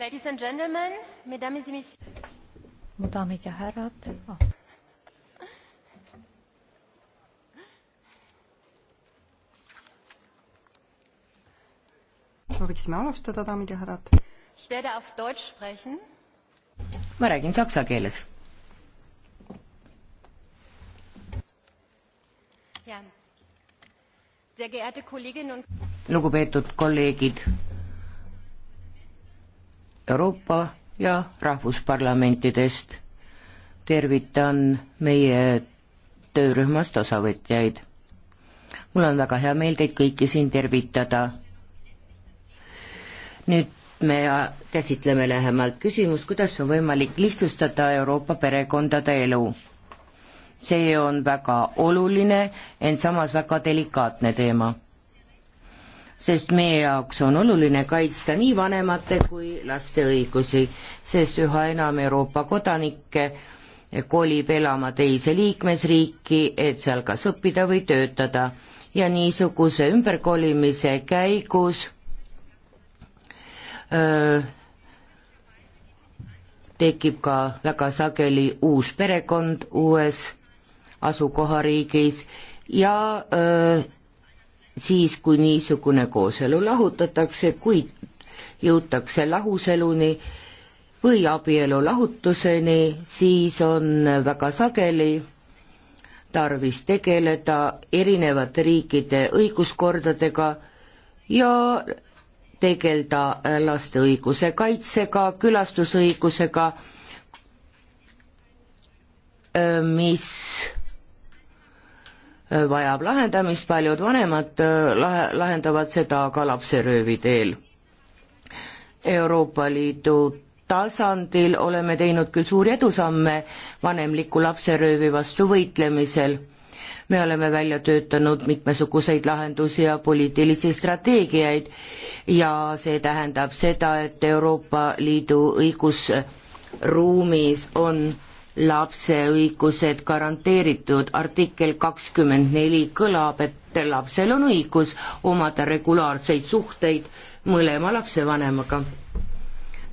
Ladies and gentlemen, mesdames et messieurs. mu daamid ja härrad oh.. sooviksime alustada, daamid ja härrad. Ich werde auf Deutsch sprechen. ma räägin saksa keeles. lugupeetud kolleegid Euroopa ja rahvusparlamentidest. tervitan meie töörühmast osavõtjaid. mul on väga hea meel teid kõiki siin tervitada. nüüd me käsitleme lähemalt küsimust, kuidas on võimalik lihtsustada Euroopa perekondade elu. see on väga oluline, ent samas väga delikaatne teema sest meie jaoks on oluline kaitsta nii vanemate kui laste õigusi, sest üha enam Euroopa kodanikke kolib elama teise liikmesriiki, et seal kas õppida või töötada ja niisuguse ümberkolimise käigus öö, tekib ka väga sageli uus perekond uues asukohariigis ja öö, siis, kui niisugune kooselu lahutatakse, kuid jõutakse lahuseluni või abielu lahutuseni, siis on väga sageli tarvis tegeleda erinevate riikide õiguskordadega ja tegeleda laste õiguse kaitsega, külastusõigusega, mis Äh, vajab lahendamist, paljud vanemad äh, lahe, lahendavad seda ka lapseröövi teel. Euroopa Liidu tasandil oleme teinud küll suuri edusamme vanemliku lapseröövi vastu võitlemisel. me oleme välja töötanud mitmesuguseid lahendusi ja poliitilisi strateegiaid ja see tähendab seda, et Euroopa Liidu õigusruumis on lapse õigused garanteeritud. artikkel kakskümmend neli kõlab, et lapsel on õigus omada regulaarseid suhteid mõlema lapsevanemaga.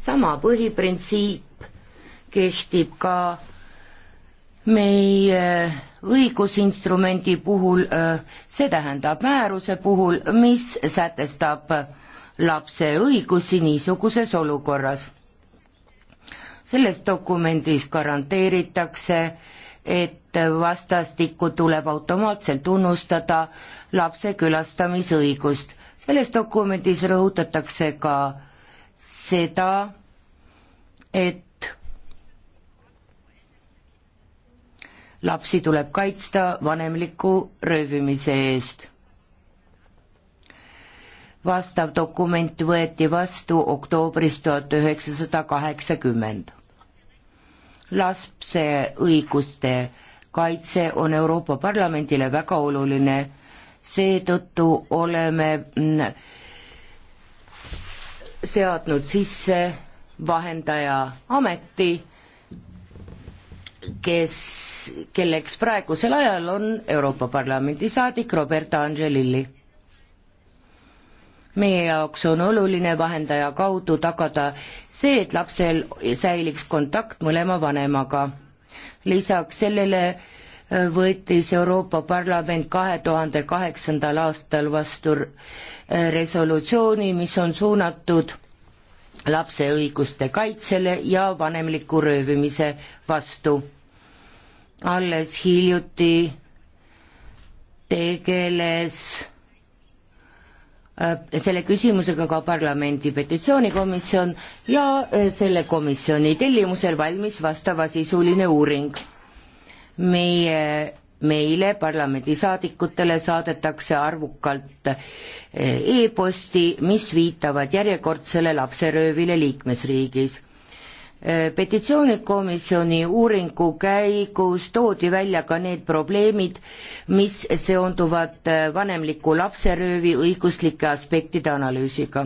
sama põhiprintsiip kehtib ka meie õigusinstrumendi puhul, see tähendab määruse puhul, mis sätestab lapse õigusi niisuguses olukorras selles dokumendis garanteeritakse, et vastastikku tuleb automaatselt tunnustada lapse külastamisõigust. selles dokumendis rõhutatakse ka seda, et lapsi tuleb kaitsta vanemliku röövimise eest. vastav dokument võeti vastu oktoobris tuhat üheksasada kaheksakümmend lapse õiguste kaitse on Euroopa Parlamendile väga oluline, seetõttu oleme mm, seadnud sisse vahendaja ameti, kes, kelleks praegusel ajal on Euroopa Parlamendi saadik Roberta Angelilli meie jaoks on oluline vahendaja kaudu tagada see, et lapsel säiliks kontakt mõlema vanemaga. lisaks sellele äh, võttis Euroopa Parlament kahe tuhande kaheksandal aastal vastu äh, resolutsiooni, mis on suunatud lapse õiguste kaitsele ja vanemliku röövimise vastu. alles hiljuti tegeles Äh, selle küsimusega ka parlamendi petitsioonikomisjon ja äh, selle komisjoni tellimusel valmis vastavasisuline uuring. meie, meile, parlamendisaadikutele saadetakse arvukalt äh, e-posti, mis viitavad järjekordsele lapseröövile liikmesriigis. Eh, petitsioonikomisjoni uuringu käigus toodi välja ka need probleemid, mis seonduvad eh, vanemliku lapseröövi õiguslike aspektide analüüsiga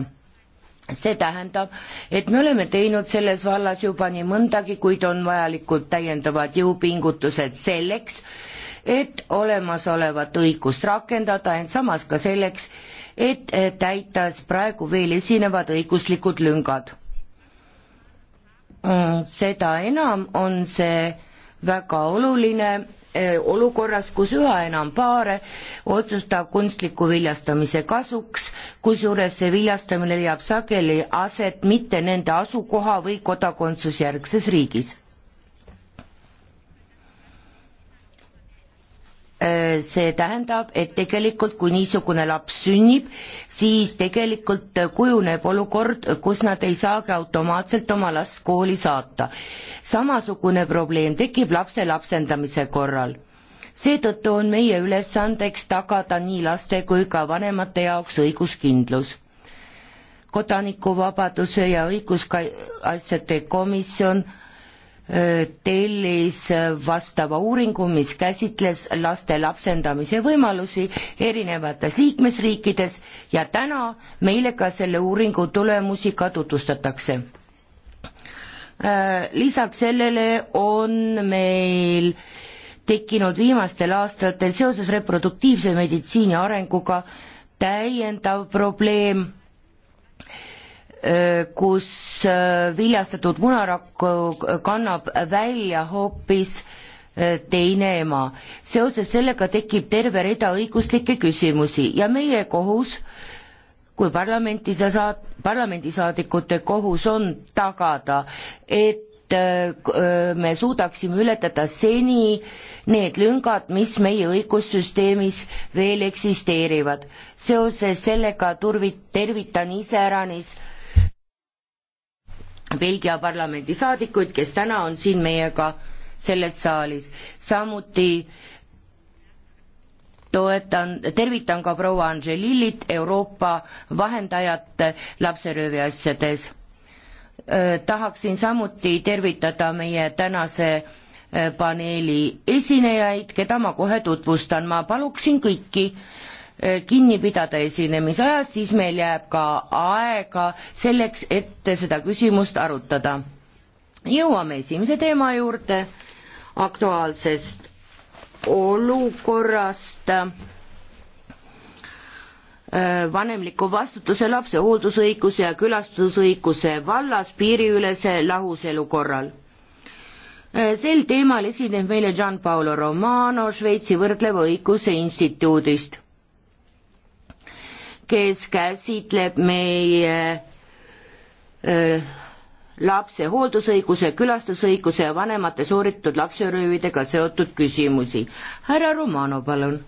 see tähendab, et me oleme teinud selles vallas juba nii mõndagi, kuid on vajalikud täiendavad jõupingutused selleks, et olemasolevat õigust rakendada, ent samas ka selleks, et eh, täita praegu veel esinevad õiguslikud lüngad Äh, seda enam on see väga oluline äh, olukorras, kus üha enam paare otsustab kunstliku viljastamise kasuks, kusjuures see viljastamine leiab sageli aset mitte nende asukoha või kodakondsusjärgses riigis. Äh, see tähendab, et tegelikult kui niisugune laps sünnib, siis tegelikult äh, kujuneb olukord, kus nad ei saagi automaatselt oma last kooli saata. samasugune probleem tekib lapse lapsendamise korral seetõttu on meie ülesandeks tagada nii laste kui ka vanemate jaoks õiguskindlus. kodanikuvabaduse ja õigusasjade komisjon Äh, tellis äh, vastava uuringu, mis käsitles laste lapsendamise võimalusi erinevates liikmesriikides ja täna meile ka selle uuringu tulemusi ka tutvustatakse. Äh, lisaks sellele on meil tekkinud viimastel aastatel seoses reproduktiivse meditsiini arenguga täiendav probleem kus äh, viljastatud munarakku kannab välja hoopis äh, teine ema. seoses sellega tekib terve rida õiguslikke küsimusi ja meie kohus kui parlamenti sa saad, parlamendisaadikute kohus on tagada, et äh, me suudaksime ületada seni need lüngad, mis meie õigussüsteemis veel eksisteerivad. seoses sellega turvi-, tervitan iseäranis äh, Belgia parlamendi saadikuid, kes täna on siin meiega selles saalis. samuti toetan, tervitan ka proua Angelilit, Euroopa vahendajat lapseröövi asjades. tahaksin samuti tervitada meie tänase paneeli esinejaid, keda ma kohe tutvustan, ma paluksin kõiki Äh, kinni pidada esinemisajast, siis meil jääb ka aega selleks, et seda küsimust arutada. jõuame esimese teema juurde, aktuaalsest olukorrast äh, vanemliku vastutuse lapse hooldusõiguse ja külastusõiguse vallas piiriülese lahuselu korral äh, sel teemal esineb meile Gian Paolo Romano Šveitsi võrdleva õiguse instituudist kes käsitleb meie äh, lapse hooldusõiguse, külastusõiguse ja vanemate sooritatud lapseröövidega seotud küsimusi. härra Romano, palun.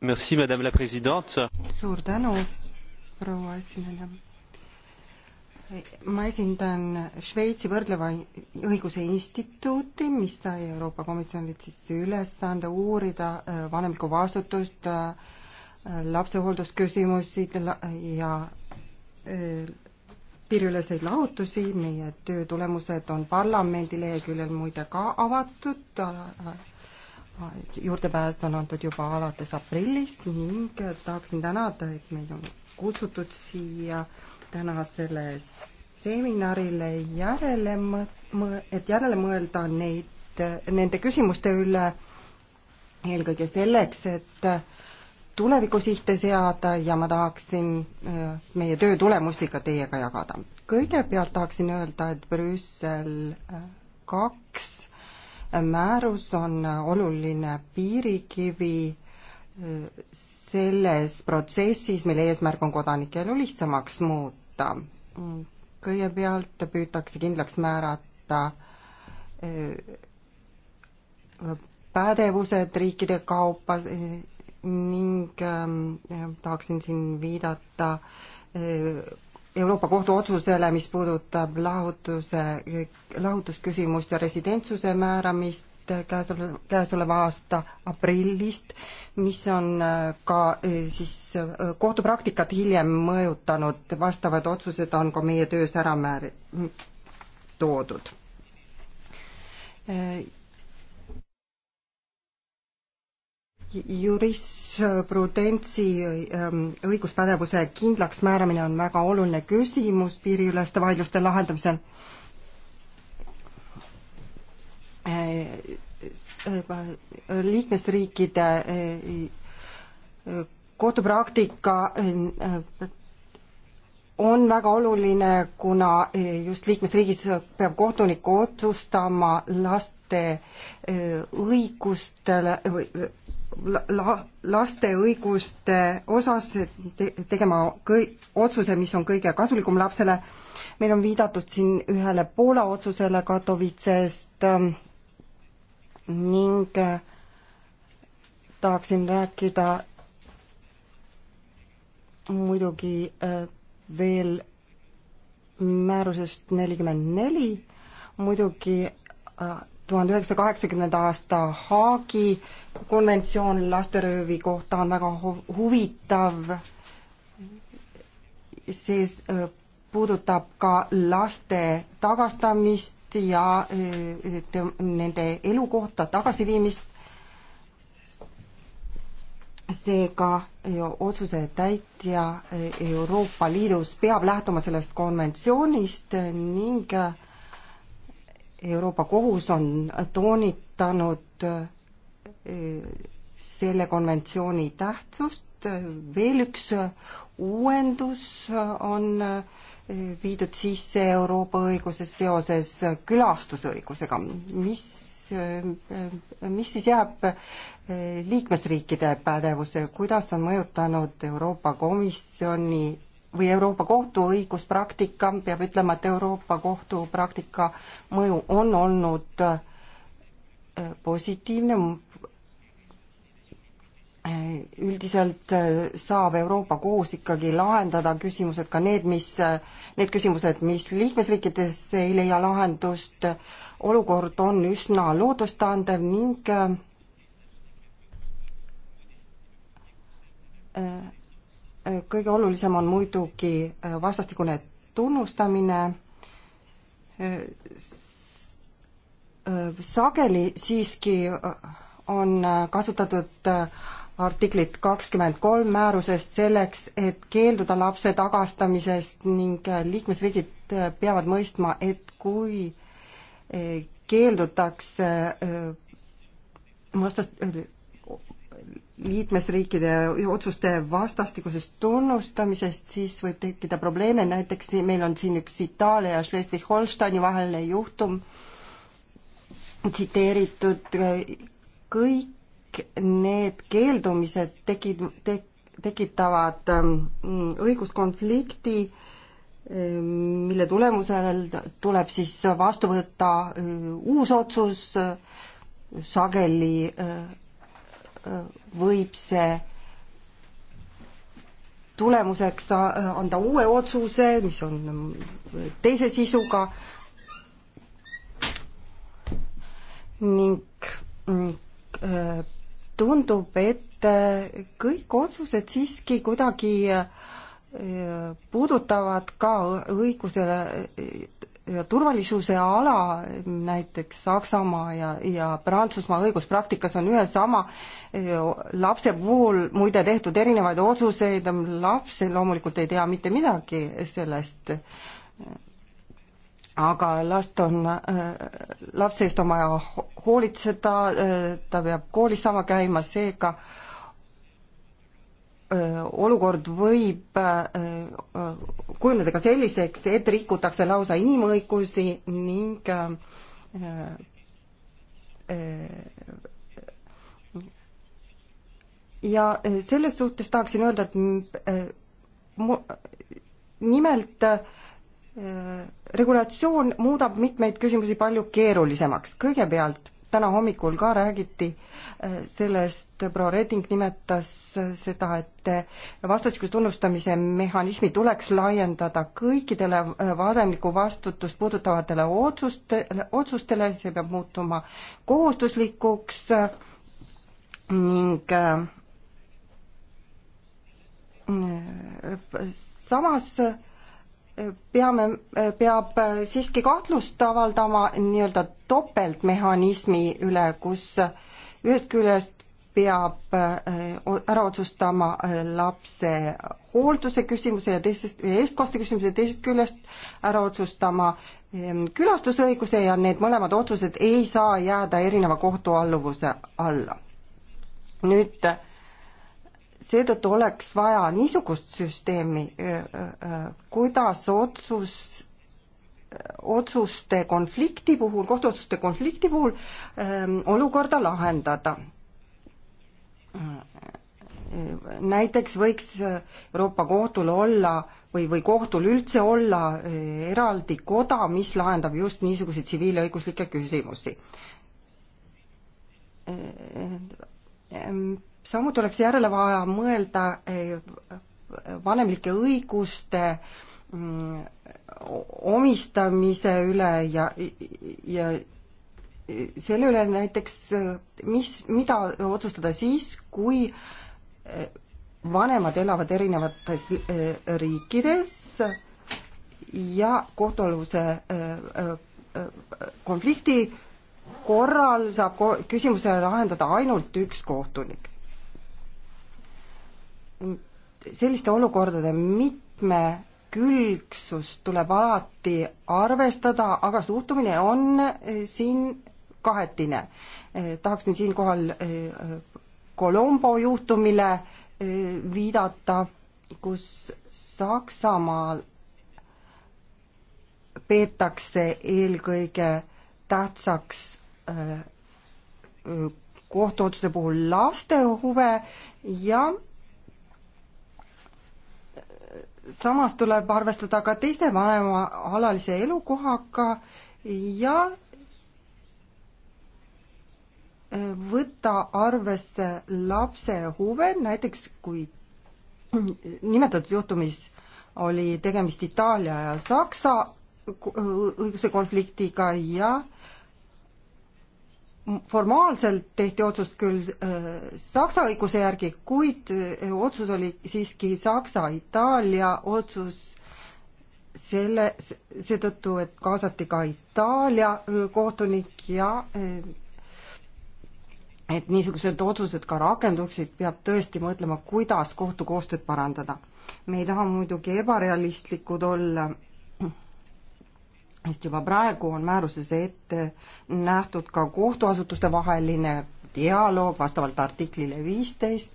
Merci, madame la presidente. suur tänu, proua esineja. ma esindan Šveitsi võrdleva õiguse instituuti, mis sai Euroopa Komisjonilt siis ülesande uurida äh, vanemlikku vastutust äh, lapsehooldusküsimusi ja piiriüleseid lahutusi, meie töö tulemused on parlamendi leheküljel muide ka avatud, äh, juurdepääs on antud juba alates aprillist ning tahaksin tänada, et meid on kutsutud siia tänasele seminarile järele mõ-, et järele mõelda neid, nende küsimuste üle, eelkõige selleks, et äh, tulevikusihte seada ja ma tahaksin äh, meie töö tulemusi ka teiega jagada. kõigepealt tahaksin öelda, et Brüssel äh, kaks äh, määrus on oluline piirikivi selles protsessis, mille eesmärk on kodanike elu lihtsamaks muuta. kõigepealt püütakse kindlaks määrata pädevused riikide kaupa ning ähm, tahaksin siin viidata äh, Euroopa Kohtu otsusele, mis puudutab lahutuse, lahutusküsimust ja residentsuse määramist käesoleva, käesoleva aasta aprillist, mis on äh, ka äh, siis kohtupraktikat hiljem mõjutanud, vastavad otsused on ka meie töös ära määr-, toodud jurisprudentsi ähm, õiguspädevuse kindlaksmääramine on väga oluline küsimus piiriüleste vaidluste lahendamisel äh, äh, liikmesriikide äh, kohtupraktika on väga oluline, kuna just liikmesriigis peab kohtunik otsustama laste õigustele või la-, laste õiguste osas te-, tegema kõi-, otsuse, mis on kõige kasulikum lapsele, meil on viidatud siin ühele Poola otsusele Katowicest ähm, ning äh, tahaksin rääkida muidugi äh, veel määrusest nelikümmend neli, muidugi äh, tuhande üheksasaja kaheksakümnenda aasta Haagi konventsioon lasteröövi kohta on väga huvitav. see äh, puudutab ka laste tagastamist ja äh, nende elukohta tagasiviimist. seega äh, otsuse täitja Euroopa Liidus peab lähtuma sellest konventsioonist ning äh, Euroopa Kohus on toonitanud eh, selle konventsiooni tähtsust, veel üks uuendus on eh, viidud sisse Euroopa õiguses seoses külastusõigusega, mis, eh, mis siis jääb liikmesriikide pädevuse, kuidas on mõjutanud Euroopa Komisjoni või Euroopa Kohtu õiguspraktika, peab ütlema, et Euroopa Kohtu praktika mõju on olnud äh, positiivne. Äh, üldiselt äh, saab Euroopa Kohus ikkagi lahendada küsimused, ka need, mis, need küsimused, mis liikmesriikides ei leia lahendust, olukord on üsna loodustandev ning kõige olulisem on muidugi äh, vastastikune tunnustamine, äh, äh, sageli siiski on kasutatud artiklit kakskümmend kolm määrusest selleks, et keelduda lapse tagastamisest ning liikmesriigid peavad mõistma, et kui keeldutakse vastast-, liikmesriikide otsuste vastastikusest tunnustamisest, siis võib tekkida probleeme, näiteks meil on siin üks Itaalia ja Schleswig-Holsteini vaheline juhtum tsiteeritud, kõik need keeldumised tekid te,, tekitavad ähm, õiguskonflikti, ähm, mille tulemusel tuleb siis vastu võtta äh, uus otsus, äh, sageli äh, Äh, võib see tulemuseks äh, anda uue otsuse, mis on mm, teise sisuga ning mm, äh, tundub, et kõik otsused siiski kuidagi puudutavad ka õigusele, ja turvalisuse ala näiteks Saksamaa ja, ja Prantsusmaa õiguspraktikas on ühe sama eh, lapse puhul muide tehtud erinevaid otsuseid, laps loomulikult ei tea mitte midagi sellest, aga last on, eh, lapse eest on vaja hoolitseda, eh, ta peab koolis saama käima, seega äh, olukord võib kujuneda ka selliseks, et rikutakse lausa inimõigusi ning ja selles suhtes tahaksin öelda, et nimelt regulatsioon muudab mitmeid küsimusi palju keerulisemaks. kõigepealt täna hommikul ka räägiti äh, sellest, proua Reding nimetas äh, seda, et äh, vastastikuse tunnustamise mehhanismi tuleks laiendada kõikidele vaademlikku vastutust puudutavatele otsuste, otsustele, see peab muutuma kohustuslikuks ning samas peame, peab siiski kahtlust avaldama nii-öelda topeltmehhanismi üle, kus ühest küljest peab eh, ära otsustama eh, lapse hoolduse küsimuse ja teisest, eestkoste küsimuse ja teisest küljest ära otsustama ehm, külastusõiguse ja need mõlemad otsused ei saa jääda erineva kohtualluvuse alla. nüüd äh, seetõttu oleks vaja niisugust süsteemi, kuidas otsus, otsuste konflikti puhul, kohtuotsuste konflikti puhul öö, olukorda lahendada näiteks võiks Euroopa Kohtul olla või, või kohtul üldse olla eraldi koda, mis lahendab just niisuguseid tsiviilõiguslikke küsimusi samuti oleks järele vaja mõelda eh, vanemlike õiguste mm, omistamise üle ja, ja selle üle näiteks, mis, mida otsustada siis, kui eh, vanemad elavad erinevates eh, riikides ja kohtualuse konflikti korral saab küsimusele lahendada ainult üks kohtunik selliste olukordade mitmekülgsust tuleb alati arvestada, aga suhtumine on eh, siin kahetine. Eh, tahaksin siinkohal eh, Colombo juhtumile viidata, kus Saksamaal peetakse eelkõige tähtsaks kohtuotsuse puhul laste huve ja samas tuleb arvestada ka teiste vanema alalise elukohaga ja äh, võtta arvesse lapse huve, näiteks kui nimetatud juhtumis oli tegemist Itaalia ja Saksa õiguse konfliktiga ja äh, formaalselt tehti otsust küll äh, Saksa õiguse järgi, kuid äh, otsus oli siiski Saksa-Itaalia otsus selle, seetõttu, et kaasati ka Itaalia äh, kohtunik ja et niisugused otsused ka rakenduksid, peab tõesti mõtlema, kuidas kohtu koostööd parandada. me ei taha muidugi ebarealistlikud olla sest juba praegu on määruses ette nähtud ka kohtuasutuste vaheline dialoog vastavalt artiklile viisteist,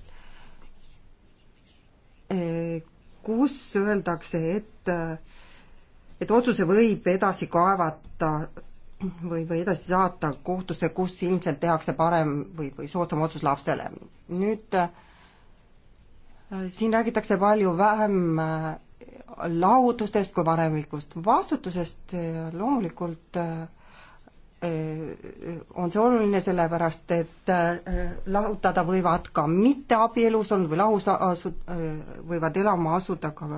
eh, kus öeldakse, et, et otsuse võib edasi kaevata või, või edasi saata kohtusse, kus ilmselt tehakse parem või, või soodsam otsus lapsele. nüüd eh, siin räägitakse palju vähem eh, laotustest kui vanemlikust vastutusest loomulikult äh, äh, on see oluline sellepärast, et äh, lahutada võivad ka mitteabielus olnud või lahus asu-, võivad elama asuda ka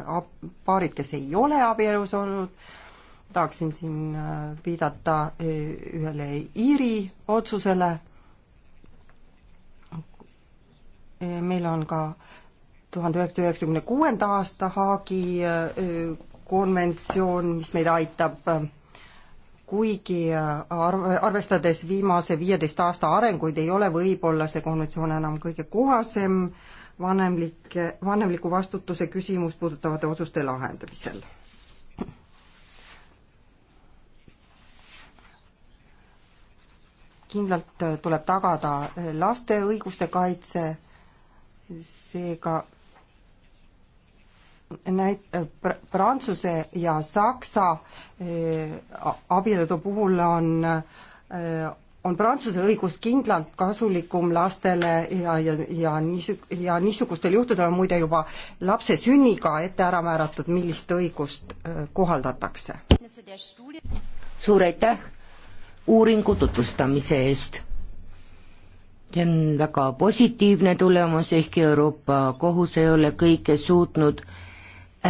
paarid, kes ei ole abielus olnud, tahaksin siin viidata ühele Iiri otsusele, meil on ka tuhande üheksasaja üheksakümne kuuenda aasta Haagi konventsioon, mis meid aitab, kuigi arv, arvestades viimase viieteist aasta arenguid, ei ole võib-olla see konventsioon enam kõige kohasem vanemlike, vanemliku vastutuse küsimust puudutavate otsuste lahendamisel kindlalt tuleb tagada laste õiguste kaitse, seega näit-, Prantsuse ja Saksa eh, abielude puhul on, eh, on Prantsuse õigus kindlalt kasulikum lastele ja, ja, ja niisu-, ja niisugustel juhtudel on muide juba lapse sünniga ette ära määratud, millist õigust eh, kohaldatakse. suur aitäh uuringu tutvustamise eest! see on väga positiivne tulemus, ehkki Euroopa Kohus ei ole kõike suutnud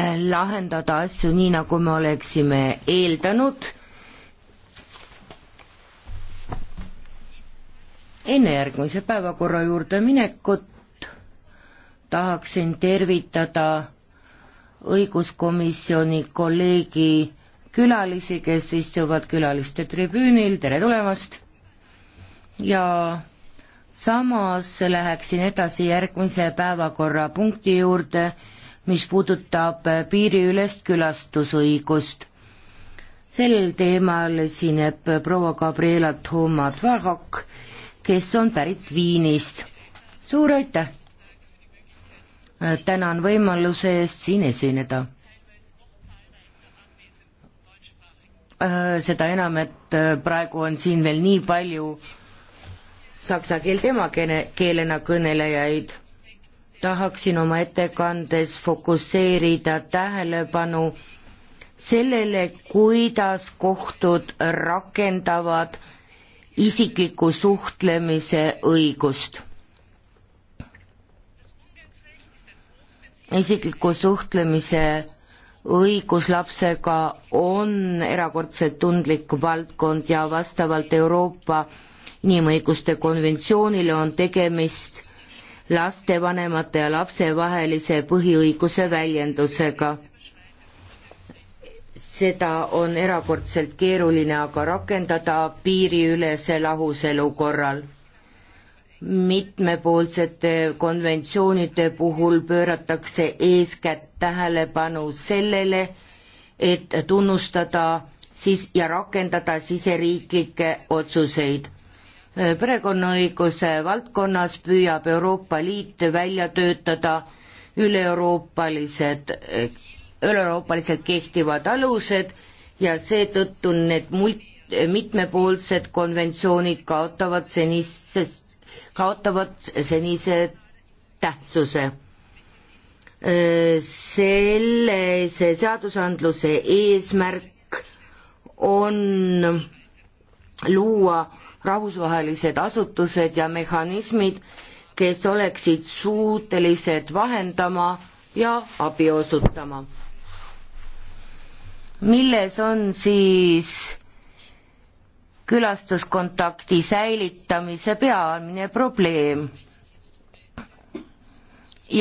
lahendada asju nii, nagu me oleksime eeldanud enne järgmise päevakorra juurde minekut tahaksin tervitada õiguskomisjoni kolleegi külalisi, kes istuvad külaliste tribüünil, tere tulemast! ja samas läheksin edasi järgmise päevakorrapunkti juurde, mis puudutab äh, piiriülest külastusõigust. sellel teemal esineb äh, proua Gabriela Toma-Tvarok, kes on pärit Viinist. suur aitäh! Äh, tänan võimaluse eest siin esineda. seda enam, et praegu on siin veel nii palju saksa keelt emakeelena kõnelejaid tahaksin oma ettekandes fokusseerida tähelepanu sellele, kuidas kohtud rakendavad isikliku suhtlemise õigust. isikliku suhtlemise õigus lapsega on erakordselt tundlik valdkond ja vastavalt Euroopa inimõiguste konventsioonile on tegemist lastevanemate ja lapse vahelise põhiõiguse väljendusega. seda on erakordselt keeruline aga rakendada piiriülese lahuselu korral mitmepoolsete konventsioonide puhul pööratakse eeskätt tähelepanu sellele, et tunnustada siis ja rakendada siseriiklikke otsuseid perekonnaõiguse valdkonnas püüab Euroopa Liit välja töötada üle-euroopalised, üle-euroopaliselt kehtivad alused ja seetõttu need mult-, mitmepoolsed konventsioonid kaotavad senisest, kaotavad senise tähtsuse. Selle, see seadusandluse eesmärk on luua rahvusvahelised asutused ja mehhanismid, kes oleksid suutelised vahendama ja abi osutama. milles on siis külastuskontakti säilitamise peamine probleem?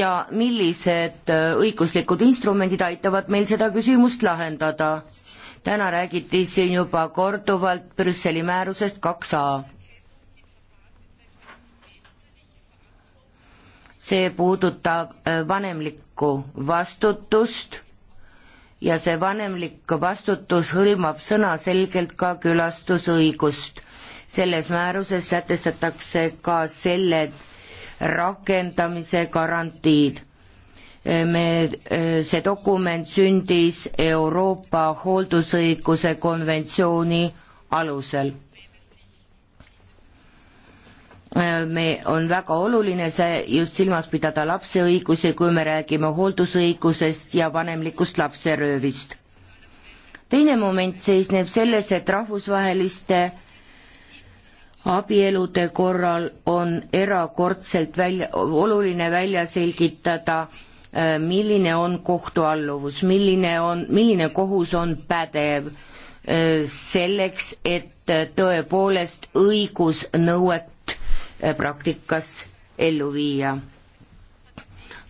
ja millised õiguslikud instrumendid aitavad meil seda küsimust lahendada? täna räägiti siin juba korduvalt Brüsseli määrusest kaks A. see puudutab äh, vanemlikku vastutust ja see vanemlik vastutus hõlmab sõnaselgelt ka külastusõigust. selles määruses sätestatakse ka selle rakendamise garantiid me, e, see dokument sündis Euroopa hooldusõiguse konventsiooni alusel. E, me, on väga oluline see just silmas pidada lapse õigusi, kui me räägime hooldusõigusest ja vanemlikust lapseröövist. teine moment seisneb selles, et rahvusvaheliste abielude korral on erakordselt välja, oluline välja selgitada äh, Äh, milline on kohtualluvus, milline on, milline kohus on pädev äh, selleks, et äh, tõepoolest õigusnõuet praktikas ellu viia.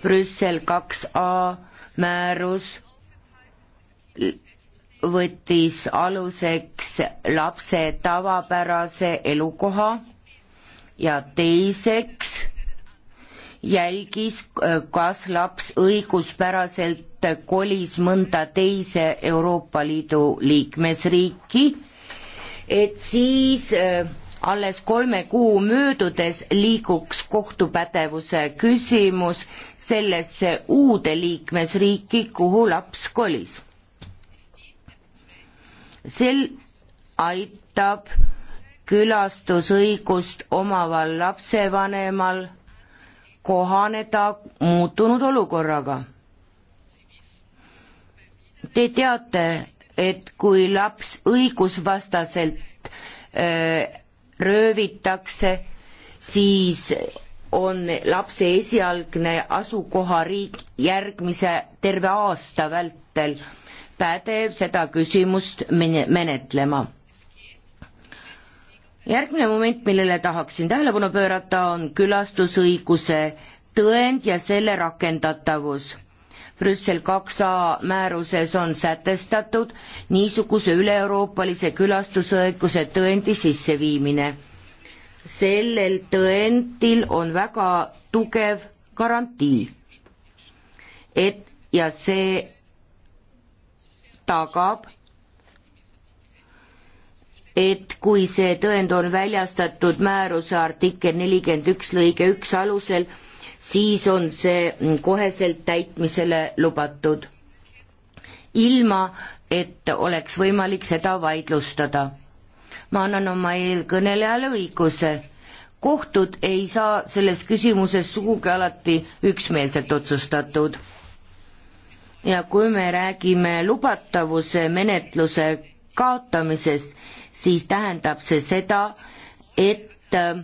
Brüssel kaks A määrus võttis aluseks lapse tavapärase elukoha ja teiseks jälgis, äh, kas laps õiguspäraselt kolis mõnda teise Euroopa Liidu liikmesriiki, et siis äh, alles kolme kuu möödudes liiguks kohtupädevuse küsimus sellesse uude liikmesriiki, kuhu laps kolis. sel aitab külastusõigust omaval lapsevanemal kohaneda muutunud olukorraga. Te teate, et kui laps õigusvastaselt öö, äh, röövitakse, siis on lapse esialgne asukohariik järgmise terve aasta vältel pädev seda küsimust menetlema järgmine moment, millele tahaksin tähelepanu pöörata, on külastusõiguse tõend ja selle rakendatavus. Brüssel kaks A määruses on sätestatud niisuguse üle-euroopalise külastusõiguse tõendi sisseviimine. sellel tõendil on väga tugev garantii, et ja see tagab et kui see tõend on väljastatud määruse artikkel nelikümmend üks lõige üks alusel, siis on see koheselt täitmisele lubatud, ilma et oleks võimalik seda vaidlustada. ma annan oma eelkõnelejale õiguse. kohtud ei saa selles küsimuses sugugi alati üksmeelselt otsustatud. ja kui me räägime lubatavuse menetluse kaotamisest, siis tähendab see seda, et äh,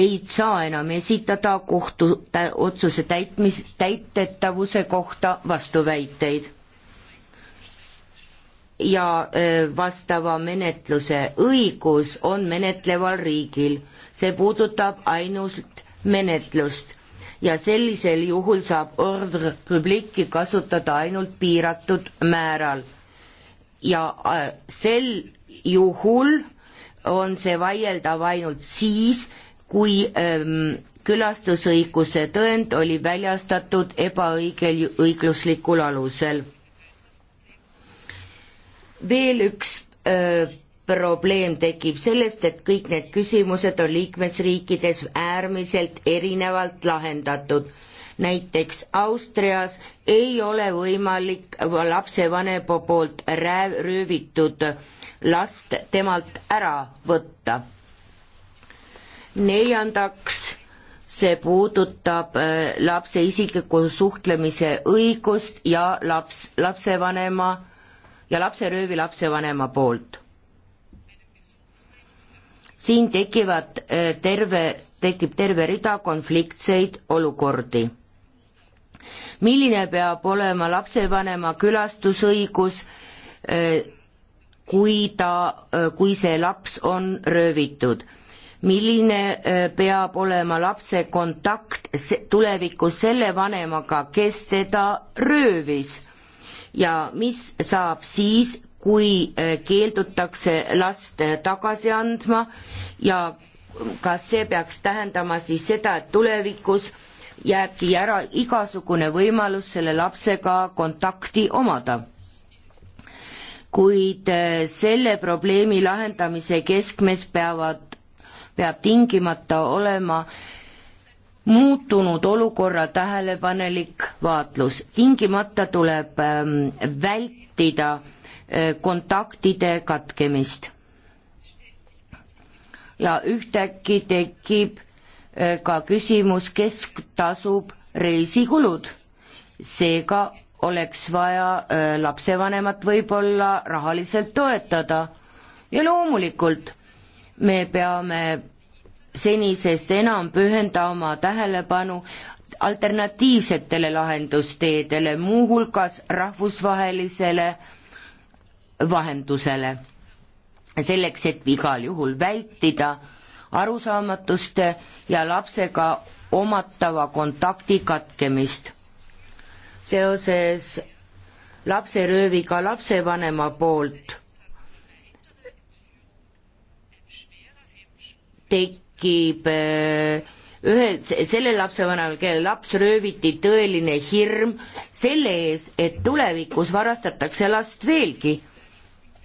ei saa enam esitada kohtu tä otsuse täitmis, täitetavuse kohta vastuväiteid. ja äh, vastava menetluse õigus on menetleval riigil, see puudutab ainult menetlust ja sellisel juhul saab ordre public'i kasutada ainult piiratud määral ja äh, sel juhul on see vaieldav ainult siis, kui ähm, külastusõiguse tõend oli väljastatud ebaõigel õigluslikul alusel. veel üks öö, äh, probleem tekib sellest, et kõik need küsimused on liikmesriikides äärmiselt erinevalt lahendatud näiteks Austrias ei ole võimalik lapsevanema poolt rääv-, röövitud last temalt ära võtta. neljandaks, see puudutab äh, lapse isikliku suhtlemise õigust ja laps, lapsevanema ja lapseröövi lapsevanema poolt. siin tekivad äh, terve, tekib terve rida konfliktseid olukordi milline peab olema lapsevanema külastusõigus, eh, kui ta, eh, kui see laps on röövitud milline eh, peab olema lapse kontakt tulevikus selle vanemaga, kes teda röövis ja mis saab siis, kui keeldutakse last tagasi andma ja kas see peaks tähendama siis seda, et tulevikus jääbki ära igasugune võimalus selle lapsega kontakti omada. kuid äh, selle probleemi lahendamise keskmes peavad, peab tingimata olema muutunud olukorra tähelepanelik vaatlus, tingimata tuleb ähm, vältida äh, kontaktide katkemist. ja ühtäkki tekib ka küsimus, kes tasub reisikulud. seega oleks vaja äh, lapsevanemat võib-olla rahaliselt toetada ja loomulikult me peame senisest enam pühendama tähelepanu alternatiivsetele lahendusteedele, muuhulgas rahvusvahelisele vahendusele. selleks, et igal juhul vältida arusaamatuste ja lapsega omatava kontakti katkemist. seoses lapserööviga lapsevanema poolt tekib eh, ühe, sellel lapsevanemal, kelle laps rööviti, tõeline hirm selle ees, et tulevikus varastatakse last veelgi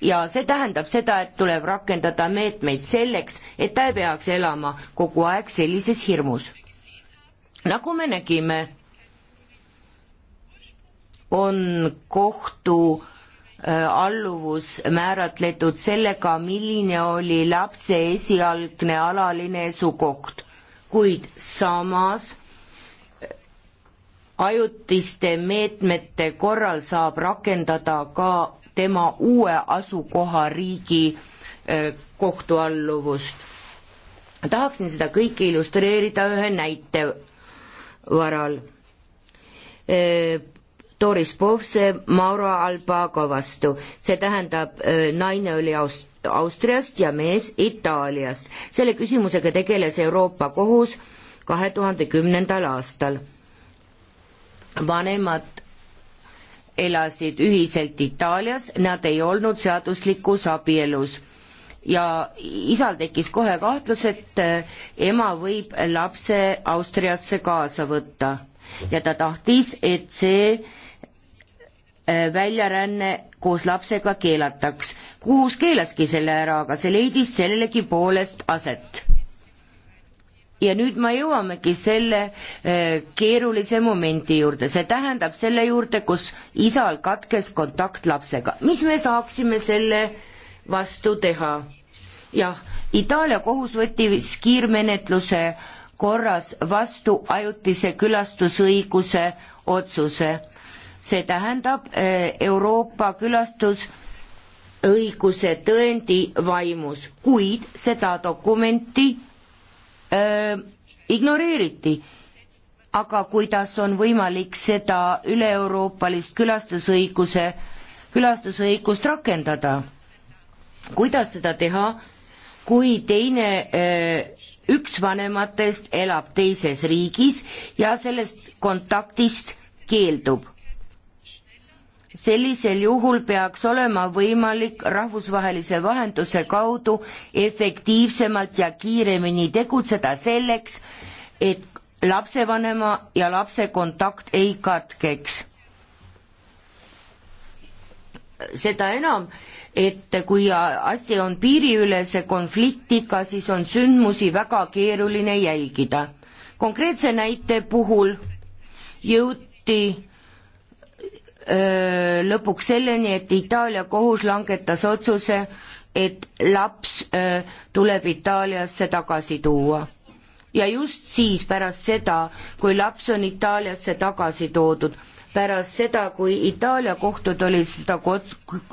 ja see tähendab seda, et tuleb rakendada meetmeid selleks, et ta ei peaks elama kogu aeg sellises hirmus. nagu me nägime, on kohtu äh, alluvus määratletud sellega, milline oli lapse esialgne alaline esukoht, kuid samas äh, ajutiste meetmete korral saab rakendada ka tema uue asukohariigi kohtualluvust. tahaksin seda kõike illustreerida ühe näite varal. Doris Povse Mauro Albago vastu, see tähendab naine oli Aust-, Austriast ja mees Itaaliast. selle küsimusega tegeles Euroopa Kohus kahe tuhande kümnendal aastal. vanemad elasid ühiselt Itaalias, nad ei olnud seaduslikus abielus. ja isal tekkis kohe kahtlus, et eh, ema võib lapse Austriasse kaasa võtta ja ta tahtis, et see eh, väljaränne koos lapsega keelataks. kohus keelaski selle ära, aga see leidis sellelegipoolest aset ja nüüd me jõuamegi selle äh, keerulise momendi juurde, see tähendab selle juurde, kus isal katkes kontakt lapsega. mis me saaksime selle vastu teha? jah, Itaalia kohus võttis kiirmenetluse korras vastu ajutise külastusõiguse otsuse. see tähendab äh, Euroopa külastus õiguse tõendi vaimus, kuid seda dokumenti Äh, ignoreeriti aga kuidas on võimalik seda üle-euroopalist külastusõiguse, külastusõigust rakendada. kuidas seda teha, kui teine, äh, üks vanematest elab teises riigis ja sellest kontaktist keeldub? sellisel juhul peaks olema võimalik rahvusvahelise vahenduse kaudu efektiivsemalt ja kiiremini tegutseda selleks, et lapsevanema ja lapse kontakt ei katkeks. seda enam, et kui asi on piiriülese konfliktiga, siis on sündmusi väga keeruline jälgida. konkreetse näite puhul jõuti lõpuks selleni, et Itaalia kohus langetas otsuse, et laps öö, tuleb Itaaliasse tagasi tuua. ja just siis, pärast seda, kui laps on Itaaliasse tagasi toodud, pärast seda, kui Itaalia kohtud olid seda,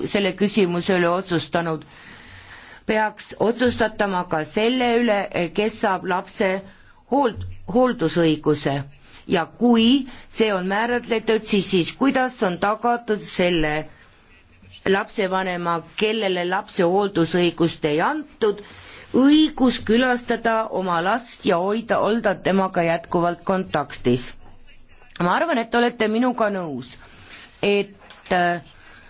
selle küsimuse üle otsustanud, peaks otsustatama ka selle üle, kes saab lapse hoold-, hooldusõiguse ja kui see on määratletud, siis, siis kuidas on tagatud selle lapsevanema, kellele lapse hooldusõigust ei antud, õigus külastada oma last ja hoida, olda temaga jätkuvalt kontaktis. ma arvan, et olete minuga nõus, et äh,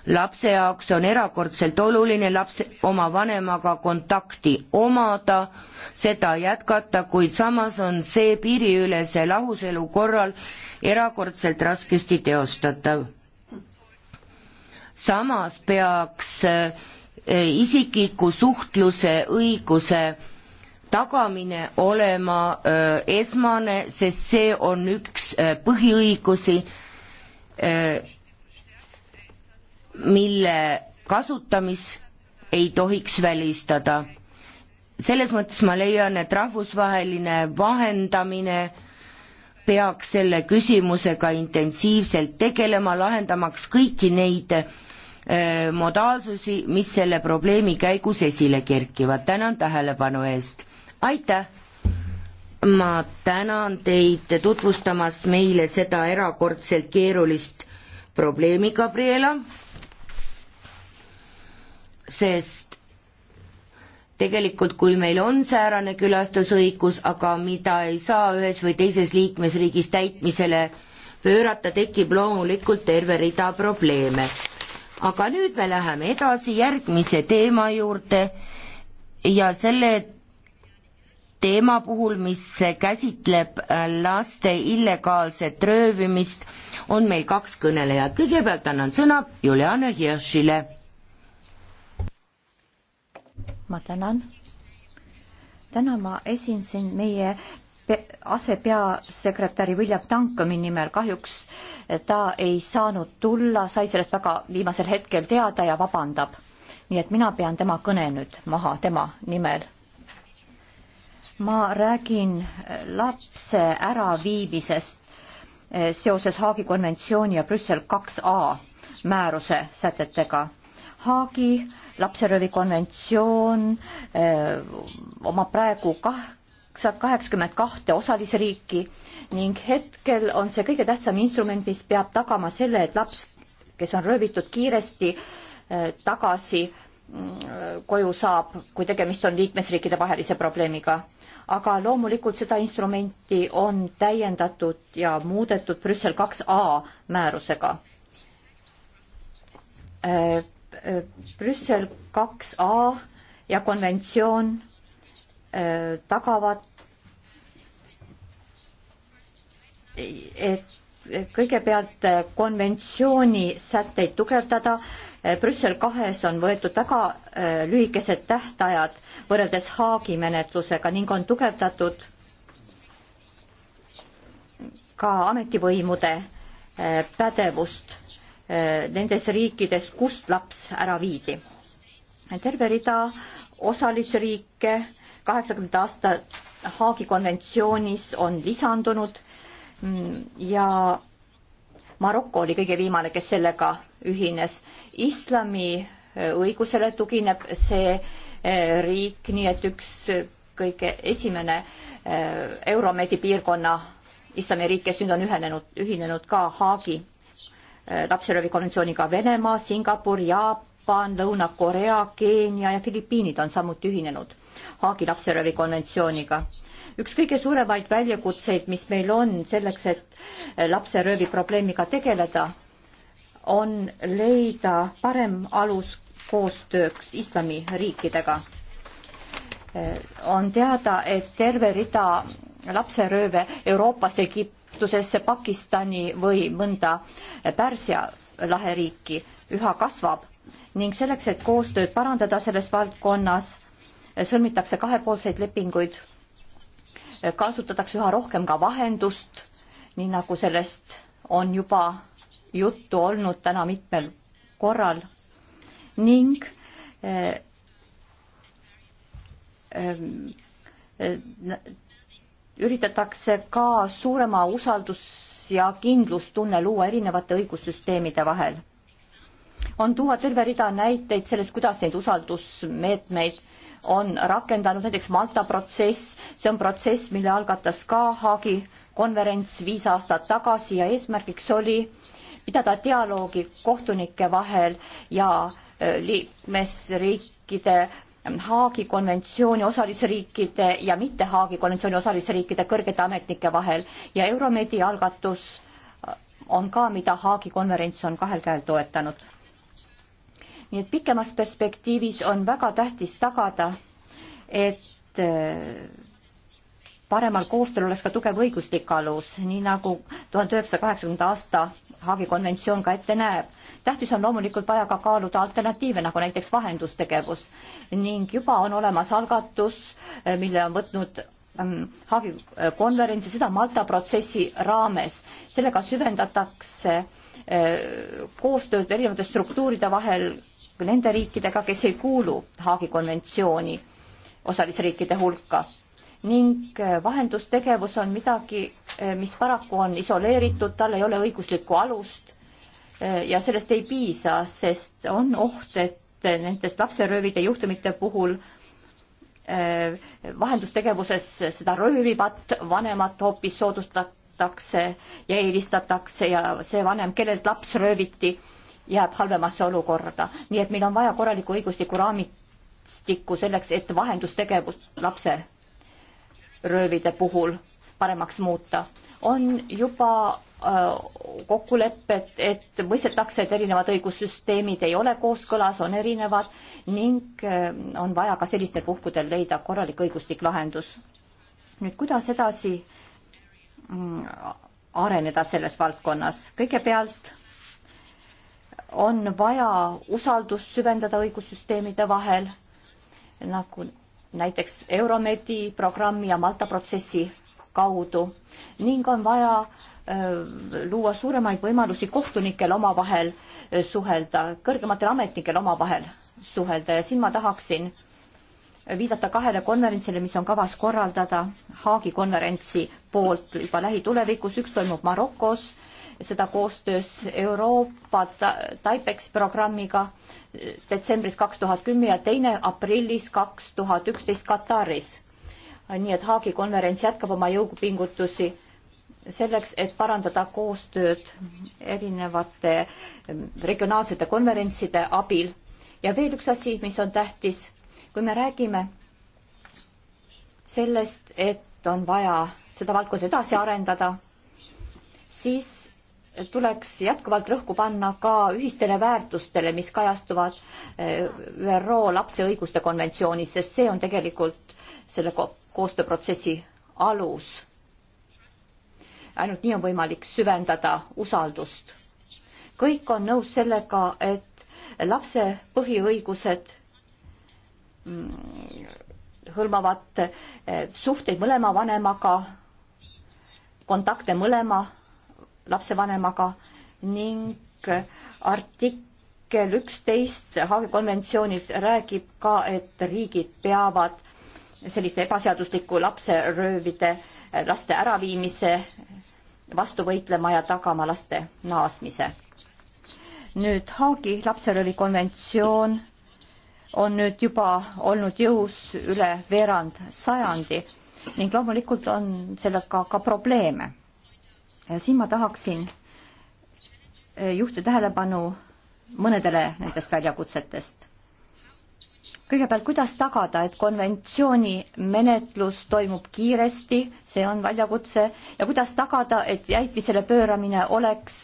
lapse jaoks on erakordselt oluline laps oma vanemaga kontakti omada, seda jätkata, kuid samas on see piiriülese lahuselu korral erakordselt raskesti teostatav. samas peaks eh, isikliku suhtluse õiguse tagamine olema öö, eh, esmane, sest see on üks öö, eh, põhiõigusi öö, mille kasutamist ei tohiks välistada. selles mõttes ma leian, et rahvusvaheline vahendamine peaks selle küsimusega intensiivselt tegelema, lahendamaks kõiki neid äh, modaalsusi, mis selle probleemi käigus esile kerkivad. tänan tähelepanu eest. aitäh! ma tänan teid tutvustamast meile seda erakordselt keerulist probleemi, Gabriela sest tegelikult kui meil on säärane külastusõigus, aga mida ei saa ühes või teises liikmesriigis täitmisele pöörata, tekib loomulikult terve rida probleeme. aga nüüd me läheme edasi järgmise teema juurde ja selle teema puhul, mis käsitleb laste illegaalset röövimist, on meil kaks kõnelejat, kõigepealt annan sõna Juliana Hirschile ma tänan. täna ma esindasin meie asepeasekretäri William Duncani nimel, kahjuks ta ei saanud tulla, sai sellest väga viimasel hetkel teada ja vabandab. nii et mina pean tema kõne nüüd maha tema nimel. ma räägin lapse äraviimisest eh, seoses Haagi konventsiooni ja Brüssel kaks A määruse sätetega Haagi lapseröövi konventsioon öö, eh, omab praegu kaheksa, kaheksakümmend kahte osalisriiki ning hetkel on see kõige tähtsam instrument, mis peab tagama selle, et laps, kes on röövitud kiiresti öö, eh, tagasi öö, mm, koju saab, kui tegemist on liikmesriikide vahelise probleemiga. aga loomulikult seda instrumenti on täiendatud ja muudetud Brüssel kaks A määrusega eh, Brüssel kaks A ja konventsioon äh, tagavad, et kõigepealt äh, konventsiooni sätteid tugevdada. Äh, Brüssel kahes on võetud väga lühikesed tähtajad võrreldes Haagi menetlusega ning on tugevdatud ka ametivõimude pädevust Eh, nendes riikides, kust laps ära viidi. terve rida osalisriike kaheksakümnenda aasta Haagi konventsioonis on lisandunud mm, ja Maroko oli kõige viimane, kes sellega ühines. islami eh, õigusele tugineb see eh, riik, nii et üks kõige esimene Euromeedi piirkonna islamiriik, kes nüüd on ühenenud, ühinenud ka Haagi Äh, lapseröövi konventsiooniga Venemaa, Singapur, Jaapan, Lõuna-Korea, Keenia ja Filipiinid on samuti ühinenud Haagi lapseröövi konventsiooniga. üks kõige suuremaid väljakutseid, mis meil on selleks, et äh, lapseröövi probleemiga tegeleda, on leida parem alus koostööks islamiriikidega. Äh, on teada, et terve rida lapserööve Euroopast Egiptusesse, Pakistani või mõnda Pärsia lahe riiki üha kasvab ning selleks, et koostööd parandada selles valdkonnas, sõlmitakse kahepoolseid lepinguid, kasutatakse üha rohkem ka vahendust, nii nagu sellest on juba juttu olnud täna mitmel korral ning eh, eh, üritatakse ka suurema usaldus ja kindlustunne luua erinevate õigussüsteemide vahel. on tuua terve rida näiteid sellest, kuidas neid usaldusmeetmeid on rakendanud näiteks Malta protsess, see on protsess, mille algatas ka Haagi konverents viis aastat tagasi ja eesmärgiks oli pidada dialoogi kohtunike vahel ja äh, liikmesriikide Haagi konventsiooni osalisriikide ja mitte Haagi konventsiooni osalisriikide kõrgete ametnike vahel ja Euromedi algatus äh, on ka, mida Haagi konverents on kahel käel toetanud. nii et pikemas perspektiivis on väga tähtis tagada, et äh, paremal koostööl oleks ka tugev õiguslik alus, nii nagu tuhande üheksasaja kaheksakümnenda aasta Haagi konventsioon ka ette näeb. tähtis on loomulikult vaja ka kaaluda alternatiive, nagu näiteks vahendustegevus ning juba on olemas algatus, eh, mille on võtnud mm, Haagi eh, konverentsi, seda Malta protsessi raames. sellega süvendatakse eh, koostööd erinevate struktuuride vahel nende riikidega, kes ei kuulu Haagi konventsiooni osalisriikide hulka ning äh, vahendustegevus on midagi, äh, mis paraku on isoleeritud, tal ei ole õiguslikku alust äh, ja sellest ei piisa, sest on oht, et nendest lapseröövide juhtumite puhul vahendustegevuses seda röövivat vanemat hoopis soodustatakse ja eelistatakse ja see vanem, kellelt laps rööviti, jääb halvemasse olukorda. nii et meil on vaja korralikku õiguslikku raamistikku selleks, et vahendustegevust lapse röövide puhul paremaks muuta. on juba äh, kokkulepped, et mõistetakse, et erinevad õigussüsteemid ei ole kooskõlas, on erinevad ning äh, on vaja ka sellistel puhkudel leida korralik õiguslik lahendus. nüüd kuidas edasi mm, areneda selles valdkonnas? kõigepealt on vaja usaldust süvendada õigussüsteemide vahel, nagu näiteks Euromedi programmi ja Malta protsessi kaudu ning on vaja luua suuremaid võimalusi kohtunikel omavahel suhelda, kõrgematel ametnikel omavahel suhelda ja siin ma tahaksin viidata kahele konverentsile, mis on kavas korraldada Haagi konverentsi poolt juba lähitulevikus, üks toimub Marokos seda koostöös Euroopa Taipex programmiga detsembris kaks tuhat kümme ja teine aprillis kaks tuhat üksteist Kataris. nii et Haagi konverents jätkab oma jõupingutusi selleks, et parandada koostööd erinevate ähm, regionaalsete konverentside abil. ja veel üks asi, mis on tähtis, kui me räägime sellest, et on vaja seda valdkonda edasi arendada, siis tuleks jätkuvalt rõhku panna ka ühistele väärtustele, mis kajastuvad eh, ÜRO lapse õiguste konventsioonis, sest see on tegelikult selle ko koostööprotsessi alus. ainult nii on võimalik süvendada usaldust. kõik on nõus sellega, et lapse põhiõigused mm, hõlmavad eh, suhteid mõlema vanemaga, kontakte mõlema lapsevanemaga ning artikkel üksteist Haagi konventsioonis räägib ka, et riigid peavad sellise ebaseadusliku lapseröövide, laste äraviimise vastu võitlema ja tagama laste naasmise. nüüd Haagi lapseröövi konventsioon on nüüd juba olnud jõus üle veerand sajandi ning loomulikult on sellega ka probleeme siin ma tahaksin eh, juhtida tähelepanu mõnedele nendest väljakutsetest. kõigepealt, kuidas tagada, et konventsiooni menetlus toimub kiiresti, see on väljakutse, ja kuidas tagada, et jäitmisele pööramine oleks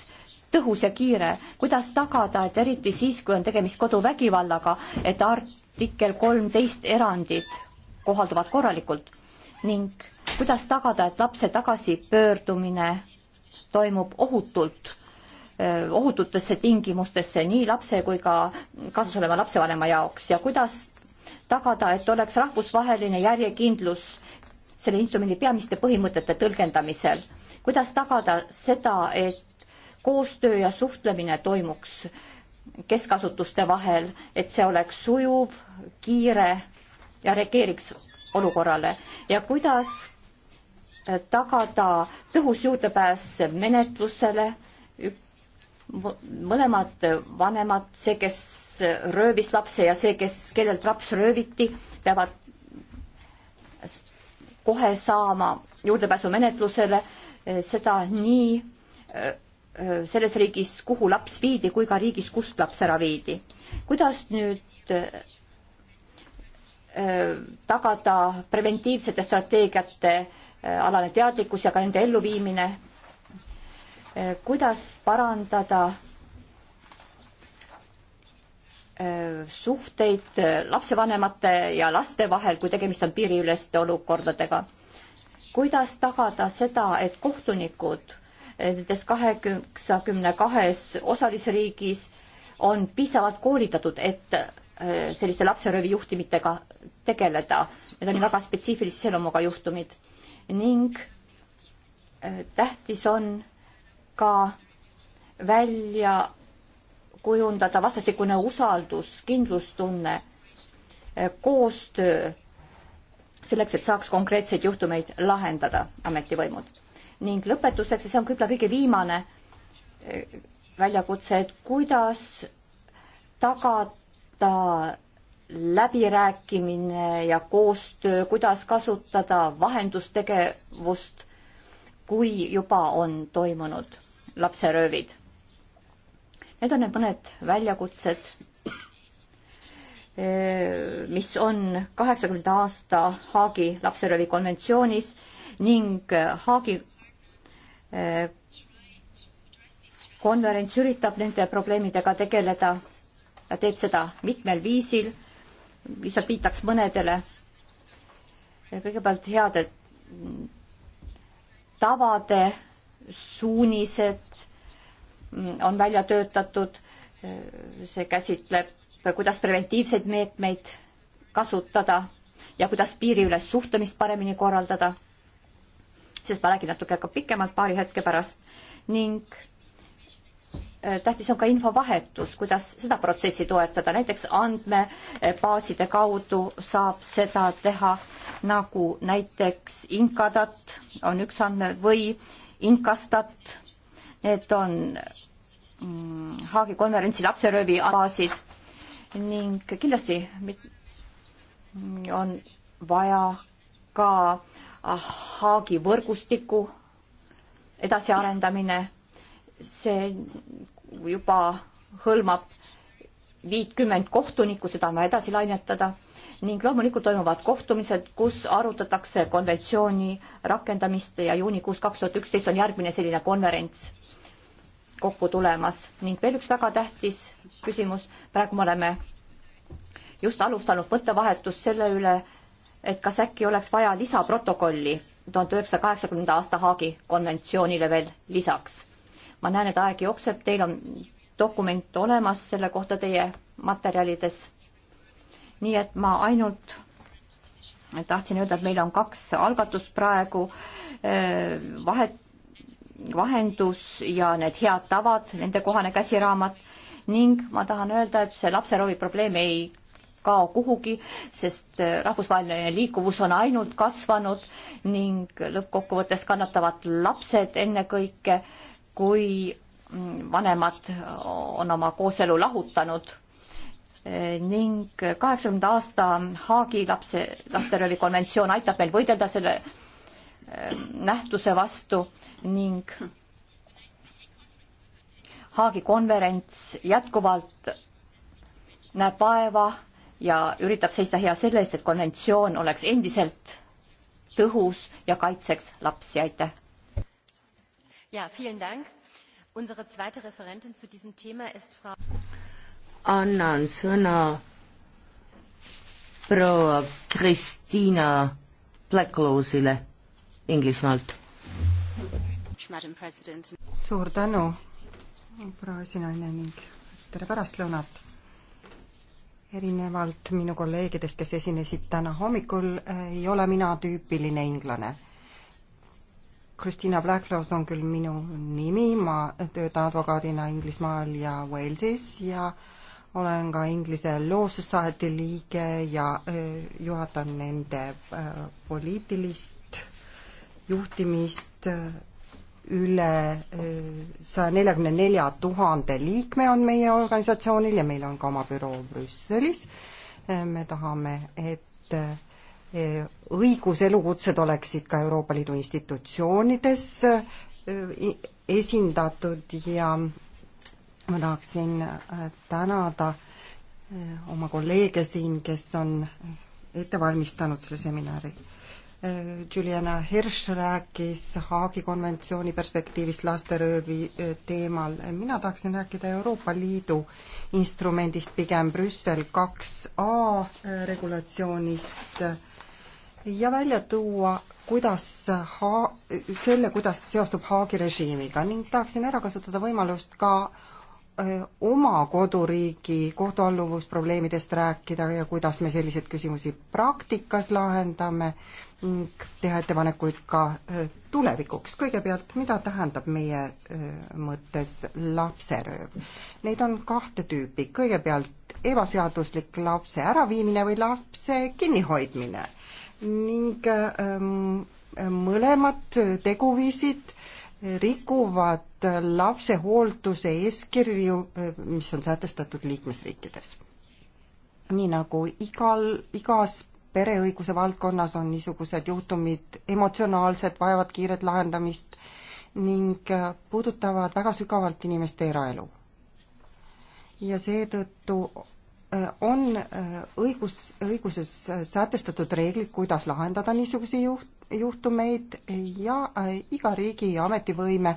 tõhus ja kiire, kuidas tagada, et eriti siis, kui on tegemist koduvägivallaga, et artikkel kolmteist erandid kohalduvad korralikult ning kuidas tagada, et lapse tagasipöördumine toimub ohutult, eh, ohututesse tingimustesse nii lapse kui ka kaasas oleva lapsevanema jaoks ja kuidas tagada, et oleks rahvusvaheline järjekindlus selle instrumendi peamiste põhimõtete tõlgendamisel. kuidas tagada seda, et koostöö ja suhtlemine toimuks keskasutuste vahel, et see oleks sujuv, kiire ja reageeriks olukorrale ja kuidas tagada tõhus juurdepääs menetlusele. mõlemad vanemad, see, kes röövis lapse ja see, kes, kellelt laps rööviti, peavad kohe saama juurdepääsu menetlusele, seda nii äh, äh, selles riigis, kuhu laps viidi, kui ka riigis, kust laps ära viidi. kuidas nüüd äh, tagada preventiivsete strateegiate äh, Äh, alane teadlikkus ja ka nende elluviimine. Äh, kuidas parandada äh, suhteid lapsevanemate ja laste vahel, kui tegemist on piiriüleste olukordadega. kuidas tagada seda, et kohtunikud nendes kaheksakümne kahes osalisriigis on piisavalt koolitatud, et selliste lapseröövi juhtumitega tegeleda. Need on väga spetsiifilise iseloomuga juhtumid ning äh, tähtis on ka välja kujundada vastastikune usaldus, kindlustunne, äh, koostöö, selleks, et saaks konkreetseid juhtumeid lahendada ametivõimud. ning lõpetuseks, ja see on võib-olla kõige viimane äh, väljakutse, et kuidas tagada läbirääkimine ja koostöö, kuidas kasutada vahendustegevust, kui juba on toimunud lapseröövid. Need on need mõned väljakutsed, mis on kaheksakümnenda aasta Haagi lapseröövi konventsioonis ning Haagi eh, konverents üritab nende probleemidega tegeleda. ta teeb seda mitmel viisil lihtsalt viitaks mõnedele. kõigepealt heade tavade suunised on välja töötatud. see käsitleb, kuidas preventiivseid meetmeid kasutada ja kuidas piiriülest suhtlemist paremini korraldada. sest ma räägin natuke ka pikemalt paari hetke pärast ning Äh, tähtis on ka infovahetus, kuidas seda protsessi toetada, näiteks andmebaaside kaudu saab seda teha, nagu näiteks Inkadat on üks andme või Inkastat, need on mm, Haagi konverentsi lapseröövi baasid ning kindlasti on vaja ka Haagi võrgustiku edasiarendamine see juba hõlmab viitkümmend kohtunikku, seda on vaja edasi lainetada ning loomulikult toimuvad kohtumised, kus arutatakse konventsiooni rakendamist ja juunikuus kaks tuhat üksteist on järgmine selline konverents kokku tulemas ning veel üks väga tähtis küsimus, praegu me oleme just alustanud mõttevahetust selle üle, et kas äkki oleks vaja lisaprotokolli tuhande üheksasaja kaheksakümnenda aasta Haagi konventsioonile veel lisaks ma näen, et aeg jookseb, teil on dokument olemas selle kohta teie materjalides. nii et ma ainult tahtsin öelda, et meil on kaks algatust praegu, äh, vahet, vahendus ja need head tavad, nende kohane käsiraamat ning ma tahan öelda, et see lapseroovi probleem ei kao kuhugi, sest äh, rahvusvaheline liikuvus on ainult kasvanud ning lõppkokkuvõttes kannatavad lapsed ennekõike äh, kui vanemad on oma kooselu lahutanud ning kaheksakümnenda aasta Haagi lapse, lasteröövi konventsioon aitab meil võidelda selle eh, nähtuse vastu ning Haagi konverents jätkuvalt näeb vaeva ja üritab seista hea selle eest, et konventsioon oleks endiselt tõhus ja kaitseks lapsi, aitäh! Ja, vielen Dank. Unsere zweite Referentin zu diesem Thema ist Frau annan sõna proua Kristiina Blacklowsile Inglismaalt. suur tänu, proua esinaine ning tere pärastlõunat. erinevalt minu kolleegidest, kes esinesid täna hommikul, ei ole mina tüüpiline inglane Kristina Blacklow on küll minu nimi, ma töötan advokaadina Inglismaal ja Walesis ja olen ka Inglise Law Society liige ja juhatan nende poliitilist juhtimist üle saja neljakümne nelja tuhande liikme on meie organisatsioonil ja meil on ka oma büroo Brüsselis. me tahame, et õiguselukutsed oleksid ka Euroopa Liidu institutsioonides äh, esindatud ja ma tahaksin äh, tänada äh, oma kolleege siin, kes on ette valmistanud selle seminari. Juliana Hirš rääkis Haagi konventsiooni perspektiivist lasterööbi teemal. mina tahaksin rääkida Euroopa Liidu instrumendist, pigem Brüssel kaks A regulatsioonist ja välja tuua, kuidas ha-, selle, kuidas see seostub Haagi režiimiga ning tahaksin ära kasutada võimalust ka öö, oma koduriigi kohtualluvusprobleemidest rääkida ja kuidas me selliseid küsimusi praktikas lahendame ning teha ettepanekuid ka öö, tulevikuks. kõigepealt, mida tähendab meie öö, mõttes lapserööv? Neid on kahte tüüpi, kõigepealt ebaseaduslik lapse äraviimine või lapse kinnihoidmine ning ähm, mõlemad teguviisid rikuvad lapsehoolduse eeskirju, mis on sätestatud liikmesriikides. nii nagu igal, igas pereõiguse valdkonnas on niisugused juhtumid emotsionaalsed, vajavad kiiret lahendamist ning puudutavad väga sügavalt inimeste eraelu. ja seetõttu Äh, on äh, õigus, õiguses sätestatud reeglid, kuidas lahendada niisuguseid juht, juhtumeid ja äh, iga riigi ametivõime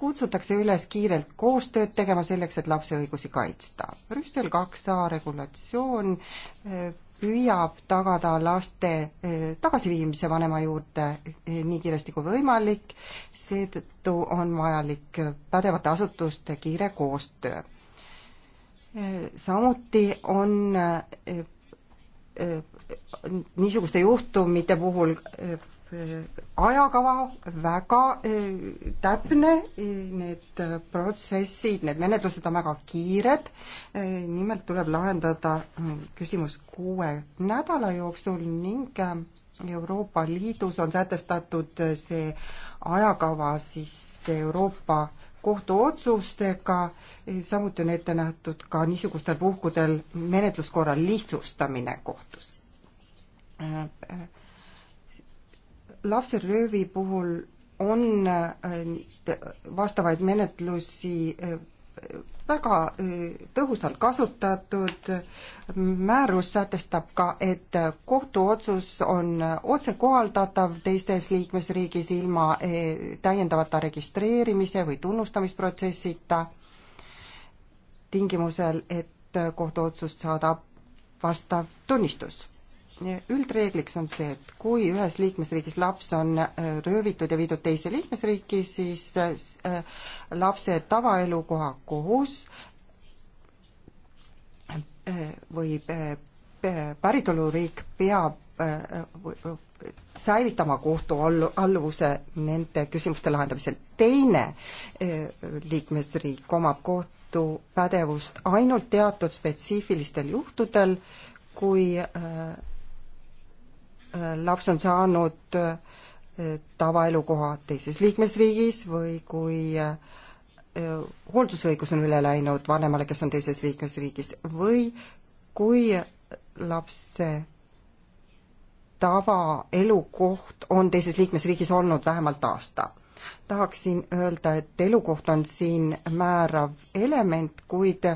kutsutakse üles kiirelt koostööd tegema selleks, et lapse õigusi kaitsta. Brüssel kaks A regulatsioon püüab tagada laste tagasiviimise vanema juurde nii kiiresti kui võimalik, seetõttu on vajalik pädevate asutuste kiire koostöö samuti on äh, äh, niisuguste juhtumite puhul äh, ajakava väga täpne, need protsessid, need menetlused on väga kiired, nimelt tuleb lahendada mm, küsimus kuue nädala jooksul ning Euroopa Liidus on sätestatud see ajakava siis Euroopa kohtuotsustega, samuti on ette nähtud ka niisugustel puhkudel menetluskorra lihtsustamine kohtus. lapseröövi puhul on äh, vastavaid menetlusi äh, väga äh, tõhusalt kasutatud, määrus sätestab ka, et kohtuotsus on otsekohaldatav teistes liikmesriigis ilma äh, täiendavata registreerimise või tunnustamisprotsessita, tingimusel, et kohtuotsust saadab vastav tunnistus üldreegliks on see, et kui ühes liikmesriigis laps on äh, röövitud ja viidud teise liikmesriiki, siis äh, lapse tavaelukoha kohus äh, või päritoluriik peab säilitama kohtualluvuse nende küsimuste lahendamisel. teine liikmesriik omab kohtupädevust ainult teatud spetsiifilistel juhtudel, kui laps on saanud äh, tavaelukoha teises liikmesriigis või kui äh, äh, hooldusõigus on üle läinud vanemale, kes on teises liikmesriigis või kui lapse tavaelukoht on teises liikmesriigis olnud vähemalt aasta. tahaksin öelda, et elukoht on siin määrav element, kuid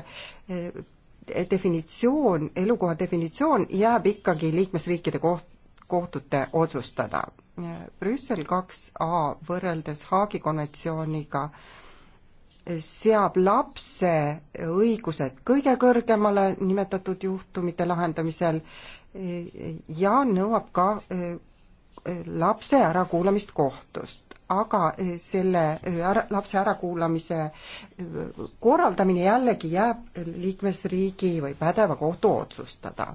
definitsioon, elukoha definitsioon jääb ikkagi liikmesriikide koht, kohtute otsustada. Brüssel kaks A võrreldes Haagi konventsiooniga seab lapse õigused kõige kõrgemale nimetatud juhtumite lahendamisel ja nõuab ka eh, lapse ärakuulamist kohtust. aga eh, selle eh, ära, lapse ärakuulamise korraldamine jällegi jääb liikmesriigi või pädeva kohtu otsustada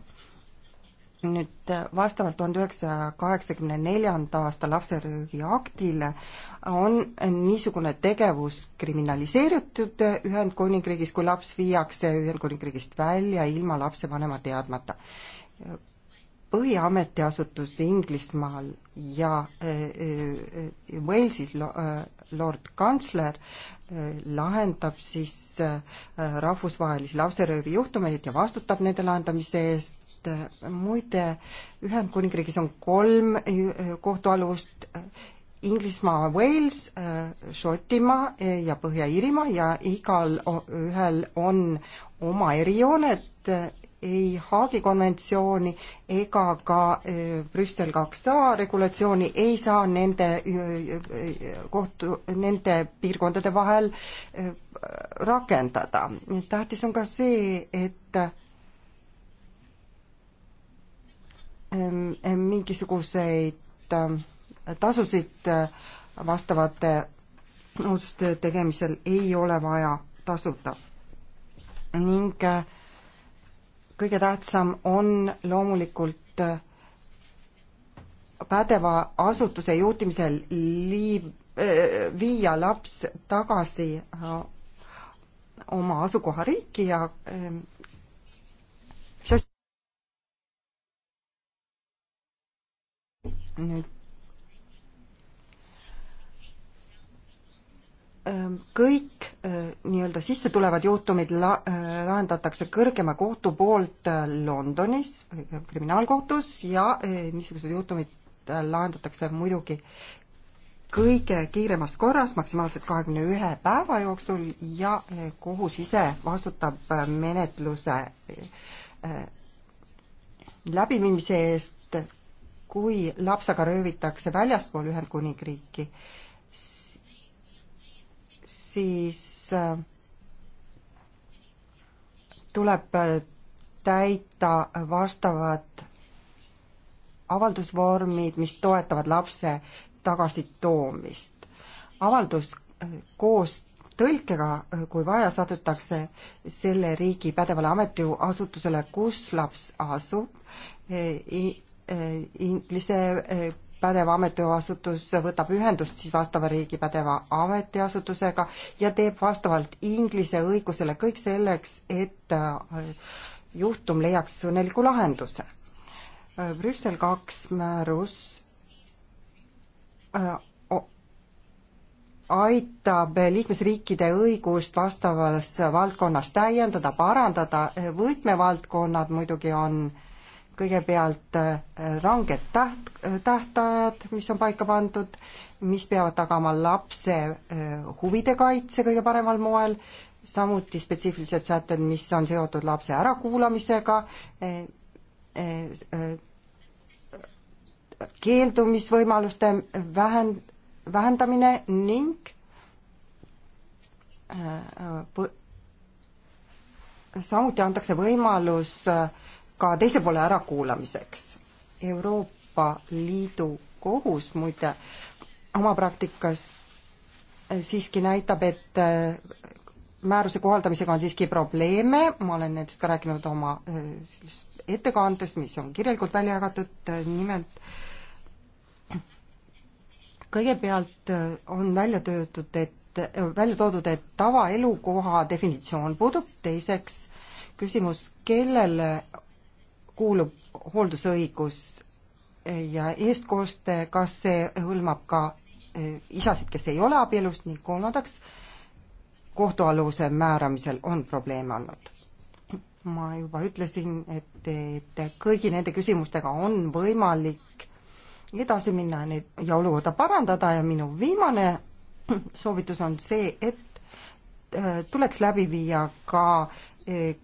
nüüd äh, vastavalt tuhande üheksasaja kaheksakümne neljanda aasta lapseröögi aktile on äh, niisugune tegevus kriminaliseeritud Ühendkuningriigis, kui laps viiakse Ühendkuningriigist välja ilma lapsevanema teadmata. põhiametiasutus Inglismaal ja äh, Walesis lord kantsler lahendab siis rahvusvahelisi lapseröövi juhtumeid ja vastutab nende lahendamise eest, et muide, Ühendkuningriigis on kolm kohtualust, Inglismaa, Wales, Šotimaa ja Põhja-Iirimaa ja igal ühel on oma erijooned, ei Haagi konventsiooni ega ka e, Brüssel kaks A regulatsiooni ei saa nende e, e, kohtu, nende piirkondade vahel rakendada. tähtis on ka see, et mingisuguseid ähm, tasusid äh, vastavate otsuste tegemisel ei ole vaja tasuda. ning äh, kõige tähtsam on loomulikult äh, pädeva asutuse juhtimisel liib-, viia laps tagasi oma asukohariiki ja ähm, nüüd ähm, kõik äh, nii-öelda sisse tulevad juhtumid la-, äh, lahendatakse kõrgema kohtu poolt äh, Londonis, kriminaalkohtus, ja niisugused juhtumid lahendatakse muidugi kõige kiiremas korras, maksimaalselt kahekümne ühe päeva jooksul ja kohus ise vastutab menetluse läbiviimise eest kui lapsega röövitakse väljaspool Ühendkuningriiki, siis äh, tuleb äh, täita vastavad avaldusvormid, mis toetavad lapse tagasitoomist. avaldus äh, koos tõlkega, kui vaja, saadetakse selle riigi pädevale ametiasutusele, kus laps asub Eh, inglise eh, pädev ametiasutus võtab ühendust siis vastava riigi pädeva ametiasutusega ja teeb vastavalt inglise õigusele kõik selleks, et eh, juhtum leiaks õnneliku lahenduse. Brüssel kaks määrus aitab liikmesriikide õigust vastavas valdkonnas täiendada, parandada, võtmevaldkonnad muidugi on äh, kõigepealt äh, ranged täht, äh, tähtajad, mis on paika pandud, mis peavad tagama lapse äh, huvide kaitse kõige paremal moel, samuti spetsiifilised sätted, mis on seotud lapse ärakuulamisega, keeldumisvõimaluste vähen-, vähendamine ning samuti antakse võimalus äh, ka teise poole ärakuulamiseks. Euroopa Liidu kohus muide oma praktikas eh, siiski näitab, et eh, määruse kohaldamisega on siiski probleeme, ma olen nendest ka rääkinud oma eh, ettekandes, mis on kirjalikult välja jagatud, nimelt kõigepealt on välja töötud, et, välja toodud, et tavaelukoha definitsioon puudub, teiseks küsimus, kellele kuulub hooldusõigus ja eestkoste, kas see hõlmab ka eh, isasid, kes ei ole abielus ning kolmandaks, kohtualuse määramisel on probleeme olnud. ma juba ütlesin, et, et kõigi nende küsimustega on võimalik edasi minna neid ja olukorda parandada ja minu viimane soovitus on see, et eh, tuleks läbi viia ka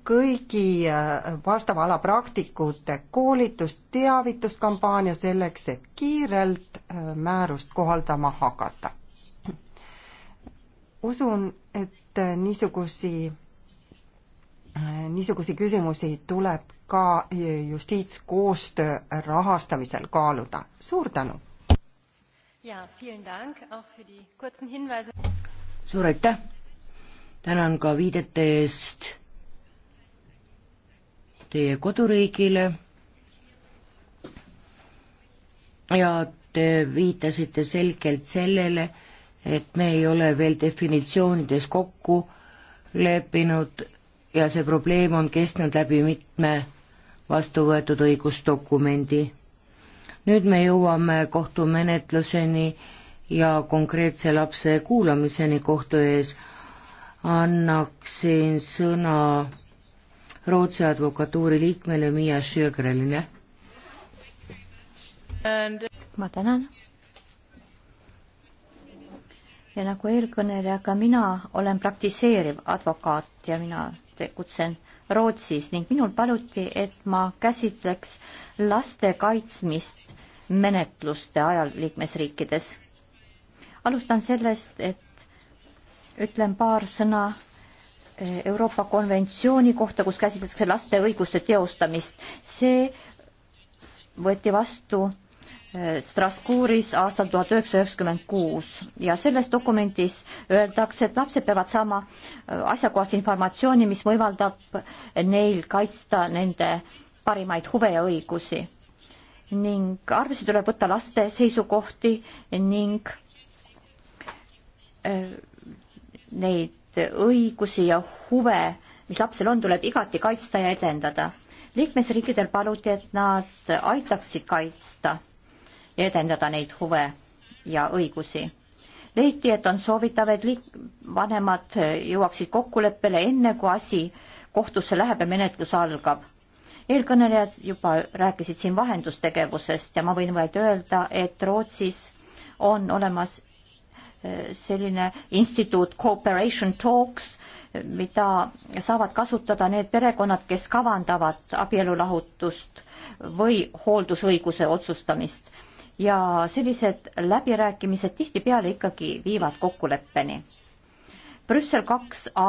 kõigi äh, vastava ala praktikute koolitust, teavituskampaania selleks, et kiirelt äh, määrust kohaldama hakata. usun, et äh, niisugusi, niisugusi küsimusi tuleb ka justiitskoostöö rahastamisel kaaluda. suur tänu! suur aitäh! tänan ka viidete eest teie koduriigile ja te viitasite selgelt sellele, et me ei ole veel definitsioonides kokku leppinud ja see probleem on kestnud läbi mitme vastu võetud õigusdokumendi. nüüd me jõuame kohtumenetluseni ja konkreetse lapse kuulamiseni kohtu ees. annaksin sõna Rootsi advokatuuri liikmele Miia Sjögrelile. ma tänan. ja nagu eelkõneleja, ka mina olen praktiseeriv advokaat ja mina tegutsen Rootsis ning minul paluti, et ma käsitleks laste kaitsmist menetluste ajal liikmesriikides. alustan sellest, et ütlen paar sõna Euroopa konventsiooni kohta, kus käsitletakse laste õiguste teostamist. see võeti vastu eh, Strasbourgis aastal tuhat üheksasada üheksakümmend kuus ja selles dokumendis öeldakse, et lapsed peavad saama eh, asjakohast informatsiooni, mis võimaldab neil kaitsta nende parimaid huve ja õigusi. ning arvesse tuleb võtta laste seisukohti ning eh, neid et õigusi ja huve, mis lapsel on, tuleb igati kaitsta ja edendada. liikmesriikidel paluti, et nad aitaksid kaitsta ja edendada neid huve ja õigusi. leiti, et on soovitav, et liik-, vanemad jõuaksid kokkuleppele enne, kui asi kohtusse läheb ja menetlus algab eelkõnelejad juba rääkisid siin vahendustegevusest ja ma võin vaid öelda, et Rootsis on olemas selline instituut Cooperation Talks, mida saavad kasutada need perekonnad, kes kavandavad abielulahutust või hooldusõiguse otsustamist. ja sellised läbirääkimised tihtipeale ikkagi viivad kokkuleppeni. Brüssel kaks A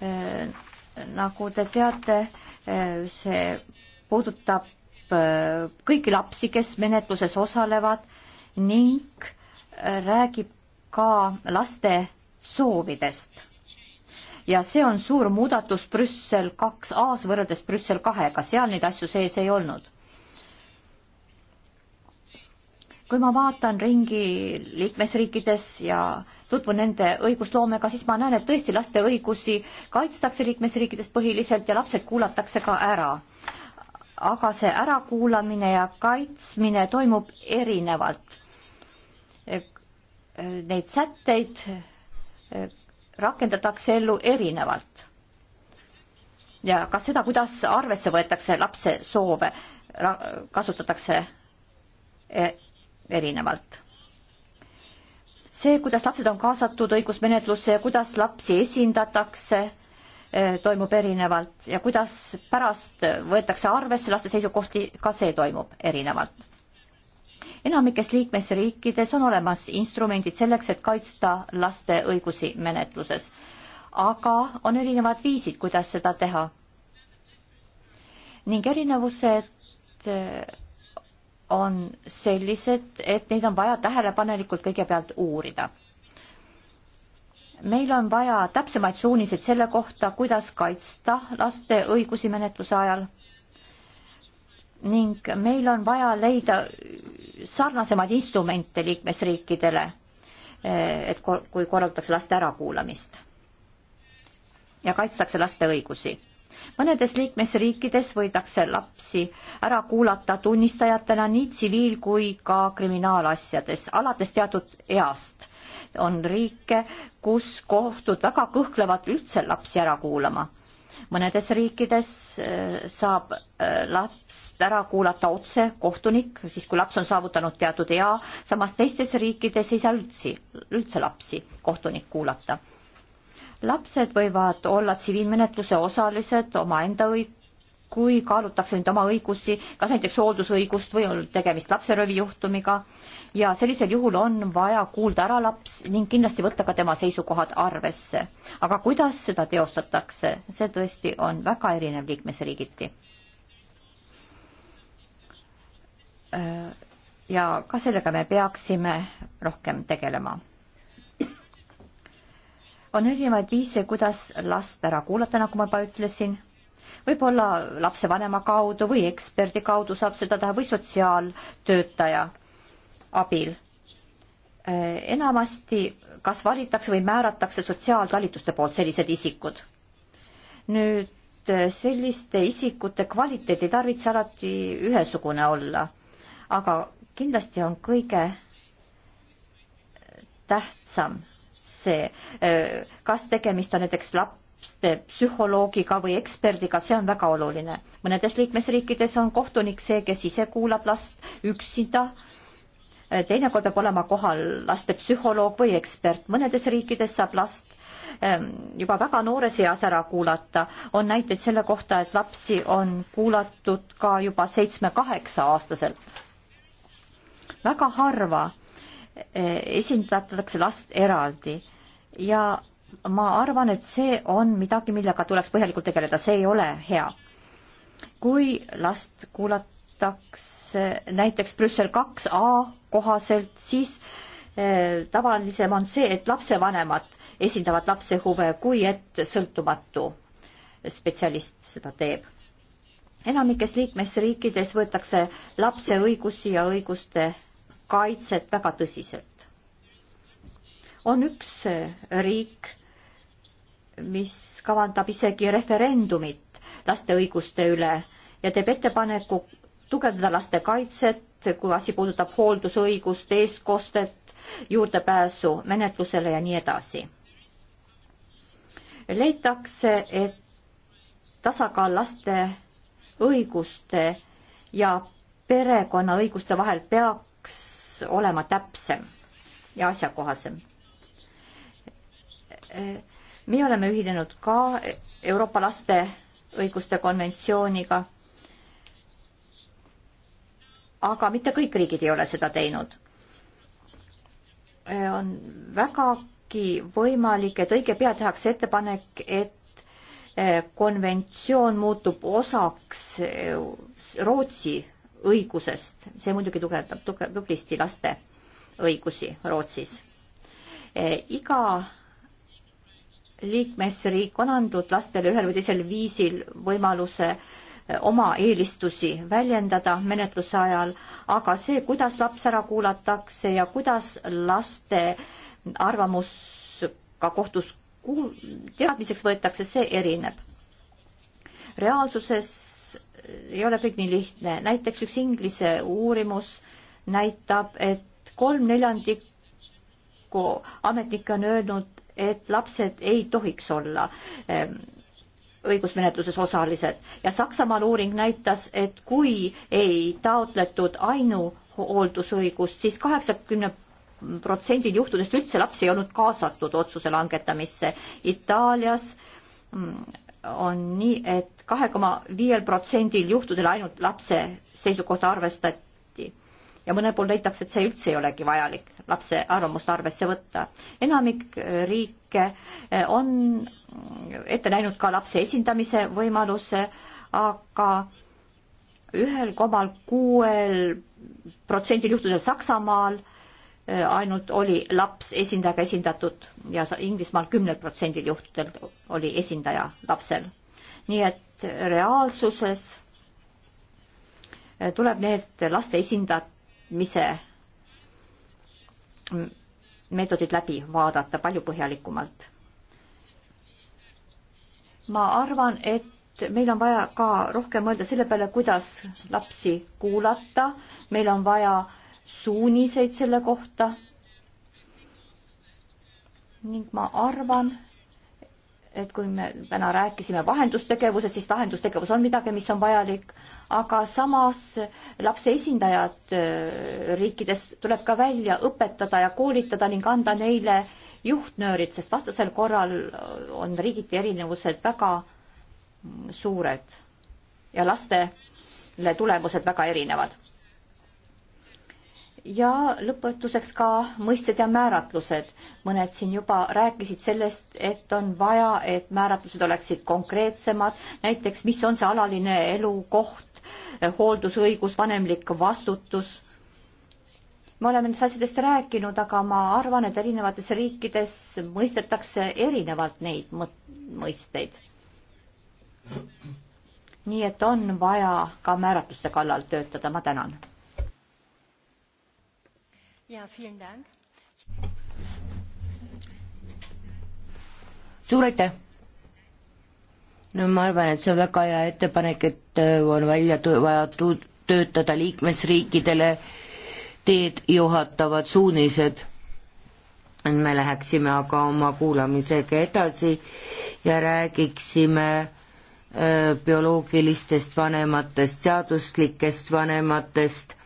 äh, nagu te teate, äh, see puudutab äh, kõiki lapsi, kes menetluses osalevad ning räägib ka laste soovidest. ja see on suur muudatus Brüssel kaks A-s võrreldes Brüssel kahega, seal neid asju sees ei olnud. kui ma vaatan ringi liikmesriikides ja tutvun nende õigusloomega, siis ma näen, et tõesti laste õigusi kaitstakse liikmesriikides põhiliselt ja lapsed kuulatakse ka ära aga see ärakuulamine ja kaitsmine toimub erinevalt neid sätteid eh, rakendatakse ellu erinevalt. ja kas seda, kuidas arvesse võetakse lapse soove, kasutatakse eh, erinevalt. see, kuidas lapsed on kaasatud õigusmenetlusse ja kuidas lapsi esindatakse, eh, toimub erinevalt ja kuidas pärast võetakse arvesse laste seisukohti, ka see toimub erinevalt enamikes liikmesriikides on olemas instrumendid selleks, et kaitsta laste õigusi menetluses. aga on erinevad viisid, kuidas seda teha. ning erinevused eh, on sellised, et neid on vaja tähelepanelikult kõigepealt uurida. meil on vaja täpsemaid suuniseid selle kohta, kuidas kaitsta laste õigusi menetluse ajal ning meil on vaja leida sarnasemaid instrumente liikmesriikidele, eh, et kui korraldatakse laste ärakuulamist ja kaitstakse laste õigusi. mõnedes liikmesriikides võidakse lapsi ära kuulata tunnistajatena nii tsiviil kui ka kriminaalasjades, alates teatud east. on riike, kus kohtud väga kõhklevad üldse lapsi ära kuulama mõnedes riikides äh, saab äh, last ära kuulata otse kohtunik, siis kui laps on saavutanud teatud ea, samas teistes riikides ei saa üldse, üldse lapsi kohtunik kuulata. lapsed võivad olla tsiviilmenetluse osalised omaenda õig-, kui kaalutakse nüüd oma õigusi, kas näiteks hooldusõigust või on tegemist lapseröövi juhtumiga ja sellisel juhul on vaja kuulda ära laps ning kindlasti võtta ka tema seisukohad arvesse. aga kuidas seda teostatakse, see tõesti on väga erinev liikmesriigiti. Äh, ja ka sellega me peaksime rohkem tegelema on erinevaid viise, kuidas last ära kuulata, nagu ma juba ütlesin võib-olla lapsevanema kaudu või eksperdi kaudu saab seda teha või sotsiaaltöötaja abil. Äh, enamasti kas valitakse või määratakse sotsiaaltalituste poolt sellised isikud. nüüd äh, selliste isikute kvaliteet ei tarvitse alati ühesugune olla, aga kindlasti on kõige äh, tähtsam see, kas tegemist on näiteks lap-, psühholoogiga või eksperdiga, see on väga oluline. mõnedes liikmesriikides on kohtunik see, kes ise kuulab last üksinda, teinekord peab olema kohal laste psühholoog või ekspert, mõnedes riikides saab last ehm, juba väga noores eas ära kuulata. on näiteid selle kohta, et lapsi on kuulatud ka juba seitsme-kaheksa-aastaselt. väga harva eh, esindatakse last eraldi ja ma arvan, et see on midagi, millega tuleks põhjalikult tegeleda, see ei ole hea. kui last kuulatakse näiteks Brüssel kaks A kohaselt, siis eh, tavalisem on see, et lapsevanemad esindavad lapse huve, kui et sõltumatu spetsialist seda teeb. enamikes liikmesriikides võetakse lapse õigusi ja õiguste kaitset väga tõsiselt. on üks eh, riik mis kavandab isegi referendumit laste õiguste üle ja teeb ettepaneku tugevdada laste kaitset, kui asi puudutab hooldusõigust, eeskostet, juurdepääsu menetlusele ja nii edasi. leitakse, et tasakaal laste õiguste ja perekonnaõiguste vahel peaks olema täpsem ja asjakohasem meie oleme ühinenud ka Euroopa laste õiguste konventsiooniga. aga mitte kõik riigid ei ole seda teinud. Äh, on vägagi võimalik, et õige pea tehakse ettepanek, et äh, konventsioon muutub osaks äh, Rootsi õigusest, see muidugi tugevdab tuge, tublisti laste õigusi Rootsis. iga liikmesriik on andnud lastele ühel või teisel viisil võimaluse eh, oma eelistusi väljendada menetluse ajal, aga see, kuidas laps ära kuulatakse ja kuidas laste arvamus ka kohtus kuul-, teadmiseks võetakse, see erineb. reaalsuses eh, ei ole kõik nii lihtne, näiteks üks Inglise uurimus näitab, et kolm neljandikku ametnikke on öelnud, et lapsed ei tohiks olla ehm, õigusmenetluses osalised ja Saksamaal uuring näitas, et kui ei taotletud ainuhooldusõigust siis, siis kaheksakümne protsendil juhtudest üldse laps ei olnud kaasatud otsuse langetamisse. Itaalias mm, on nii et, et kahe koma viiel protsendil juhtudel ainult lapse seisukohta arvestati ja mõnel pool leitakse, et see üldse ei olegi vajalik lapse arvamust arvesse võtta. enamik äh, riike äh, on ette näinud ka lapse esindamise võimaluse, aga ühel komal kuuel protsendil juhtudel Saksamaal äh, ainult oli laps esindajaga esindatud ja Inglismaal kümnel protsendil juhtudel oli esindaja lapsel. nii et reaalsuses tuleb need laste esindajad ise meetodid läbi vaadata palju põhjalikumalt. ma arvan, et meil on vaja ka rohkem mõelda selle peale, kuidas lapsi kuulata, meil on vaja suuniseid selle kohta. ning ma arvan, et kui me täna rääkisime vahendustegevusest, siis vahendustegevus on midagi, mis on vajalik, aga samas lapse esindajad äh, riikides tuleb ka välja õpetada ja koolitada ning anda neile juhtnöörid, sest vastasel korral äh, on riigiti erinevused väga suured ja lastele tulemused väga erinevad ja lõpetuseks ka mõisted ja määratlused. mõned siin juba rääkisid sellest, et on vaja, et määratlused oleksid konkreetsemad, näiteks mis on see alaline elukoht, hooldusõigus, vanemlik vastutus me oleme nendest asjadest rääkinud, aga ma arvan, et erinevates riikides mõistetakse erinevalt neid mõisteid. nii et on vaja ka määratluste kallal töötada, ma tänan suur aitäh! no ma arvan, et see on väga hea ettepanek, et äh, on välja vaja töötada liikmesriikidele teed juhatavad suunised. et me läheksime aga oma kuulamisega edasi ja räägiksime äh, bioloogilistest vanematest, seaduslikest vanematest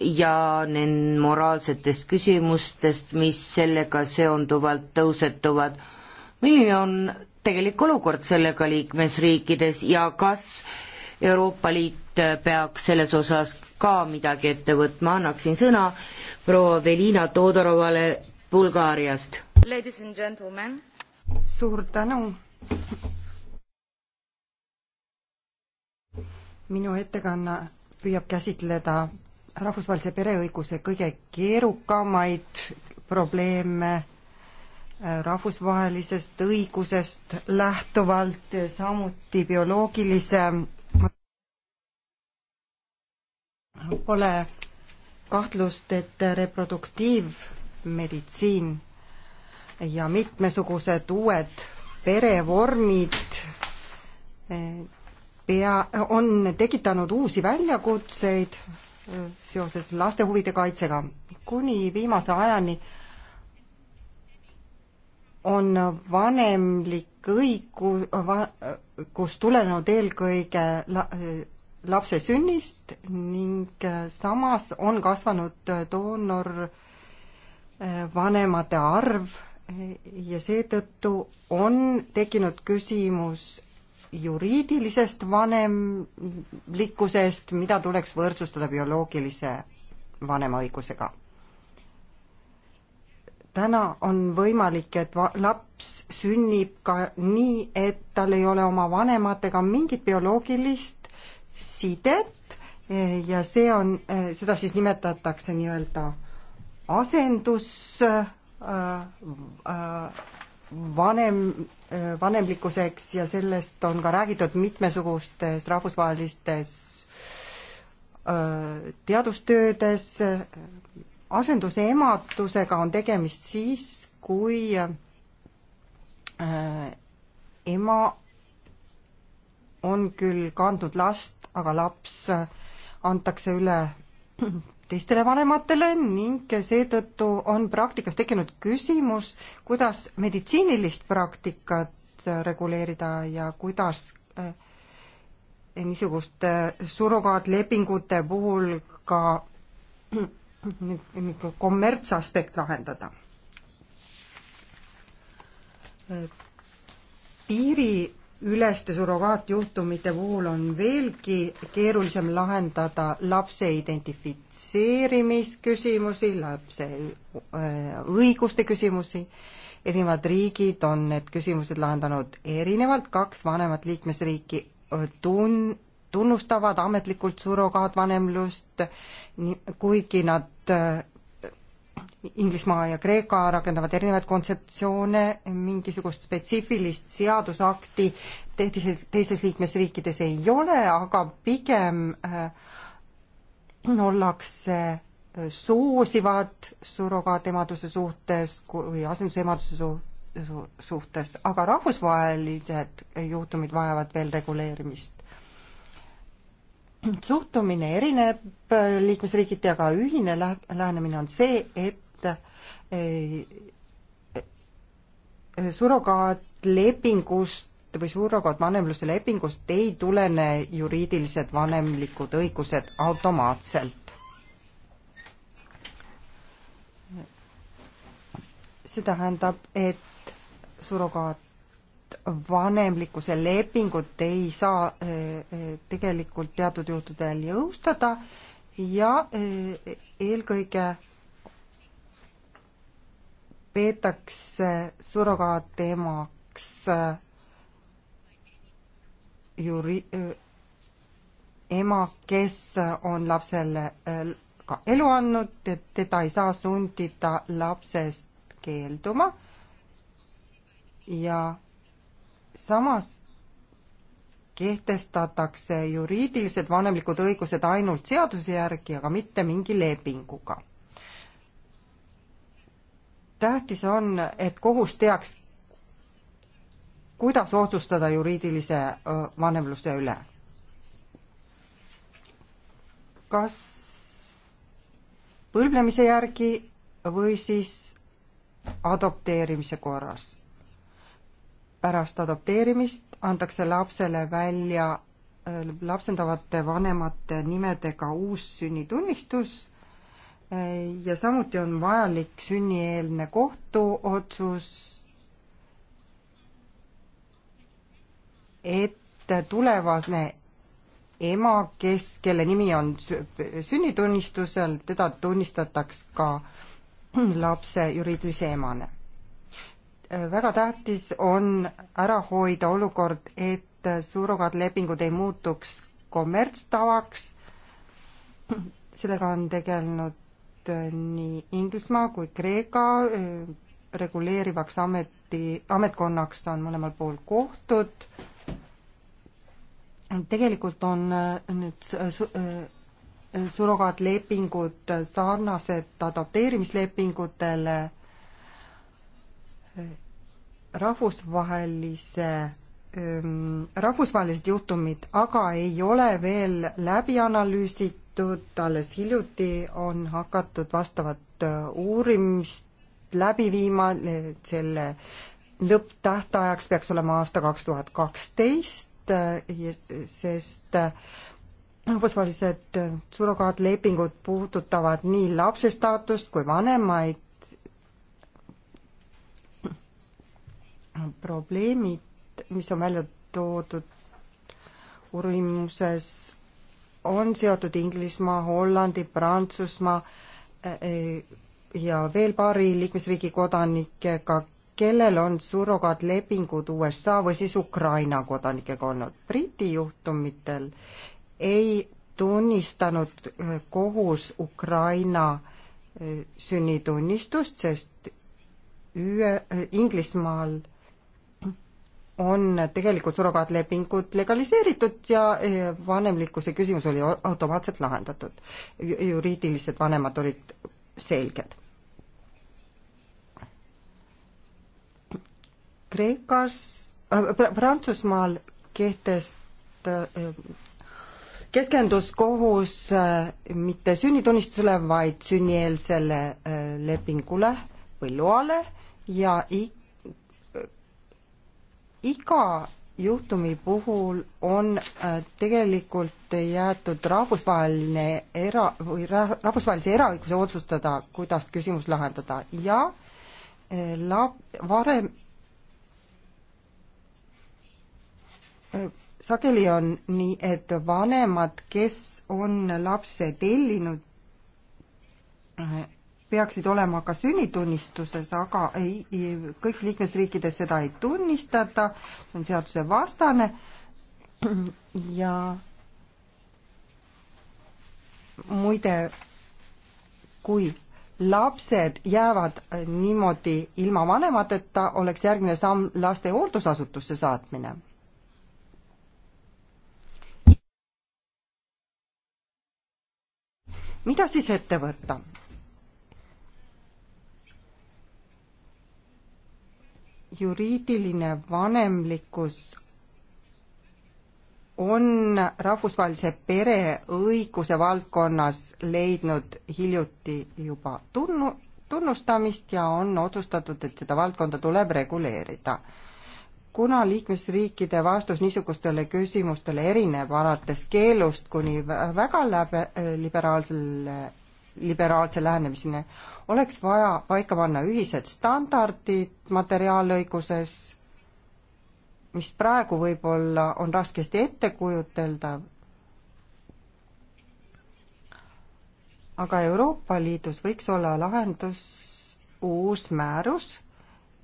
ja nend- moraalsetest küsimustest, mis sellega seonduvalt tõusetuvad. milline on tegelik olukord sellega liikmesriikides ja kas Euroopa Liit peaks selles osas ka midagi ette võtma, annaksin sõna proua Velina Todorovale Bulgaariast. suur tänu. minu ettekanne püüab käsitleda rahvusvahelise pereõiguse kõige keerukamaid probleeme äh, rahvusvahelisest õigusest lähtuvalt, samuti bioloogilise pole kahtlust, et reproduktiivmeditsiin ja mitmesugused uued perevormid äh, pea, on tekitanud uusi väljakutseid seoses laste huvide kaitsega. kuni viimase ajani on vanemlik õigu-, kus tulenenud eelkõige la, lapse sünnist ning samas on kasvanud doonor eh, vanemate arv ja seetõttu on tekkinud küsimus, juriidilisest vanemlikkusest, mida tuleks võrdsustada bioloogilise vanema õigusega. täna on võimalik, et va-, laps sünnib ka nii, et tal ei ole oma vanematega mingit bioloogilist sidet ja see on, seda siis nimetatakse nii-öelda asendus äh, äh, vanem vanemlikkuseks ja sellest on ka räägitud mitmesugustes rahvusvahelistes teadustöödes. asenduse emadusega on tegemist siis, kui ema on küll kandnud last, aga laps antakse üle teistele vanematele ning seetõttu on praktikas tekkinud küsimus, kuidas meditsiinilist praktikat äh, reguleerida ja kuidas äh, niisuguste äh, surrogaatlepingute puhul ka kommertsaspekt lahendada. piiri üleste surrogaatjuhtumite puhul on veelgi keerulisem lahendada lapse identifitseerimisküsimusi, lapse äh, õiguste küsimusi. erinevad riigid on need küsimused lahendanud erinevalt, kaks vanemat liikmesriiki äh, tun-, tunnustavad ametlikult surrogaatvanemlust, kuigi nad äh, Inglismaa ja Kreeka rakendavad erinevaid kontseptsioone, mingisugust spetsiifilist seadusakti teises, teises liikmesriikides ei ole, aga pigem äh, ollakse äh, soosivad surrogaatemaduse suhtes või asendusemaduse suht-, suhtes, aga rahvusvahelised juhtumid vajavad veel reguleerimist. suhtumine erineb äh, liikmesriigiti, aga ühine lähenemine on see, et Eh, surrogaatlepingust või surrogaatvanemluse lepingust ei tulene juriidilised vanemlikud õigused automaatselt. see tähendab, et surrogaatvanemlikkuse lepingut ei saa eh, eh, tegelikult teatud juhtudel jõustada ja eelkõige peetakse surrogaatemaks äh, juri-, äh, ema, kes on lapsele äh, ka elu andnud, teda ei saa sundida lapsest keelduma ja samas kehtestatakse juriidilised vanemlikud õigused ainult seaduse järgi, aga mitte mingi lepinguga tähtis on, et kohus teaks, kuidas otsustada juriidilise vanemluse üle. kas põlvnemise järgi või siis adopteerimise korras. pärast adopteerimist antakse lapsele välja lapsendavate vanemate nimedega uussünnitunnistus Äh, ja samuti on vajalik sünnieelne kohtuotsus, et tulevane ema, kes, kelle nimi on sünnitunnistusel, teda tunnistataks ka lapse juriidilise emana. Äh, väga tähtis on ära hoida olukord, et surrogaatlepingud ei muutuks kommertstavaks, sellega on tegelenud Äh, nii Inglismaa kui Kreeka äh, reguleerivaks ameti, ametkonnaks on mõlemal pool kohtud. tegelikult on äh, need su, surrogaatlepingud sarnased adopteerimislepingutele rahvusvahelise ähm, rahvusvahelised juhtumid aga ei ole veel läbi analüüsitud tehtud, alles hiljuti on hakatud vastavat äh, uurimist läbi viima, selle lõpptähtajaks peaks olema aasta kaks tuhat kaksteist, äh, sest äh, rahvusvahelised surrogaatlepingud puudutavad nii lapse staatust kui vanemaid. probleemid, mis on välja toodud uurimuses, on seotud Inglismaa, Hollandi, Prantsusmaa eh, ja veel paari liikmesriigi kodanikega, kellel on surrogaatlepingud USA või siis Ukraina kodanikega olnud. Briti juhtumitel ei tunnistanud eh, kohus Ukraina eh, sünnitunnistust, sest ühe, Inglismaal on tegelikult surrogaatlepingud legaliseeritud ja eh, vanemlikkuse küsimus oli automaatselt lahendatud. juriidilised vanemad olid selged. Kreekas äh,, Prantsusmaal kehtest äh, keskendus kohus äh, mitte sünnitunnistusele, vaid sünnieelsele äh, lepingule või loale ja ik-, iga juhtumi puhul on äh, tegelikult jäetud rahvusvaheline era, või rahvusvahelise eraõiguse otsustada, kuidas küsimus lahendada ja äh, la-, varem äh, sageli on nii, et vanemad, kes on lapse tellinud, peaksid olema ka sünnitunnistuses, aga ei, ei, kõigis liikmesriikides seda ei tunnistata, see on seadusevastane ja muide, kui lapsed jäävad niimoodi ilma vanemateta, oleks järgmine samm laste hooldusasutusse saatmine mida siis ette võtta? juriidiline vanemlikkus on rahvusvahelise pereõiguse valdkonnas leidnud hiljuti juba tunnu, tunnustamist ja on otsustatud, et seda valdkonda tuleb reguleerida. kuna liikmesriikide vastus niisugustele küsimustele erineb alates keelust kuni väga läbe, liberaalsele liberaalse lähenemiseni. oleks vaja paika panna ühised standardid materiaalõiguses, mis praegu võib-olla on raskesti ette kujuteldav, aga Euroopa Liidus võiks olla lahendus uus määrus,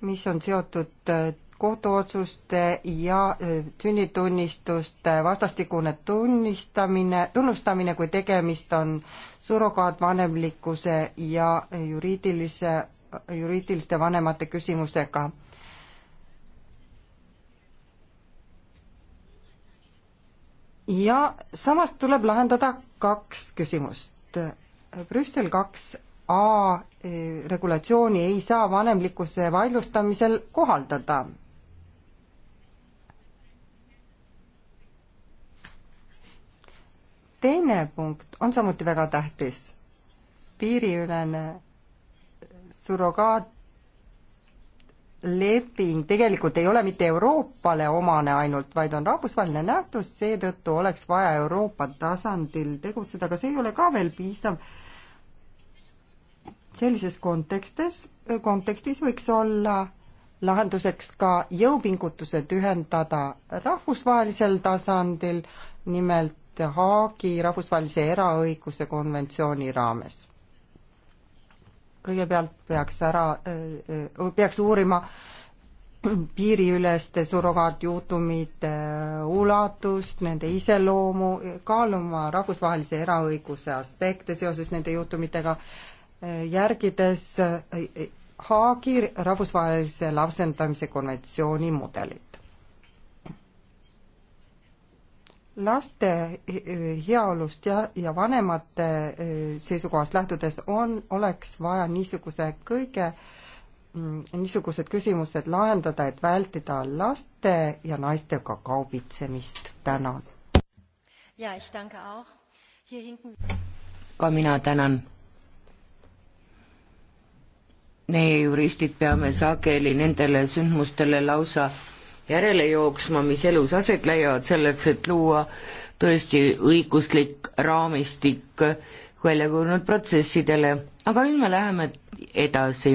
mis on seotud äh, kohtuotsuste ja sünnitunnistuste vastastikune tunnistamine, tunnustamine, kui tegemist on surrogaatvanemlikkuse ja juriidilise, juriidiliste vanemate küsimusega. ja samas tuleb lahendada kaks küsimust. Brüssel kaks A regulatsiooni ei saa vanemlikkuse vaidlustamisel kohaldada teine punkt on samuti väga tähtis. piiriülene surrogaat leping tegelikult ei ole mitte Euroopale omane ainult, vaid on rahvusvaheline nähtus, seetõttu oleks vaja Euroopa tasandil tegutseda, aga see ei ole ka veel piisav. sellises kontekstis, kontekstis võiks olla lahenduseks ka jõupingutused ühendada rahvusvahelisel tasandil, nimelt Haagi rahvusvahelise eraõiguse konventsiooni raames. kõigepealt peaks ära, äh, äh, peaks uurima piiriüleste surrogaatjuutumite äh, ulatust, nende iseloomu, kaaluma rahvusvahelise eraõiguse aspekte seoses nende juhtumitega, järgides Haagi rahvusvahelise lapsendamise konventsiooni mudelit. laste heaolust ja, ja vanemate eh, seisukohast lähtudes on, oleks vaja niisuguse kõige, mm, niisugused küsimused lahendada, et vältida laste ja naistega kaubitsemist. tänan. ka mina tänan. meie juristid peame sageli nendele sündmustele lausa järele jooksma, mis elus aset leiavad, selleks et luua tõesti õiguslik raamistik välja kujunenud protsessidele, aga nüüd me läheme edasi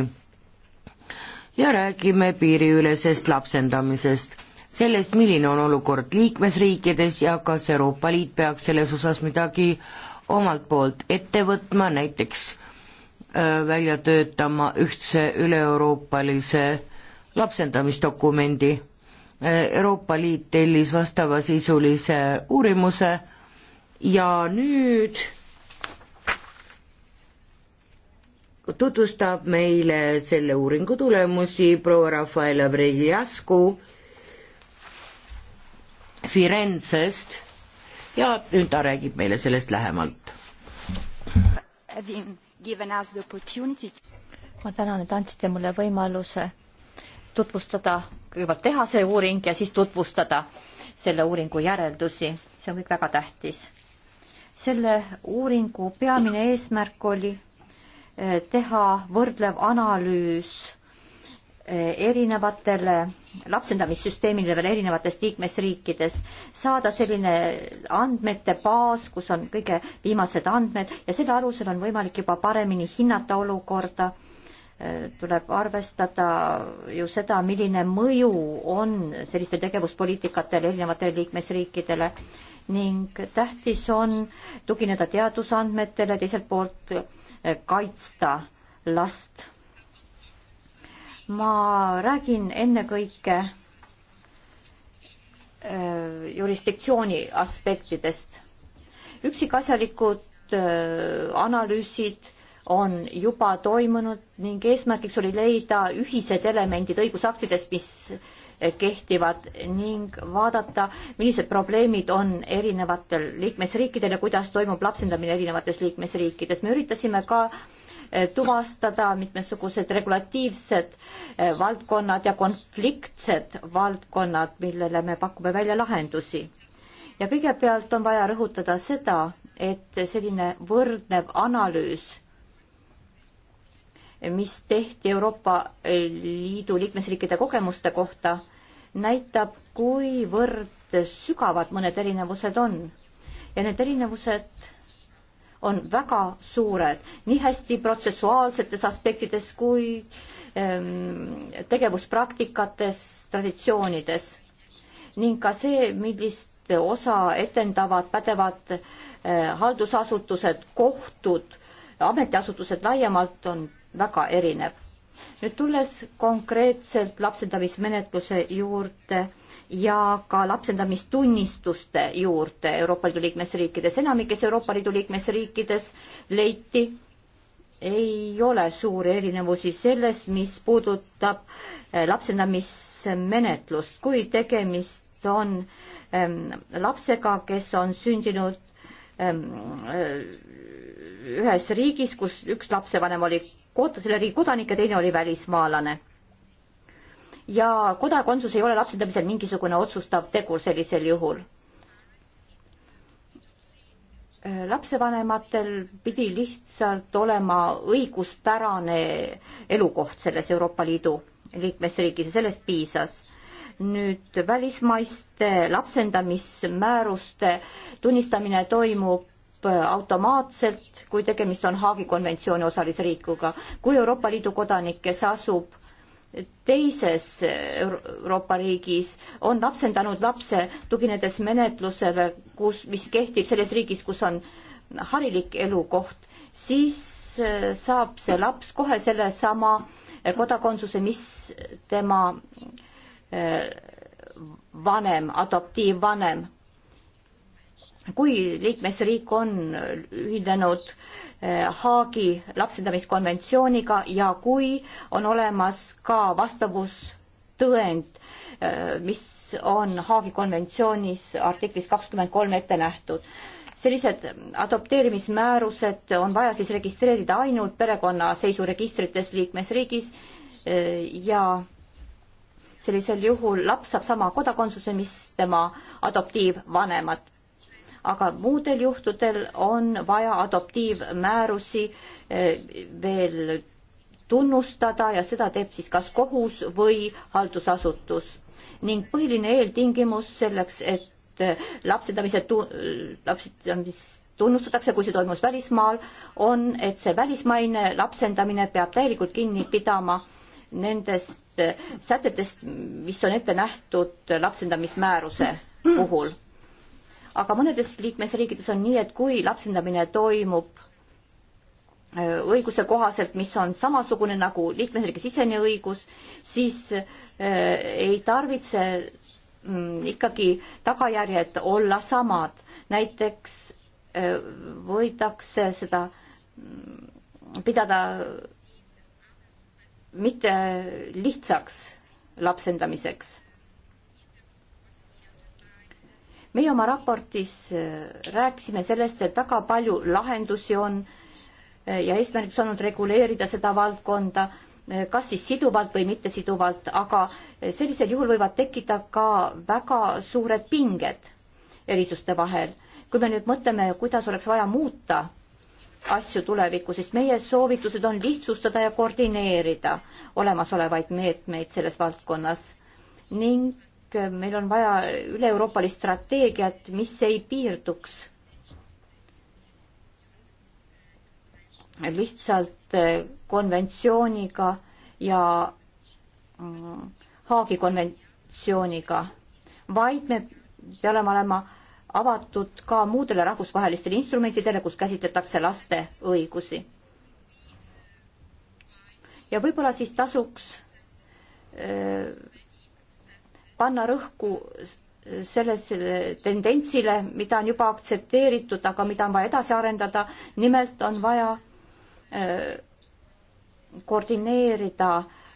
ja räägime piiriülesest lapsendamisest, sellest, milline on olukord liikmesriikides ja kas Euroopa Liit peaks selles osas midagi omalt poolt ette võtma, näiteks öö, välja töötama ühtse üle-euroopalise lapsendamisdokumendi Euroopa Liit tellis vastavasisulise uurimuse ja nüüd tutvustab meile selle uuringu tulemusi proua Rafaela Bregiasku Firenzest ja nüüd ta räägib meile sellest lähemalt. ma tänan, et andsite mulle võimaluse tutvustada kõigepealt teha see uuring ja siis tutvustada selle uuringu järeldusi. see on kõik väga tähtis. selle uuringu peamine eesmärk oli eh, teha võrdlev analüüs eh, erinevatele lapsendamissüsteemile veel erinevates liikmesriikides, saada selline andmete baas, kus on kõige viimased andmed ja selle alusel on võimalik juba paremini hinnata olukorda tuleb arvestada ju seda, milline mõju on sellistel tegevuspoliitikatel erinevatele liikmesriikidele ning tähtis on tugineda teadusandmetele, teiselt poolt eh, kaitsta last. ma räägin ennekõike eh, jurisdiktsiooni aspektidest. üksikasjalikud eh, analüüsid on juba toimunud ning eesmärgiks oli leida ühised elemendid õigusaktides, mis kehtivad ning vaadata, millised probleemid on erinevatel liikmesriikidel ja kuidas toimub lapsendamine erinevates liikmesriikides. me üritasime ka eh, tuvastada mitmesugused regulatiivsed eh, valdkonnad ja konfliktsed valdkonnad, millele me pakume välja lahendusi. ja kõigepealt on vaja rõhutada seda, et selline võrdlev analüüs mis tehti Euroopa Liidu liikmesriikide kogemuste kohta, näitab, kuivõrd sügavad mõned erinevused on. ja need erinevused on väga suured, nii hästi protsessuaalsetes aspektides kui ähm, tegevuspraktikates, traditsioonides ning ka see, millist osa etendavad pädevad äh, haldusasutused, kohtud, ametiasutused laiemalt on väga erinev. nüüd tulles konkreetselt lapsendamismenetluse juurde ja ka lapsendamistunnistuste juurde Euroopa Liidu liikmesriikides, enamikes Euroopa Liidu liikmesriikides leiti ei ole suuri erinevusi selles, mis puudutab eh, lapsendamismenetlust, kui tegemist on ähm, lapsega, kes on sündinud ähm, ühes riigis, kus üks lapsevanem oli kohta selle riigi kodanik ja teine oli välismaalane. ja kodakondsus ei ole lapsendamisel mingisugune otsustav tegur sellisel juhul. lapsevanematel pidi lihtsalt olema õiguspärane elukoht selles Euroopa Liidu liikmesriigis ja sellest piisas nüüd välismaiste lapsendamismääruste tunnistamine toimub Äh, automaatselt, kui tegemist on Haagi konventsiooni osalisriikuga. kui Euroopa Liidu kodanik, kes asub teises äh, Euroopa riigis on lapsendanud lapse, tuginedes menetlusele, kus, mis kehtib selles riigis, kus on harilik elukoht, siis äh, saab see laps kohe sellesama kodakondsuse, mis tema vanem, adoptiivvanem kui liikmesriik on ühinenud eh, Haagi lapsendamiskonventsiooniga ja kui on olemas ka vastavustõend, eh, mis on Haagi konventsioonis artiklis kakskümmend kolm ette nähtud. sellised adopteerimismäärused on vaja siis registreerida ainult perekonnaseisuregistrites liikmesriigis eh, ja sellisel juhul laps saab sama kodakondsuse, mis tema adoptiivvanemad aga muudel juhtudel on vaja adoptiivmäärusi eh, veel tunnustada ja seda teeb siis kas kohus või haldusasutus. ning põhiline eeltingimus selleks, et eh, lapsendamise tu-, lapsendamist tunnustatakse, kui see toimus välismaal, on, et see välismaine lapsendamine peab täielikult kinni pidama nendest eh, sätetest, mis on ette nähtud lapsendamismääruse puhul aga mõnedes liikmesriikides on nii, et kui lapsendamine toimub äh, õiguse kohaselt, mis on samasugune nagu liikmesriigi sisene õigus, siis äh, ei tarvitse mm, ikkagi tagajärjed olla samad. näiteks äh, võidakse seda mm, pidada mitte lihtsaks lapsendamiseks meie oma raportis äh, rääkisime sellest, et väga palju lahendusi on äh, ja eesmärgiks olnud reguleerida seda valdkonda, äh, kas siis siduvalt või mittesiduvalt, aga sellisel juhul võivad tekkida ka väga suured pinged erisuste vahel. kui me nüüd mõtleme, kuidas oleks vaja muuta asju tulevikku, siis meie soovitused on lihtsustada ja koordineerida olemasolevaid meetmeid selles valdkonnas ning meil on vaja üle-euroopalist strateegiat, mis ei piirduks lihtsalt konventsiooniga ja mm, Haagi konventsiooniga, vaid me peame olema avatud ka muudele rahvusvahelistele instrumentidele, kus käsitletakse laste õigusi. ja võib-olla siis tasuks öö, äh, panna rõhku sellele tendentsile, mida on juba aktsepteeritud, aga mida on vaja edasi arendada. nimelt on vaja äh, koordineerida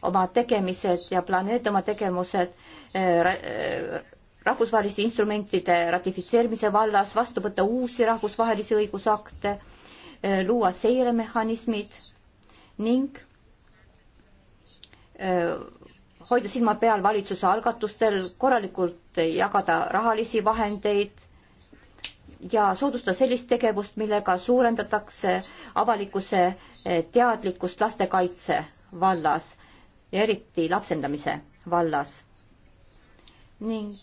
oma tegemised ja planeerida oma tegevused äh, äh, rahvusvaheliste instrumentide ratifitseerimise vallas, vastu võtta uusi rahvusvahelisi õigusakte, luua seiremehhanismid ning hoida silma peal valitsuse algatustel, korralikult jagada rahalisi vahendeid ja soodustada sellist tegevust, millega suurendatakse avalikkuse eh, teadlikkust lastekaitse vallas ja eriti lapsendamise vallas. ning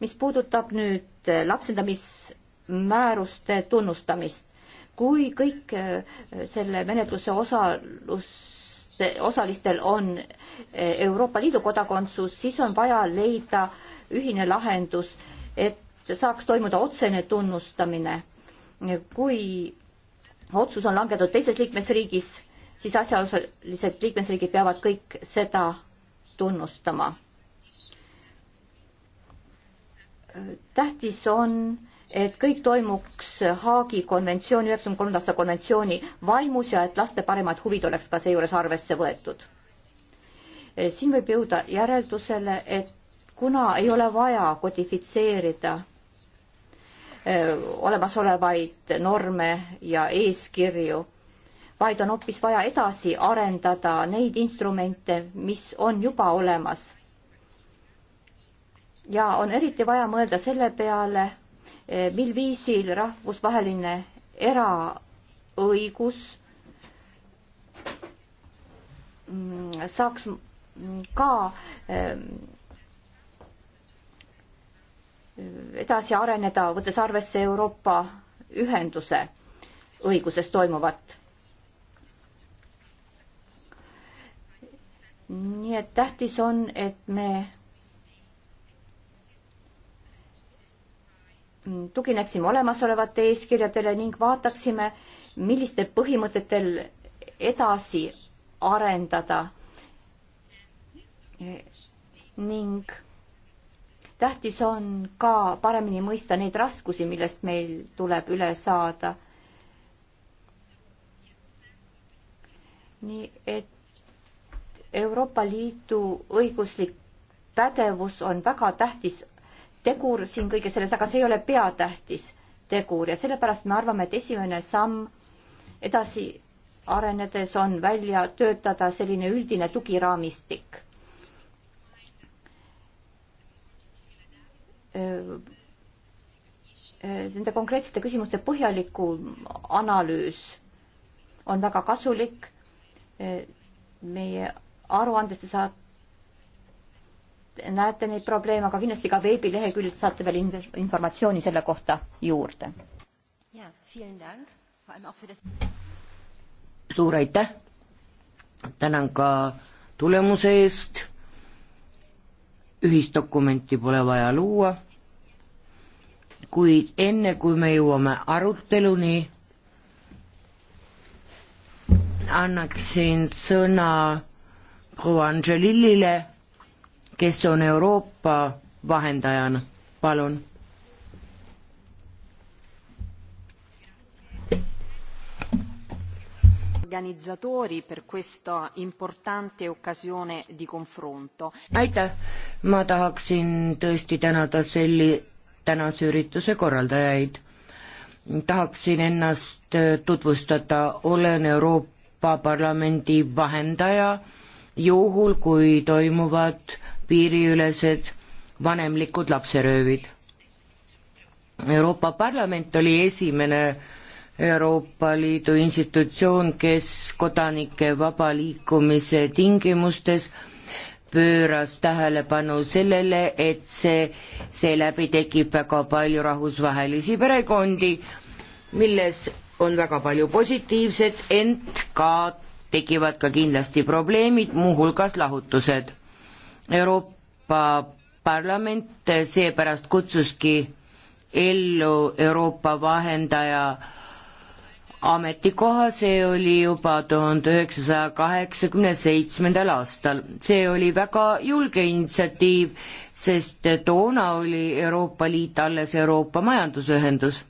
mis puudutab nüüd eh, lapsendamismääruste tunnustamist, kui kõik eh, selle menetluse osalus osaliste, osalistel on e, Euroopa Liidu kodakondsus, siis on vaja leida ühine lahendus, et saaks toimuda otsene tunnustamine. kui otsus on langetatud teises liikmesriigis, siis asjaosalised liikmesriigid peavad kõik seda tunnustama. tähtis on, et kõik toimuks Haagi konventsiooni, üheksakümne kolmanda aasta konventsiooni vaimus ja et laste paremad huvid oleks ka seejuures arvesse võetud. siin võib jõuda järeldusele, et kuna ei ole vaja kodifitseerida eh, olemasolevaid norme ja eeskirju, vaid on hoopis vaja edasi arendada neid instrumente, mis on juba olemas. ja on eriti vaja mõelda selle peale, Eh, mil viisil rahvusvaheline eraõigus mm, saaks ka eh, edasi areneda, võttes arvesse Euroopa ühenduse õiguses toimuvat. nii et tähtis on, et me Mm, tugineksime olemasolevate eeskirjadele ning vaataksime, millistel põhimõtetel edasi arendada. ning tähtis on ka paremini mõista neid raskusi, millest meil tuleb üle saada. nii et Euroopa Liidu õiguslik pädevus on väga tähtis tegur siin kõiges selles, aga see ei ole peatähtis tegur ja sellepärast me arvame, et esimene samm edasi arenedes on välja töötada selline üldine tugiraamistik. Nende konkreetsete küsimuste põhjalikum analüüs on väga kasulik. meie aruandest te saate näete neid probleeme, aga kindlasti ka veebileheküljelt saate veel informatsiooni selle kohta juurde. suur aitäh, tänan ka tulemuse eest, ühisdokumenti pole vaja luua, kuid enne, kui me jõuame aruteluni, annaksin sõna proua Angelillile kes on Euroopa vahendajana, palun. organizzatori per questa importante occasione di confronto. aitäh, ma tahaksin tõesti tänada selli, tänase ürituse korraldajaid. tahaksin ennast tutvustada, olen Euroopa Parlamendi vahendaja juhul, kui toimuvad piiriülesed vanemlikud lapseröövid. Euroopa Parlament oli esimene Euroopa Liidu institutsioon, kes kodanike vaba liikumise tingimustes pööras tähelepanu sellele, et see, seeläbi tekib väga palju rahvusvahelisi perekondi, milles on väga palju positiivset, ent ka tekivad ka kindlasti probleemid, muuhulgas lahutused Euroopa Parlament seepärast kutsuski ellu Euroopa vahendaja ametikoha, see oli juba tuhande üheksasaja kaheksakümne seitsmendal aastal. see oli väga julge initsiatiiv, sest toona oli Euroopa Liit alles Euroopa Majandusühendus.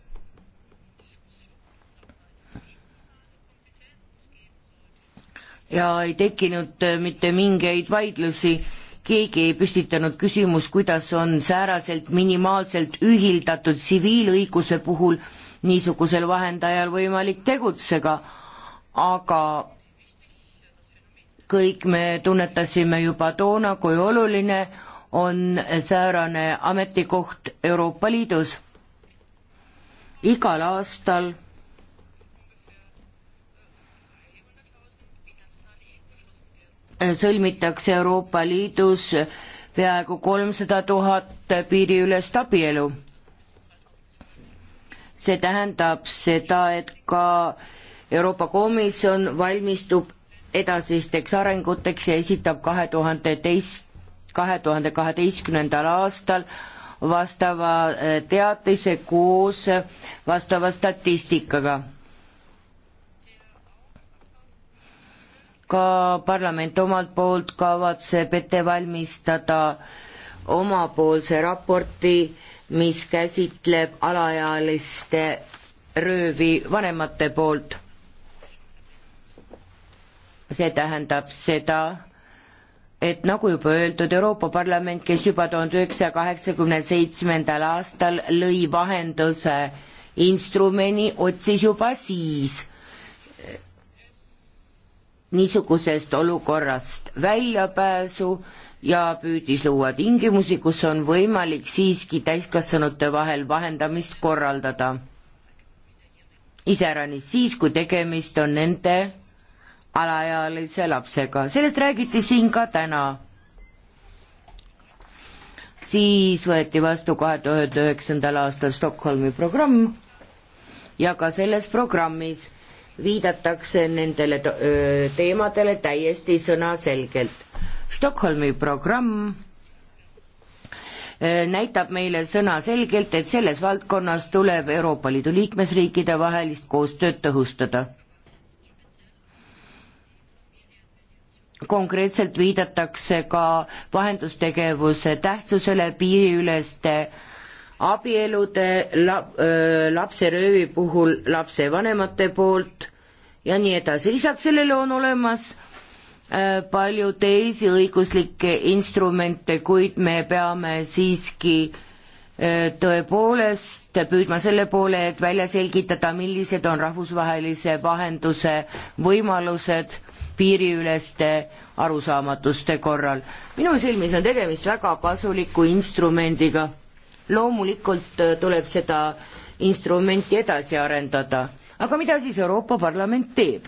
ja ei tekkinud mitte mingeid vaidlusi keegi ei püstitanud küsimust, kuidas on sääraselt minimaalselt ühildatud tsiviilõiguse puhul niisugusel vahendajal võimalik tegutseda, aga kõik me tunnetasime juba toona, kui oluline on säärane ametikoht Euroopa Liidus. igal aastal sõlmitakse Euroopa Liidus peaaegu kolmsada tuhat piiriülest abielu. see tähendab seda, et ka Euroopa Komisjon valmistub edasisteks arenguteks ja esitab kahe tuhande teist, kahe tuhande kaheteistkümnendal aastal vastava äh, teatise koos vastava statistikaga ka parlament omalt poolt kavatseb ette valmistada omapoolse raporti, mis käsitleb alaealiste röövi vanemate poolt. see tähendab seda, et nagu juba öeldud, Euroopa Parlament, kes juba tuhande üheksasaja kaheksakümne seitsmendal aastal lõi vahenduse instrumendi, otsis juba siis niisugusest olukorrast väljapääsu ja püüdis luua tingimusi, kus on võimalik siiski täiskasvanute vahel vahendamist korraldada. iseäranis siis, kui tegemist on nende alaealise lapsega, sellest räägiti siin ka täna. siis võeti vastu kahe tuhande üheksandal aastal Stockholmi programm ja ka selles programmis viidatakse nendele teemadele täiesti sõnaselgelt. Stockholmi programm näitab meile sõnaselgelt, et selles valdkonnas tuleb Euroopa Liidu liikmesriikide vahelist koostööd tõhustada. konkreetselt viidatakse ka vahendustegevuse tähtsusele piiriüleste äh, abielude lap, lapseröövi puhul lapsevanemate poolt ja nii edasi, lisaks sellele on olemas palju teisi õiguslikke instrumente, kuid me peame siiski tõepoolest püüdma selle poole, et välja selgitada, millised on rahvusvahelise vahenduse võimalused piiriüleste arusaamatuste korral. minu silmis on tegemist väga kasuliku instrumendiga loomulikult äh, tuleb seda instrumenti edasi arendada, aga mida siis Euroopa Parlament teeb?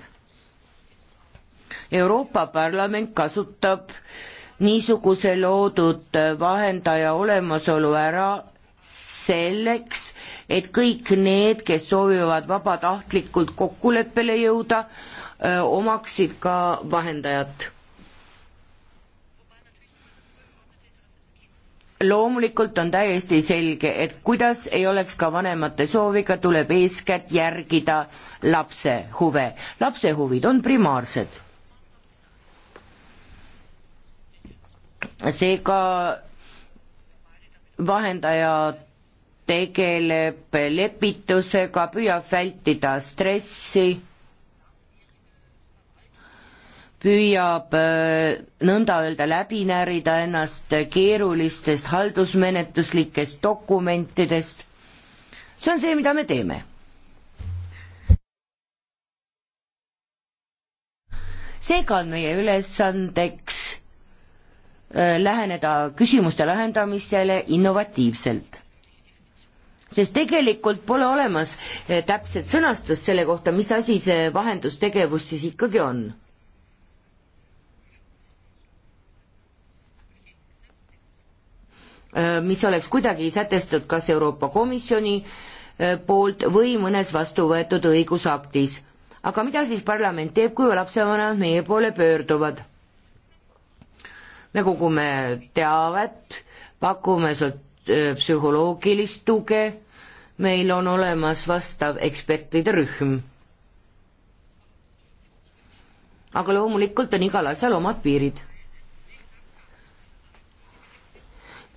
Euroopa Parlament kasutab niisuguse loodud äh, vahendaja olemasolu ära selleks, et kõik need, kes soovivad vabatahtlikult kokkuleppele jõuda, äh, omaksid ka vahendajat loomulikult on täiesti selge, et kuidas ei oleks ka vanemate sooviga, tuleb eeskätt järgida lapse huve. lapse huvid on primaarsed. seega vahendaja tegeleb lepitusega, püüab vältida stressi püüab äh, nõnda öelda läbi närida ennast keerulistest haldusmenetluslikest dokumentidest. see on see, mida me teeme. seega on meie ülesandeks äh, läheneda küsimuste lahendamisele innovatiivselt sest tegelikult pole olemas äh, täpset sõnastust selle kohta, mis asi see vahendustegevus siis ikkagi on Äh, mis oleks kuidagi sätestatud kas Euroopa Komisjoni äh, poolt või mõnes vastu võetud õigusaktis. aga mida siis parlament teeb, kui lapsevanemad meie poole pöörduvad? me kogume teavet, pakume äh, psühholoogilist tuge, meil on olemas vastav ekspertide rühm. aga loomulikult on igal asjal omad piirid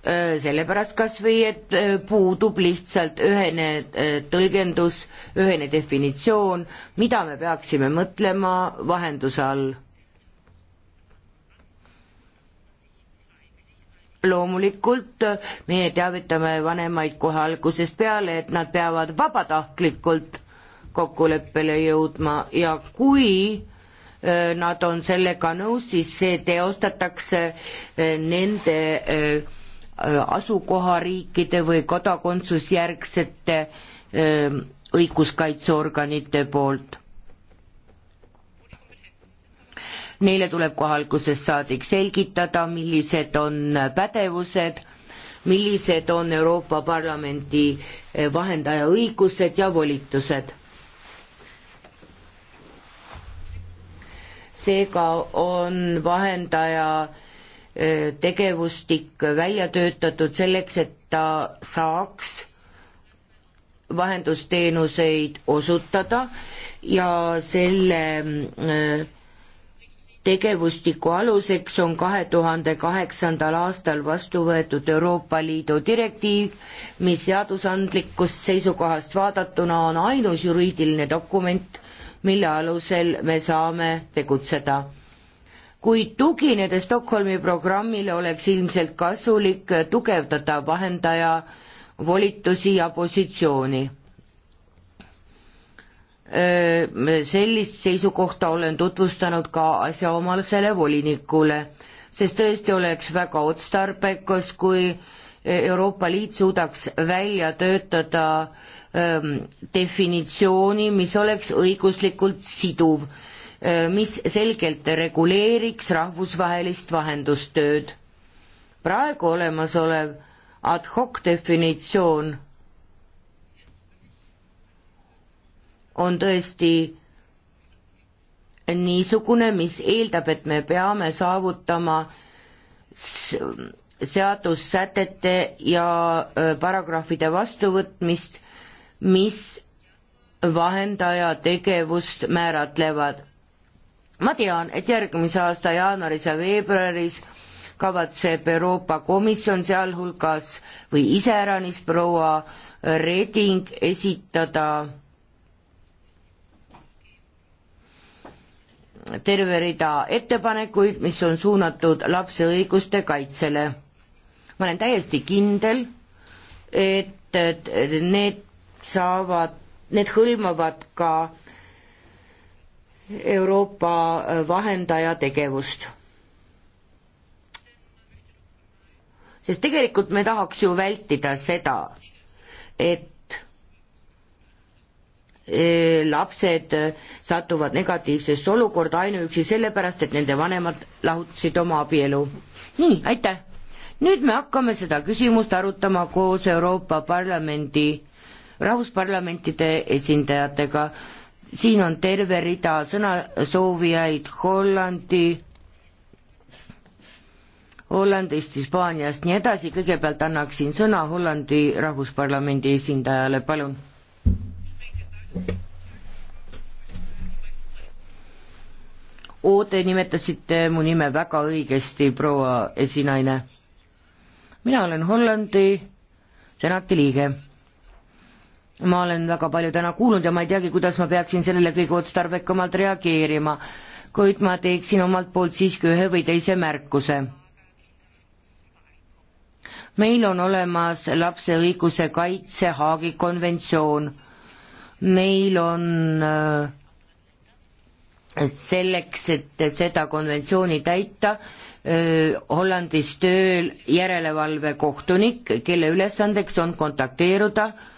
Äh, sellepärast kas või, et äh, puudub lihtsalt ühene äh, tõlgendus, ühene definitsioon, mida me peaksime mõtlema vahenduse all. loomulikult meie teavitame vanemaid kohe algusest peale, et nad peavad vabatahtlikult kokkuleppele jõudma ja kui nad on sellega nõus, siis see teostatakse nende Äh, asukohariikide või kodakondsusjärgsete äh, õiguskaitseorganite poolt. Neile tuleb kohe algusest saadik selgitada, millised on pädevused, millised on Euroopa Parlamendi äh, vahendaja õigused ja volitused seega on vahendaja tegevustik välja töötatud selleks, et ta saaks vahendusteenuseid osutada ja selle tegevustiku aluseks on kahe tuhande kaheksandal aastal vastu võetud Euroopa Liidu direktiiv, mis seadusandlikust seisukohast vaadatuna on ainus juriidiline dokument, mille alusel me saame tegutseda kuid tuginedes Stockholmi programmile oleks ilmselt kasulik tugevdada vahendaja volitusi ja positsiooni. sellist seisukohta olen tutvustanud ka asjaomasele volinikule, sest tõesti oleks väga otstarbekas, kui Euroopa Liit suudaks välja töötada ähm, definitsiooni, mis oleks õiguslikult siduv Äh, mis selgelt reguleeriks rahvusvahelist vahendustööd. praegu olemasolev ad hoc definitsioon on tõesti niisugune, mis eeldab, et me peame saavutama seadussätete ja äh, paragrahvide vastuvõtmist, mis vahendaja tegevust määratlevad ma tean, et järgmise aasta jaanuaris ja veebruaris kavatseb Euroopa Komisjon sealhulgas või iseäranis proua Reding esitada terve rida ettepanekuid, mis on suunatud lapse õiguste kaitsele. ma olen täiesti kindel, et need saavad, need hõlmavad ka Euroopa vahendaja tegevust. sest tegelikult me tahaks ju vältida seda, et e, lapsed satuvad negatiivsesse olukorda ainuüksi sellepärast, et nende vanemad lahutasid oma abielu. nii, aitäh! nüüd me hakkame seda küsimust arutama koos Euroopa Parlamendi, rahvusparlamentide esindajatega siin on terve rida sõnasoovijaid Hollandi, Hollandist, Hispaaniast, nii edasi, kõigepealt annaksin sõna Hollandi rahvusparlamendi esindajale, palun. oo, te nimetasite mu nime väga õigesti, proua esinaine. mina olen Hollandi senati liige ma olen väga palju täna kuulnud ja ma ei teagi, kuidas ma peaksin sellele kõige otstarbekamalt reageerima, kuid ma teeksin omalt poolt siiski ühe või teise märkuse. meil on olemas lapse õiguse kaitse Haagi konventsioon, meil on äh, selleks, et seda konventsiooni täita, äh, Hollandis tööl järelevalvekohtunik, kelle ülesandeks on kontakteeruda äh,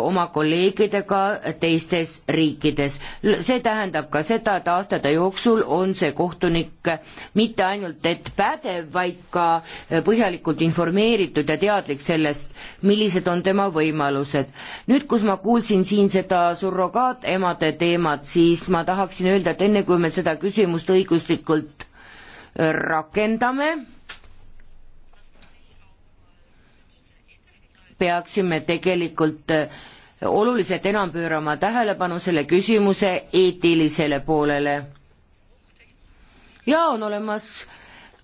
oma kolleegidega teistes riikides. see tähendab ka seda, et aastate jooksul on see kohtunik mitte ainult et pädev, vaid ka põhjalikult informeeritud ja teadlik sellest, millised on tema võimalused. nüüd, kus ma kuulsin siin seda surrogaatemade teemat, siis ma tahaksin öelda, et enne kui me seda küsimust õiguslikult rakendame, peaksime tegelikult äh, oluliselt enam pöörama tähelepanu selle küsimuse eetilisele poolele. ja on olemas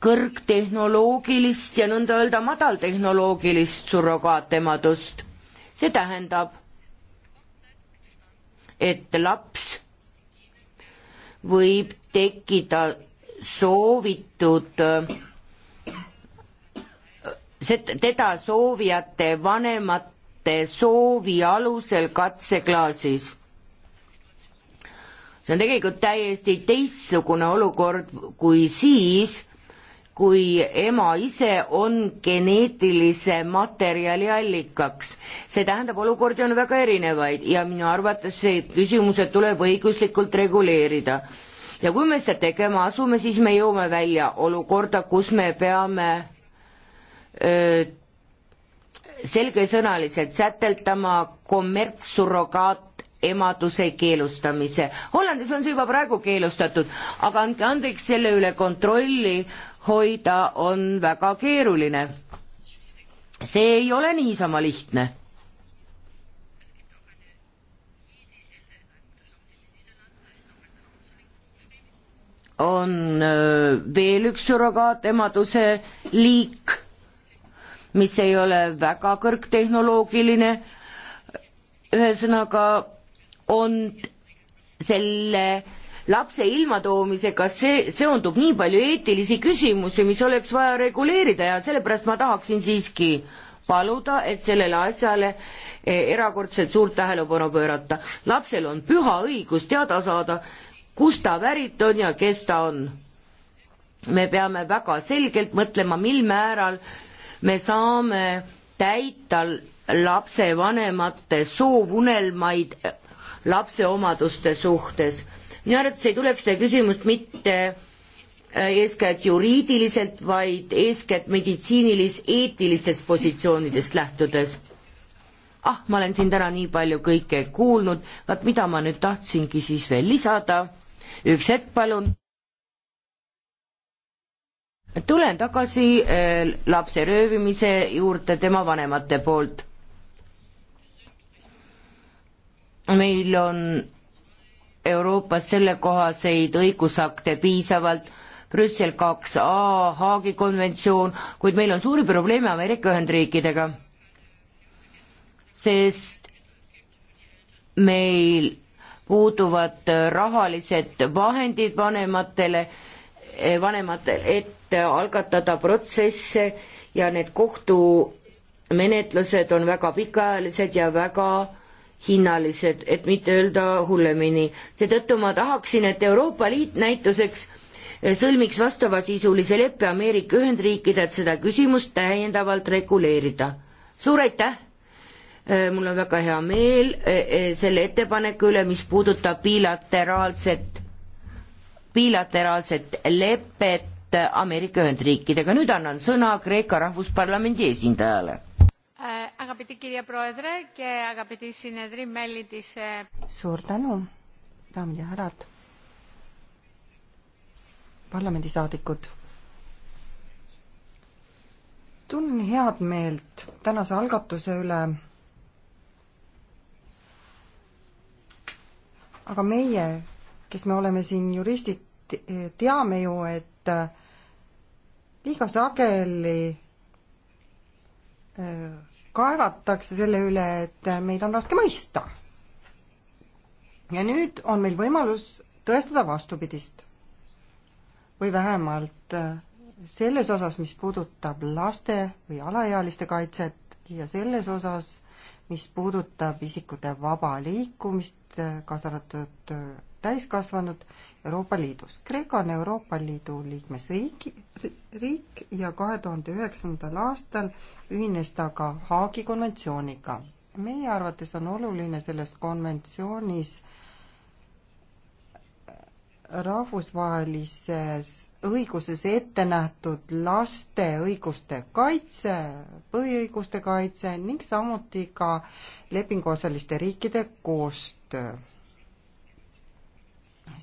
kõrgtehnoloogilist ja nõnda öelda madaltehnoloogilist surrogaatemadust. see tähendab, et laps võib tekkida soovitud äh, teda soovijate vanemate soovi alusel katseklaasis. see on tegelikult täiesti teistsugune olukord kui siis, kui ema ise on geneetilise materjali allikaks. see tähendab, olukordi on väga erinevaid ja minu arvates see küsimused tuleb õiguslikult reguleerida. ja kui me seda tegema asume, siis me jõuame välja olukorda, kus me peame selgesõnaliselt säteltama kommertssurrogaat emaduse keelustamise. Hollandis on see juba praegu keelustatud, aga andke andeks, selle üle kontrolli hoida on väga keeruline. see ei ole niisama lihtne. on veel üks surrogaatemaduse liik mis ei ole väga kõrgtehnoloogiline, ühesõnaga on selle lapse ilmatoomisega see, seondub nii palju eetilisi küsimusi, mis oleks vaja reguleerida ja sellepärast ma tahaksin siiski paluda, et sellele asjale eh, erakordselt suurt tähelepanu pöörata. lapsel on püha õigus teada saada, kust ta pärit on ja kes ta on. me peame väga selgelt mõtlema, mil määral äh, me saame täita lapsevanemate soovunelmaid lapse omaduste suhtes. minu arvates ei tuleks seda küsimust mitte äh, eeskätt juriidiliselt, vaid eeskätt meditsiinilis-eetilistest positsioonidest lähtudes. ah, ma olen siin täna nii palju kõike kuulnud, vaat mida ma nüüd tahtsingi siis veel lisada, üks hetk palun tulen tagasi eh, lapse röövimise juurde tema vanemate poolt. meil on Euroopas sellekohaseid õigusakte piisavalt, Brüssel kaks A, Haagi konventsioon, kuid meil on suuri probleeme Ameerika Ühendriikidega. sest meil puuduvad rahalised vahendid vanematele vanematel, et algatada protsesse ja need kohtumenetlused on väga pikaajalised ja väga hinnalised, et mitte öelda hullemini. seetõttu ma tahaksin, et Euroopa Liit näituseks sõlmiks vastavasisulise leppe Ameerika Ühendriikide, et seda küsimust täiendavalt reguleerida. suur aitäh! mul on väga hea meel eh, eh, selle ettepaneku üle, mis puudutab bilateraalset bilateraalset lepet Ameerika Ühendriikidega. nüüd annan sõna Kreeka Rahvusparlamendi esindajale. Äh, suur tänu, daamid ja härrad, parlamendisaadikud. tunnen head meelt tänase algatuse üle aga meie kes me oleme siin juristid, teame ju, et äh, liiga sageli äh, kaevatakse selle üle, et äh, meid on raske mõista. ja nüüd on meil võimalus tõestada vastupidist. või vähemalt selles osas, mis puudutab laste või alaealiste kaitset ja selles osas, mis puudutab isikute vaba liikumist, kaasa arvatud täiskasvanud Euroopa Liidus. Kreeka on Euroopa Liidu liikmesriik, riik ja kahe tuhande üheksandal aastal ühines ta ka Haagi konventsiooniga. meie arvates on oluline selles konventsioonis rahvusvahelises õiguses ette nähtud laste õiguste kaitse, põhiõiguste kaitse ning samuti ka lepinguosaliste riikide koostöö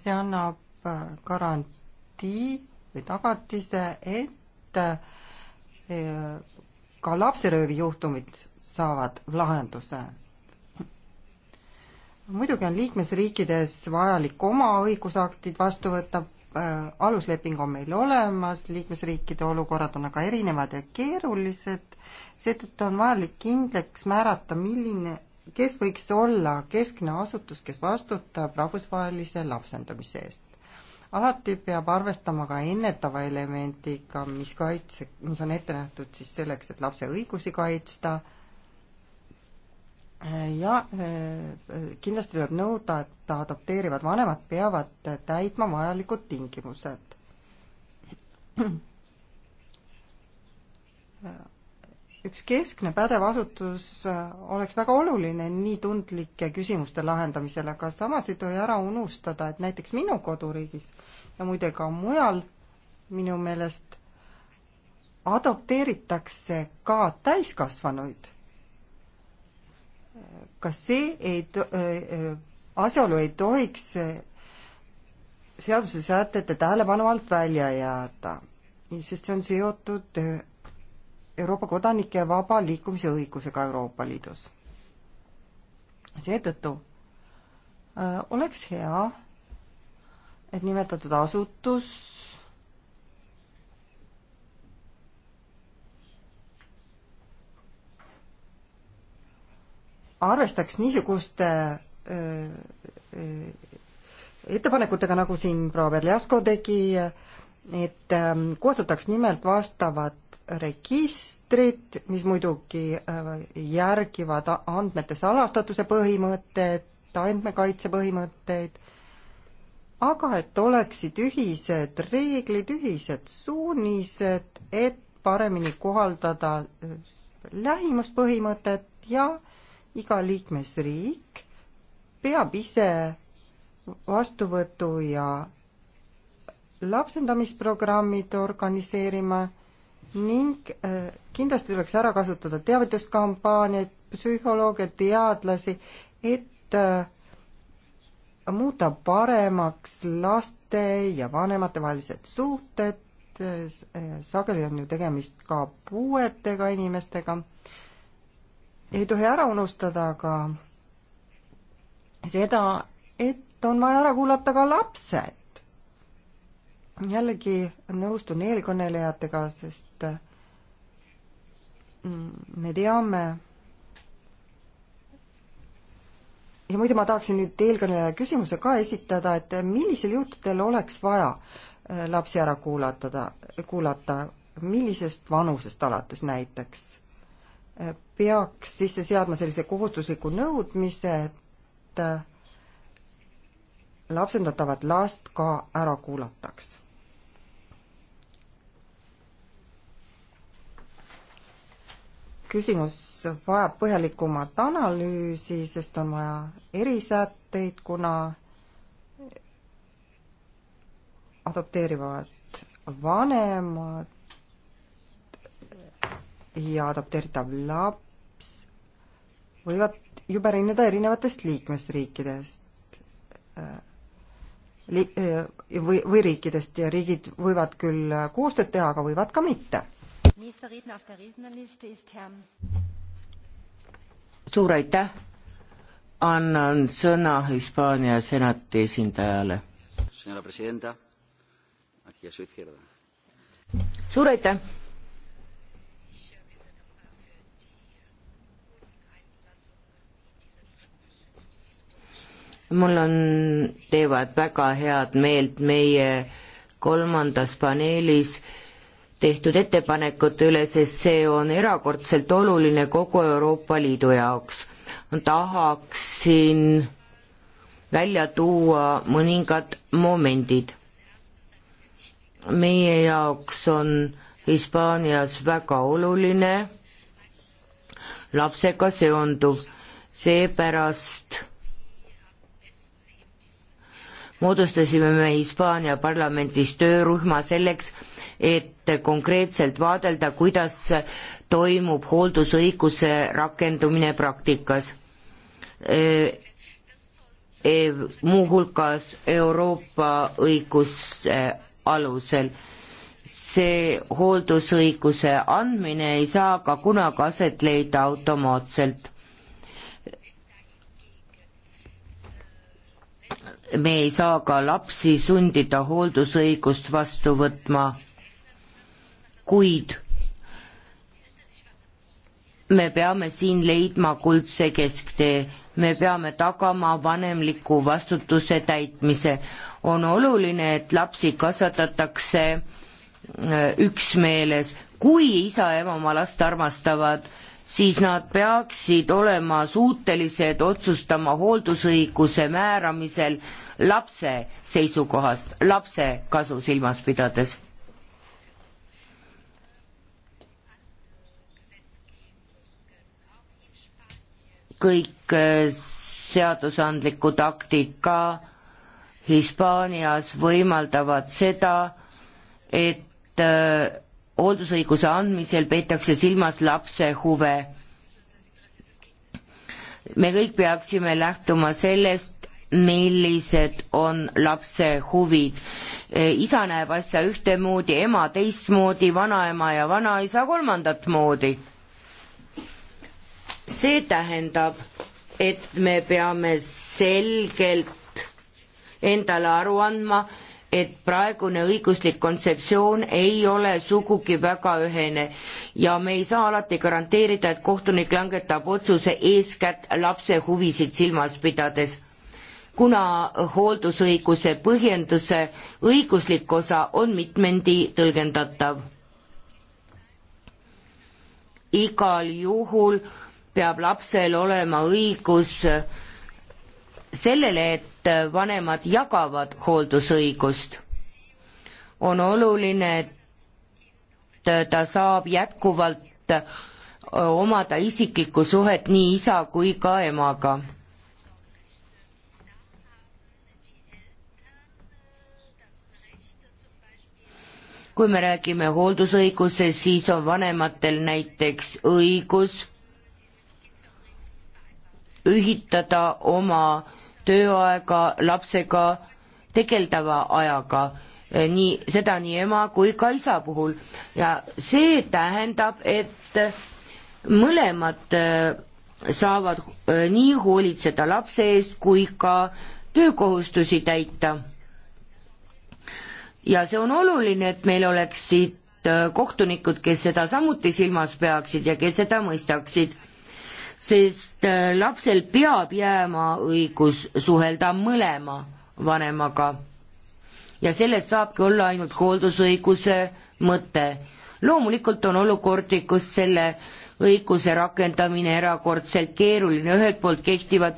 see annab äh, garantii või tagatise, et äh, ka lapseröövi juhtumid saavad lahenduse. muidugi on liikmesriikides vajalik oma õigusaktid vastu võtta, äh, alusleping on meil olemas, liikmesriikide olukorrad on aga erinevad ja keerulised, seetõttu on vajalik kindlaks määrata, milline kes võiks olla keskne asutus, kes vastutab rahvusvahelise lapsendamise eest? alati peab arvestama ka ennetava elemendiga, mis kaitse, mis on ette nähtud siis selleks, et lapse õigusi kaitsta ja äh, kindlasti tuleb nõuda, et adopteerivad vanemad peavad täitma vajalikud tingimused äh, üks keskne pädev asutus äh, oleks väga oluline nii tundlike küsimuste lahendamisel, aga samas ei tohi ära unustada, et näiteks minu koduriigis ja muide ka mujal minu meelest adopteeritakse ka täiskasvanuid. kas see ei, äh, äh, asjaolu ei tohiks seadusesätete tähelepanu alt välja jääda, sest see on seotud Euroopa kodanike vaba liikumise õigusega Euroopa Liidus. seetõttu äh, oleks hea, et nimetatud asutus arvestaks niisuguste äh, äh, ettepanekutega, nagu siin proua Berliasko tegi äh,, et ähm, koostataks nimelt vastavad registrid, mis muidugi äh, järgivad andmete salastatuse põhimõtteid, andmekaitse põhimõtteid, aga et oleksid ühised reeglid, ühised suunised, et paremini kohaldada äh, lähimuspõhimõtet ja iga liikmesriik peab ise vastuvõtu ja lapsendamisprogrammid organiseerima ning äh, kindlasti tuleks ära kasutada teavituskampaaniaid, psühholooge, teadlasi, et äh, muuta paremaks laste ja vanemate vahelised suhted, äh, sageli on ju tegemist ka puuetega inimestega. ei tohi ära unustada ka seda, et on vaja ära kuulata ka lapsed jällegi nõustun eelkõnelejatega, sest mm, me teame, ja muide, ma tahaksin nüüd eelkõneleja küsimuse ka esitada, et millisel juhtudel oleks vaja äh, lapsi ära kuulatada, kuulata, millisest vanusest alates näiteks äh, peaks sisse seadma sellise kohustusliku nõudmise, et äh, lapsendatavad last ka ära kuulataks? küsimus vajab põhjalikumat analüüsi, sest on vaja erisätteid, kuna adopteerivad vanemad ja adopteeritav laps võivad ju pärineda erinevatest liikmesriikidest äh, li-, või, või riikidest ja riigid võivad küll koostööd teha, aga võivad ka mitte suur aitäh, annan sõna Hispaania senati esindajale. suur aitäh. mul on, teevad väga head meelt meie kolmandas paneelis äh, tehtud ettepanekute üle, sest see on erakordselt oluline kogu Euroopa Liidu jaoks. tahaksin välja tuua mõningad momendid. meie jaoks on Hispaanias väga oluline lapsega seonduv, seepärast moodustasime me Hispaania parlamendis töörühma selleks, et konkreetselt vaadelda, kuidas toimub hooldusõiguse rakendumine praktikas e. E muuhulgas Euroopa õiguse alusel see hooldusõiguse andmine ei saa ka kunagi aset leida automaatselt. me ei saa ka lapsi sundida hooldusõigust vastu võtma, kuid me peame siin leidma kuldse kesktee, me peame tagama vanemliku vastutuse täitmise. on oluline, et lapsi kasvatatakse äh, üksmeeles, kui isa ja ema oma last armastavad siis nad peaksid olema suutelised otsustama hooldusõiguse määramisel lapse seisukohast, lapse kasu silmas pidades. kõik äh, seadusandlikud aktid ka Hispaanias võimaldavad seda, et äh, hooldusõiguse andmisel peetakse silmas lapse huve. me kõik peaksime lähtuma sellest, millised on lapse huvid. isa näeb asja ühtemoodi, ema teistmoodi, vanaema ja vanaisa kolmandat moodi. see tähendab, et me peame selgelt endale aru andma, et praegune õiguslik kontseptsioon ei ole sugugi väga ühene ja me ei saa alati garanteerida, et kohtunik langetab otsuse eeskätt lapse huvisid silmas pidades kuna hooldusõiguse põhjenduse õiguslik osa on mitmendi tõlgendatav. igal juhul peab lapsel olema õigus äh, sellele, et vanemad jagavad hooldusõigust. on oluline, et ta saab jätkuvalt omada isiklikku suhet nii isa kui ka emaga. kui me räägime hooldusõigusest, siis on vanematel näiteks õigus ühitada oma tööaega lapsega tegeldava ajaga, eh, nii, seda nii ema kui ka isa puhul ja see tähendab, et mõlemad eh, saavad eh, nii hoolitseda lapse eest kui ka töökohustusi täita. ja see on oluline, et meil oleksid kohtunikud, kes seda samuti silmas peaksid ja kes seda mõistaksid sest äh, lapsel peab jääma õigus suhelda mõlema vanemaga. ja sellest saabki olla ainult hooldusõiguse mõte. loomulikult on olukordi, kus selle õiguse rakendamine erakordselt keeruline, ühelt poolt kehtivad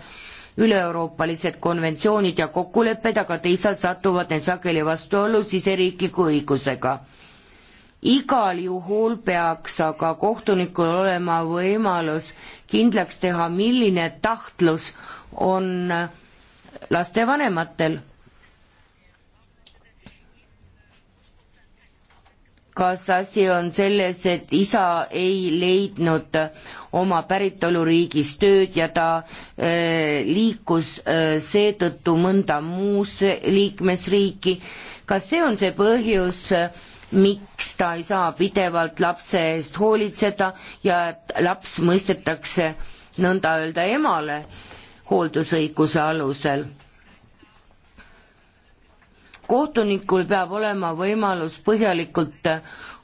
üle-euroopalised konventsioonid ja kokkulepped, aga teisalt satuvad need sageli vastuollu siseriikliku õigusega igal juhul peaks aga kohtunikul olema võimalus kindlaks teha, milline tahtlus on lastevanematel. kas asi on selles, et isa ei leidnud oma päritoluriigis tööd ja ta äh, liikus äh, seetõttu mõnda muusse liikmesriiki, kas see on see põhjus äh, miks ta ei saa pidevalt lapse eest hoolitseda ja et laps mõistetakse nõnda öelda emale hooldusõiguse alusel. kohtunikul peab olema võimalus põhjalikult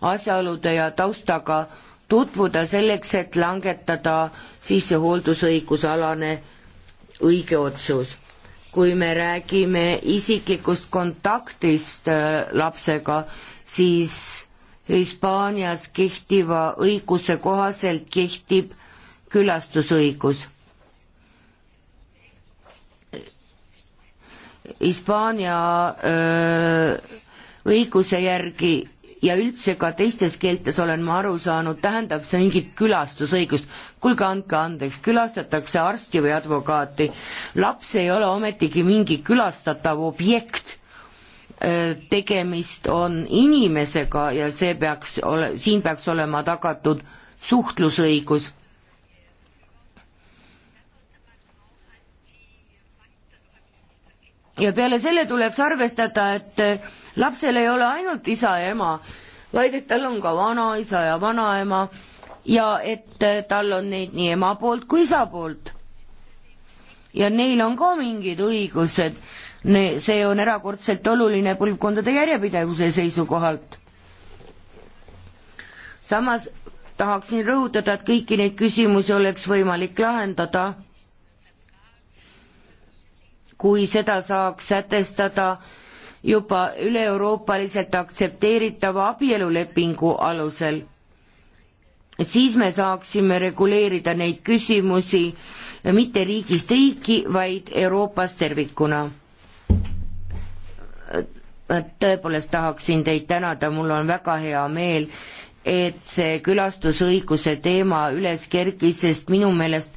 asjaolude ja taustaga tutvuda selleks, et langetada sisse hooldusõigusalane õige otsus kui me räägime isiklikust kontaktist äh, lapsega, siis Hispaanias kehtiva õiguse kohaselt kehtib külastusõigus. Hispaania öö, õiguse järgi ja üldse ka teistes keeltes olen ma aru saanud, tähendab see mingit külastusõigust. kuulge, andke andeks, külastatakse arsti või advokaati. laps ei ole ometigi mingi külastatav objekt Äh, tegemist on inimesega ja see peaks ole, siin peaks olema tagatud suhtlusõigus. ja peale selle tuleks arvestada, et äh, lapsel ei ole ainult isa ja ema, vaid et tal on ka vanaisa ja vanaema ja et äh, tal on neid nii ema poolt kui isa poolt. ja neil on ka mingid õigused see on erakordselt oluline põlvkondade järjepidevuse seisukohalt. samas tahaksin rõhutada, et kõiki neid küsimusi oleks võimalik lahendada, kui seda saaks sätestada juba üle-euroopaliselt aktsepteeritava abielulepingu alusel, siis me saaksime reguleerida neid küsimusi mitte riigist riiki, vaid Euroopas tervikuna tõepoolest tahaksin teid tänada, mul on väga hea meel, et see külastusõiguse teema üles kerkis, sest minu meelest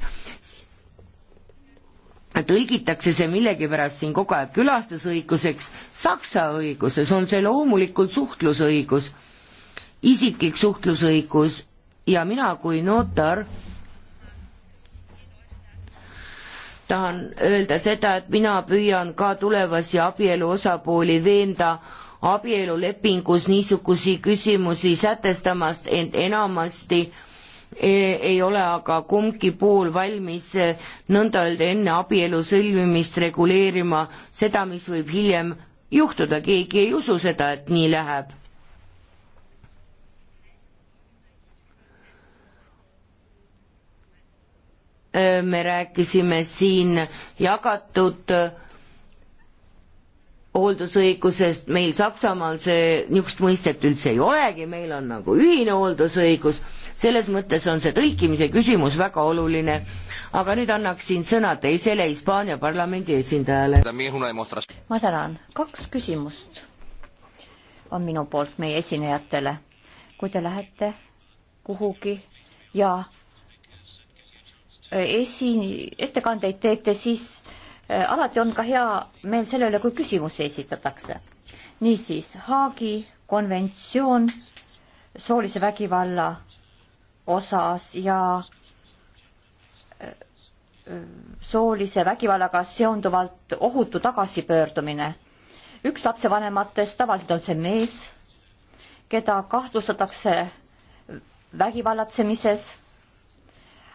tõlgitakse see millegipärast siin kogu aeg külastusõiguseks, saksa õiguses on see loomulikult suhtlusõigus, isiklik suhtlusõigus ja mina kui notar tahan öelda seda, et mina püüan ka tulevasi abielu osapooli veenda abielulepingus niisugusi küsimusi sätestamast, ent enamasti e, ei ole aga kumbki pool valmis e, nõnda öelda enne abielu sõlmimist reguleerima seda, mis võib hiljem juhtuda, keegi ei usu seda, et nii läheb. me rääkisime siin jagatud hooldusõigusest, meil Saksamaal see, niisugust mõistet üldse ei olegi, meil on nagu ühine hooldusõigus, selles mõttes on see tõlkimise küsimus väga oluline, aga nüüd annaksin sõna teisele Hispaania parlamendi esindajale. ma tänan, kaks küsimust on minu poolt meie esinejatele. kui te lähete kuhugi ja esi-, ettekandeid teete, siis äh, alati on ka hea meel selle üle, kui küsimusi esitatakse. niisiis, Haagi konventsioon soolise vägivalla osas ja äh, soolise vägivallaga seonduvalt ohutu tagasipöördumine. üks lapsevanematest, tavaliselt on see mees, keda kahtlustatakse vägivallatsemises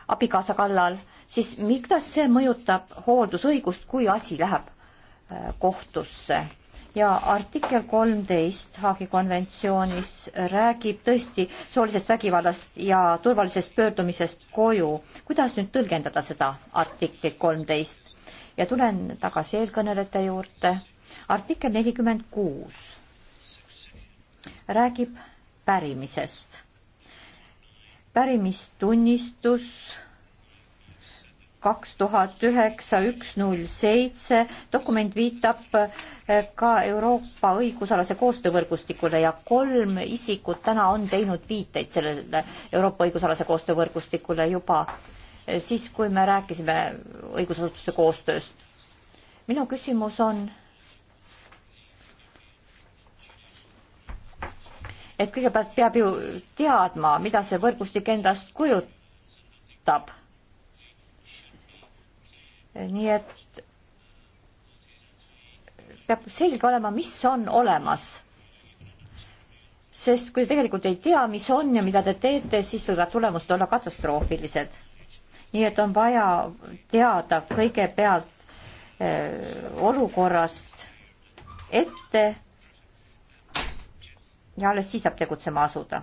abikaasa kallal, siis kuidas see mõjutab hooldusõigust, kui asi läheb äh, kohtusse? ja artikkel kolmteist Haagi konventsioonis räägib tõesti soolisest vägivallast ja turvalisest pöördumisest koju. kuidas nüüd tõlgendada seda artiklit kolmteist? ja tulen tagasi eelkõnelejate juurde. artikkel nelikümmend kuus räägib pärimisest pärimistunnistus kaks tuhat üheksa, üks null seitse, dokument viitab eh, ka Euroopa õigusalase koostöövõrgustikule ja kolm isikut täna on teinud viiteid sellele Euroopa õigusalase koostöövõrgustikule juba eh, siis, kui me rääkisime õigusasutuste koostööst. minu küsimus on et kõigepealt peab ju teadma, mida see võrgustik endast kujutab. nii et peab selge olema, mis on olemas. sest kui te tegelikult ei tea, mis on ja mida te teete, siis võivad tulemused olla katastroofilised. nii et on vaja teada kõigepealt öö, eh, olukorrast ette ja alles siis saab tegutsema asuda.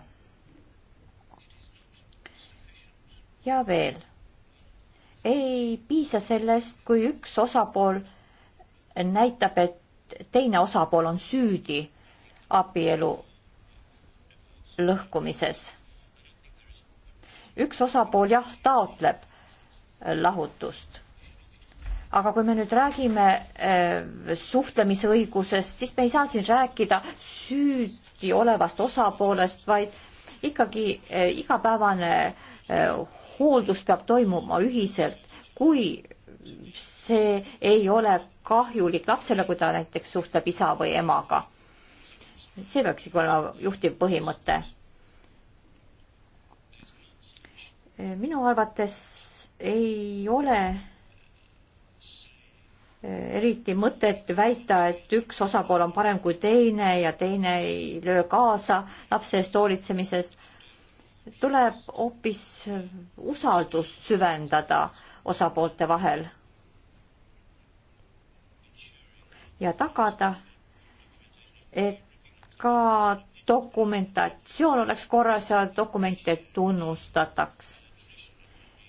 ja veel, ei piisa sellest, kui üks osapool näitab, et teine osapool on süüdi abielu lõhkumises. üks osapool jah, taotleb lahutust. aga kui me nüüd räägime äh, suhtlemisõigusest, siis me ei saa siin rääkida süüd raporti olevast osapoolest, vaid ikkagi eh, igapäevane eh, hooldus peab toimuma ühiselt, kui see ei ole kahjulik lapsele, kui ta näiteks suhtleb isa või emaga. see peaks ikka olema juhtiv põhimõte. Eh, minu arvates ei ole eriti mõtet väita, et üks osapool on parem kui teine ja teine ei löö kaasa lapse eest hoolitsemises. tuleb hoopis usaldust süvendada osapoolte vahel. ja tagada, et ka dokumentatsioon oleks korras ja dokumente tunnustataks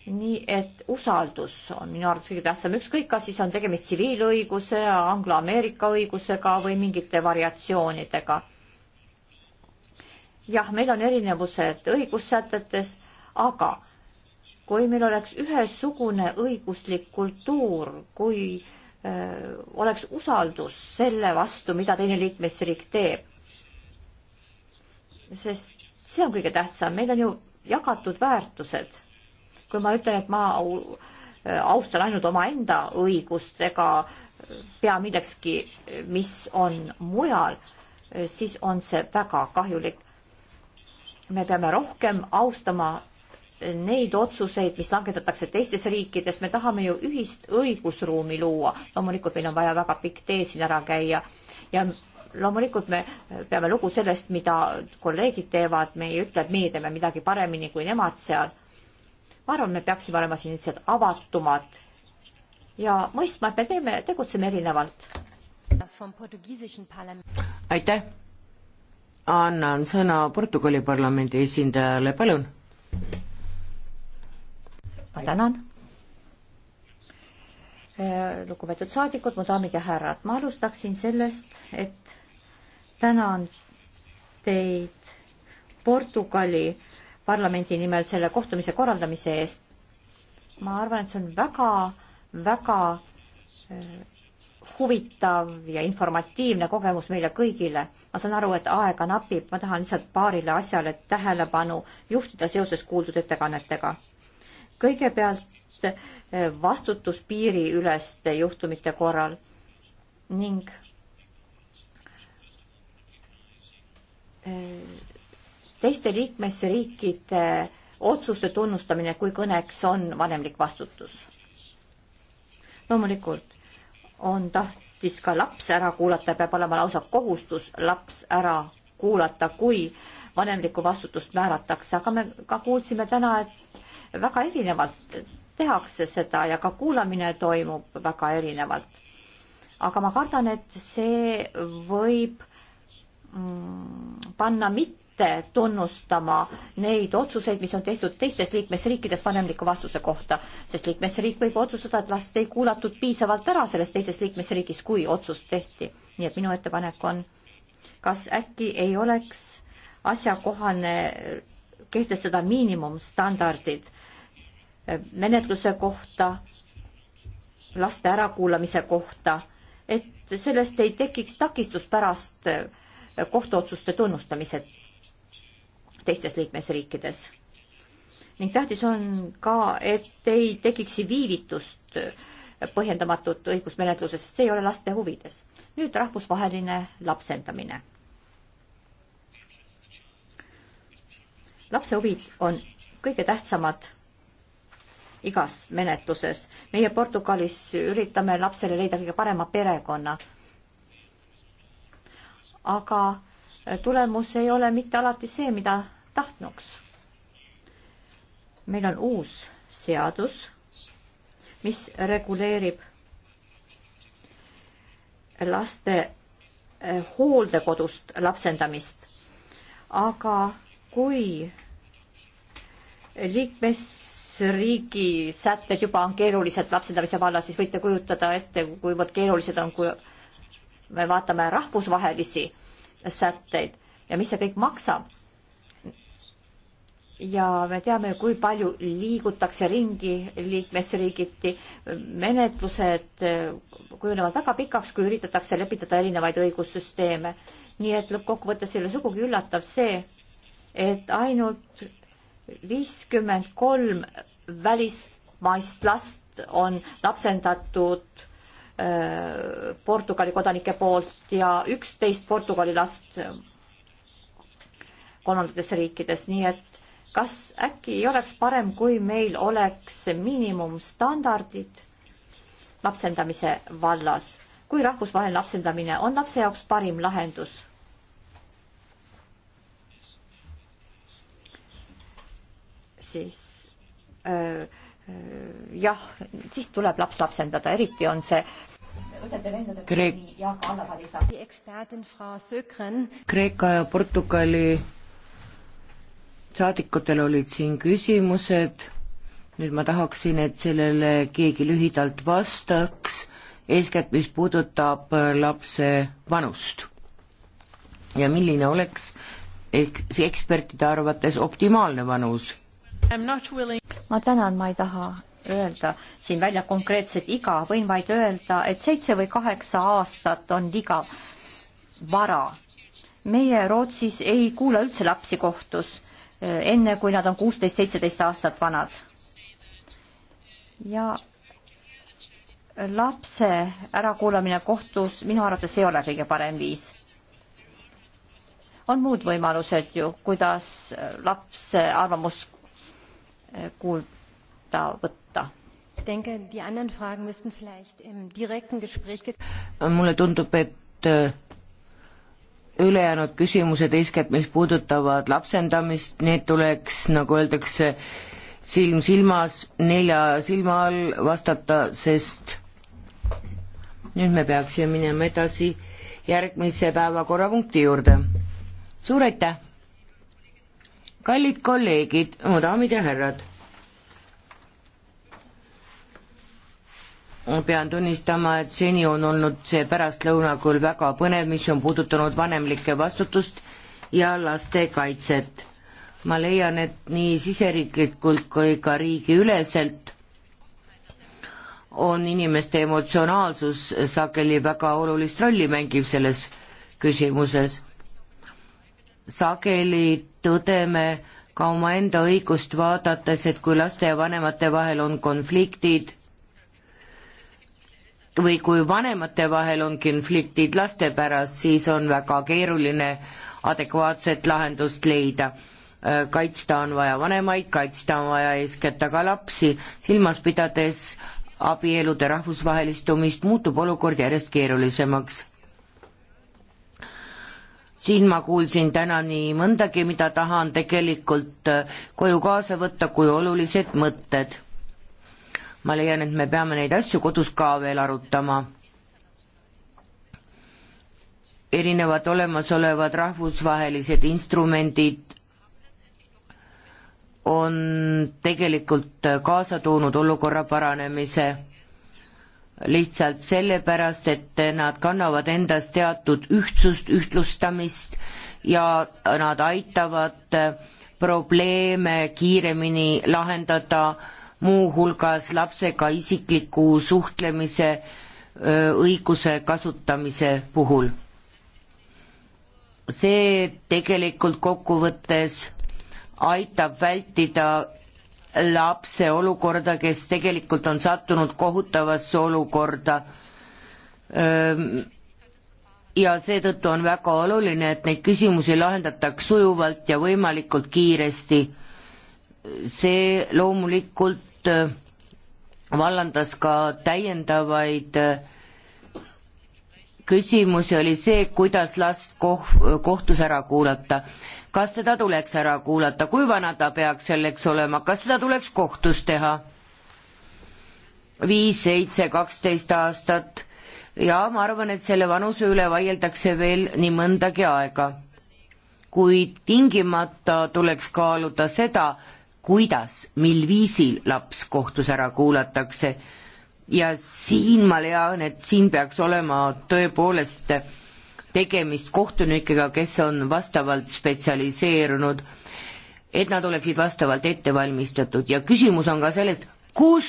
nii et usaldus on minu arvates kõige tähtsam, ükskõik, kas siis on tegemist tsiviilõiguse, angloameerika õigusega või mingite variatsioonidega. jah, meil on erinevused õigussätetes, aga kui meil oleks ühesugune õiguslik kultuur, kui öö, äh, oleks usaldus selle vastu, mida teine liikmesriik teeb, sest see on kõige tähtsam, meil on ju jagatud väärtused kui ma ütlen, et ma austan ainult omaenda õigust ega pea millekski, mis on mujal, siis on see väga kahjulik. me peame rohkem austama neid otsuseid, mis langetatakse teistes riikides, me tahame ju ühist õigusruumi luua, loomulikult meil on vaja väga pikk tee siin ära käia ja loomulikult me peame lugu sellest, mida kolleegid teevad, me ei ütle, et meie teeme midagi paremini kui nemad seal ma arvan, me peaksime olema siin lihtsalt avatumad ja mõistma, et me teeme, tegutseme erinevalt. aitäh. annan sõna Portugali parlamendi esindajale, palun. ma tänan äh, lugupeetud saadikud, mu daamid ja härrad, ma alustaksin sellest, et tänan teid Portugali parlamendi nimel selle kohtumise korraldamise eest. ma arvan, et see on väga, väga äh, huvitav ja informatiivne kogemus meile kõigile. ma saan aru, et aega napib, ma tahan lihtsalt paarile asjale tähelepanu juhtida seoses kuuldud ettekannetega. kõigepealt äh, vastutus piiriüleste juhtumite korral ning äh, teiste liikmesriikide otsuste tunnustamine, kui kõneks on vanemlik vastutus. loomulikult on tahtis ka laps ära kuulata, peab olema lausa kohustus laps ära kuulata, kui vanemlikku vastutust määratakse, aga me ka kuulsime täna, et väga erinevalt tehakse seda ja ka kuulamine toimub väga erinevalt. aga ma kardan, et see võib mm, panna mitte mitte tunnustama neid otsuseid, mis on tehtud teistes liikmesriikides vanemliku vastuse kohta, sest liikmesriik võib otsustada, et last ei kuulatud piisavalt ära selles teises liikmesriigis, kui otsus tehti. nii et minu ettepanek on, kas äkki ei oleks asjakohane kehtestada miinimumstandardid menetluse kohta, laste ärakuulamise kohta, et sellest ei tekiks takistust pärast kohtuotsuste tunnustamised teistes liikmesriikides. ning tähtis on ka, et ei tekiks viivitust põhjendamatut õigusmenetluses, sest see ei ole laste huvides. nüüd rahvusvaheline lapsendamine. lapse huvid on kõige tähtsamad igas menetluses. meie Portugalis üritame lapsele leida kõige parema perekonna. aga tulemus ei ole mitte alati see, mida tahtnuks. meil on uus seadus, mis reguleerib laste eh, hooldekodust lapsendamist. aga kui liikmesriigi sätted juba on keerulised lapsendamise vallas, siis võite kujutada ette, kuivõrd keerulised on, kui me vaatame rahvusvahelisi sätteid ja mis see kõik maksab. ja me teame, kui palju liigutakse ringi liikmesriigiti, menetlused kujunevad väga pikaks, kui üritatakse lepitada erinevaid õigussüsteeme. nii et lõppkokkuvõttes ei ole sugugi üllatav see, et ainult viiskümmend kolm välismaist last on lapsendatud Äh, Portugali kodanike poolt ja üksteist Portugali last kolmandates riikides, nii et kas äkki ei oleks parem, kui meil oleks miinimumstandardid lapsendamise vallas, kui rahvusvaheline lapsendamine on lapse jaoks parim lahendus? siis öö, äh, Äh, jah, siis tuleb laps lapsendada, eriti on see Kreek... Kreeka ja Portugali saadikutel olid siin küsimused, nüüd ma tahaksin, et sellele keegi lühidalt vastaks, eeskätt mis puudutab äh, lapse vanust ja milline oleks ehk ekspertide arvates optimaalne vanus ma tänan, ma ei taha öelda siin välja konkreetset iga, võin vaid öelda, et seitse või kaheksa aastat on liiga vara. meie Rootsis ei kuula üldse lapsi kohtus eh, enne, kui nad on kuusteist, seitseteist aastat vanad. ja lapse ärakuulamine kohtus minu arvates ei ole kõige parem viis. on muud võimalused ju, kuidas lapse arvamust Äh, kuulda võtta. mulle tundub, et äh, ülejäänud küsimused, eeskätt mis puudutavad lapsendamist, need tuleks, nagu öeldakse, silm silmas, nelja silma all vastata, sest nüüd me peaksime minema edasi järgmise päevakorrapunkti juurde. suur aitäh! kallid kolleegid, mu daamid ja härrad. ma pean tunnistama, et seni on olnud see pärastlõuna küll väga põnev, mis on puudutanud vanemlikke vastutust ja laste kaitset. ma leian, et nii siseriiklikult kui ka riigiüleselt on inimeste emotsionaalsus sageli väga olulist rolli mängiv selles küsimuses sageli tõdeme ka omaenda õigust vaadates, et kui laste ja vanemate vahel on konfliktid või kui vanemate vahel on konfliktid laste pärast, siis on väga keeruline adekvaatset lahendust leida. Äh, kaitsta on vaja vanemaid, kaitsta on vaja eeskätt aga lapsi, silmas pidades abielude rahvusvahelistumist muutub olukord järjest keerulisemaks siin ma kuulsin täna nii mõndagi, mida tahan tegelikult äh, koju kaasa võtta kui olulised mõtted. ma leian, et me peame neid asju kodus ka veel arutama. erinevad olemasolevad rahvusvahelised instrumendid on tegelikult äh, kaasa toonud olukorra paranemise lihtsalt sellepärast, et nad kannavad endas teatud ühtsust, ühtlustamist ja nad aitavad probleeme kiiremini lahendada, muuhulgas lapsega isikliku suhtlemise õiguse kasutamise puhul. see tegelikult kokkuvõttes aitab vältida lapse olukorda, kes tegelikult on sattunud kohutavasse olukorda. ja seetõttu on väga oluline, et neid küsimusi lahendataks sujuvalt ja võimalikult kiiresti. see loomulikult vallandas ka täiendavaid küsimusi, oli see, kuidas last koh-, kohtus ära kuulata kas teda tuleks ära kuulata, kui vana ta peaks selleks olema, kas seda tuleks kohtus teha? viis, seitse, kaksteist aastat ja ma arvan, et selle vanuse üle vaieldakse veel nii mõndagi aega. kuid tingimata tuleks kaaluda seda, kuidas, mil viisil laps kohtus ära kuulatakse ja siin ma leian, et siin peaks olema tõepoolest tegemist kohtunikega, kes on vastavalt spetsialiseerunud, et nad oleksid vastavalt ette valmistatud ja küsimus on ka selles, kus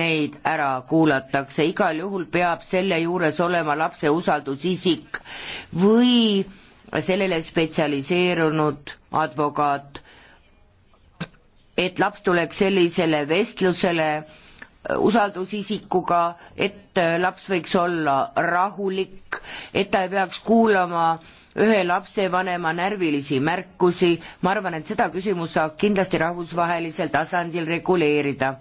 neid ära kuulatakse, igal juhul peab selle juures olema lapse usaldusisik või sellele spetsialiseerunud advokaat, et laps tuleks sellisele vestlusele usaldusisikuga, et äh, laps võiks olla rahulik, et ta ei peaks kuulama ühe lapsevanema närvilisi märkusi, ma arvan, et seda küsimust saab kindlasti rahvusvahelisel tasandil reguleerida.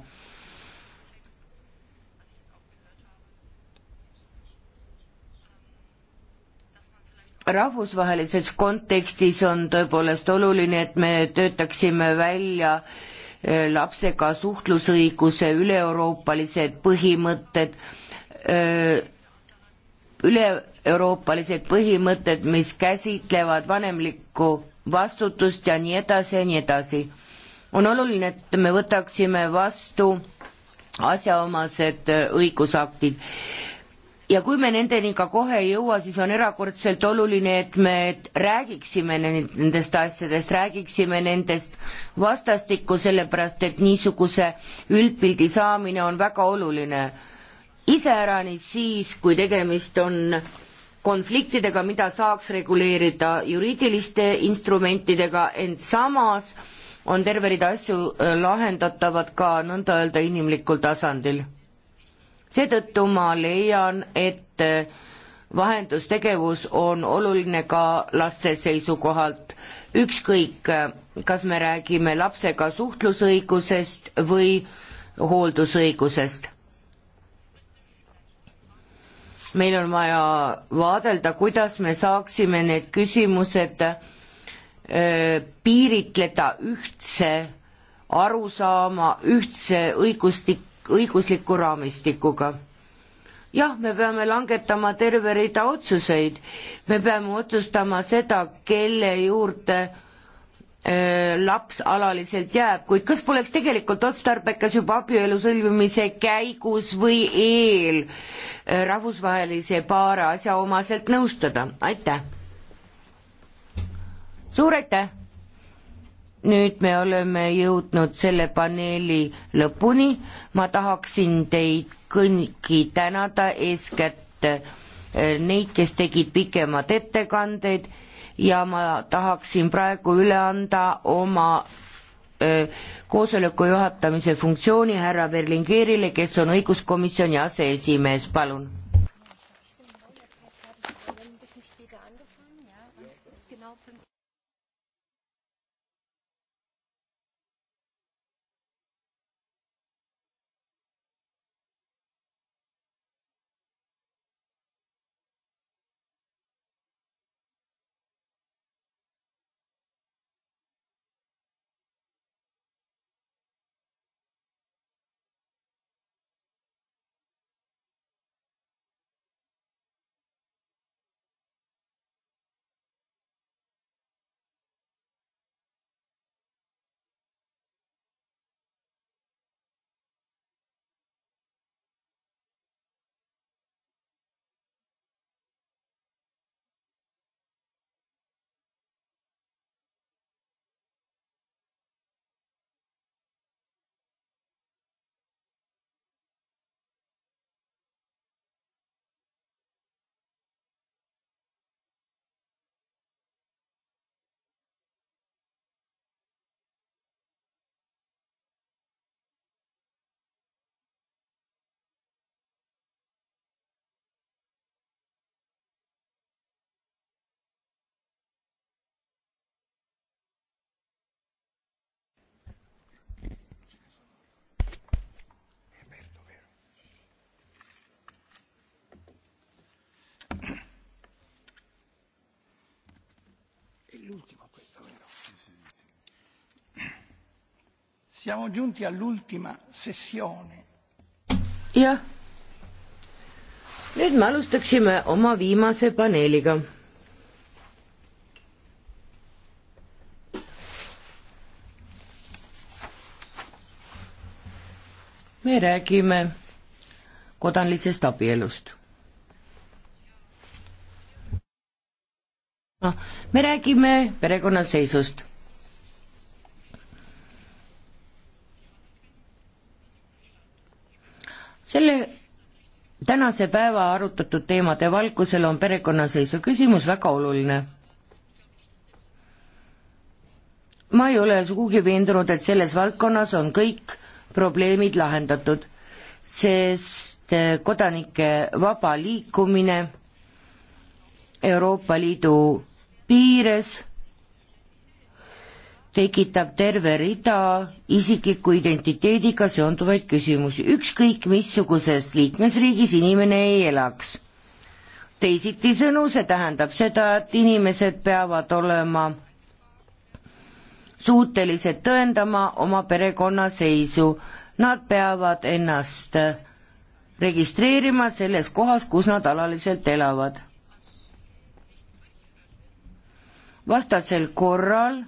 rahvusvahelises kontekstis on tõepoolest oluline, et me töötaksime välja äh, lapsega suhtlusõiguse üle-euroopalised põhimõtted, üle-euroopalised põhimõtted, mis käsitlevad vanemlikku vastutust ja nii edasi ja nii edasi. on oluline, et me võtaksime vastu asjaomased õigusaktid ja kui me nendeni ka kohe ei jõua, siis on erakordselt oluline, et me räägiksime nendest asjadest, räägiksime nendest vastastikku, sellepärast et niisuguse üldpildi saamine on väga oluline. iseäranis siis, kui tegemist on konfliktidega, mida saaks reguleerida juriidiliste instrumentidega, ent samas on terve rida asju äh, lahendatavad ka nõnda öelda inimlikul tasandil seetõttu ma leian, et eh, vahendustegevus on oluline ka laste seisukohalt, ükskõik, eh, kas me räägime lapsega suhtlusõigusest või hooldusõigusest. meil on vaja vaadelda, kuidas me saaksime need küsimused öö, eh, piiritleda ühtse arusaama, ühtse õigustik-, õigusliku raamistikuga. jah, me peame langetama terve rida otsuseid, me peame otsustama seda, kelle juurde äh, laps alaliselt jääb, kuid kas poleks tegelikult otstarbekas juba abielu sõlmimise käigus või eel äh, rahvusvahelise paare asjaomaselt nõustada, aitäh! suur aitäh! nüüd me oleme jõudnud selle paneeli lõpuni, ma tahaksin teid kõiki tänada, eeskätt äh, neid, kes tegid pikemad ettekanded ja ma tahaksin praegu üle anda oma äh, koosoleku juhatamise funktsiooni härra Berlingerile, kes on õiguskomisjoni aseesimees, palun l'ultimo questo, vero? Sì, sì. Siamo giunti all'ultima sessione. jah, nüüd me alustaksime oma viimase paneeliga me räägime kodanlisest abielust noh, me räägime perekonnaseisust. selle tänase päeva arutatud teemade valgusel on perekonnaseisu küsimus väga oluline. ma ei ole sugugi veendunud, et selles valdkonnas on kõik probleemid lahendatud, sest kodanike vaba liikumine Euroopa Liidu piires tekitab terve rida isikliku identiteediga seonduvaid küsimusi, ükskõik missuguses liikmesriigis inimene ei elaks. teisitisõnu, see tähendab seda, et inimesed peavad olema suutelised tõendama oma perekonnaseisu, nad peavad ennast registreerima selles kohas, kus nad alaliselt elavad vastasel korral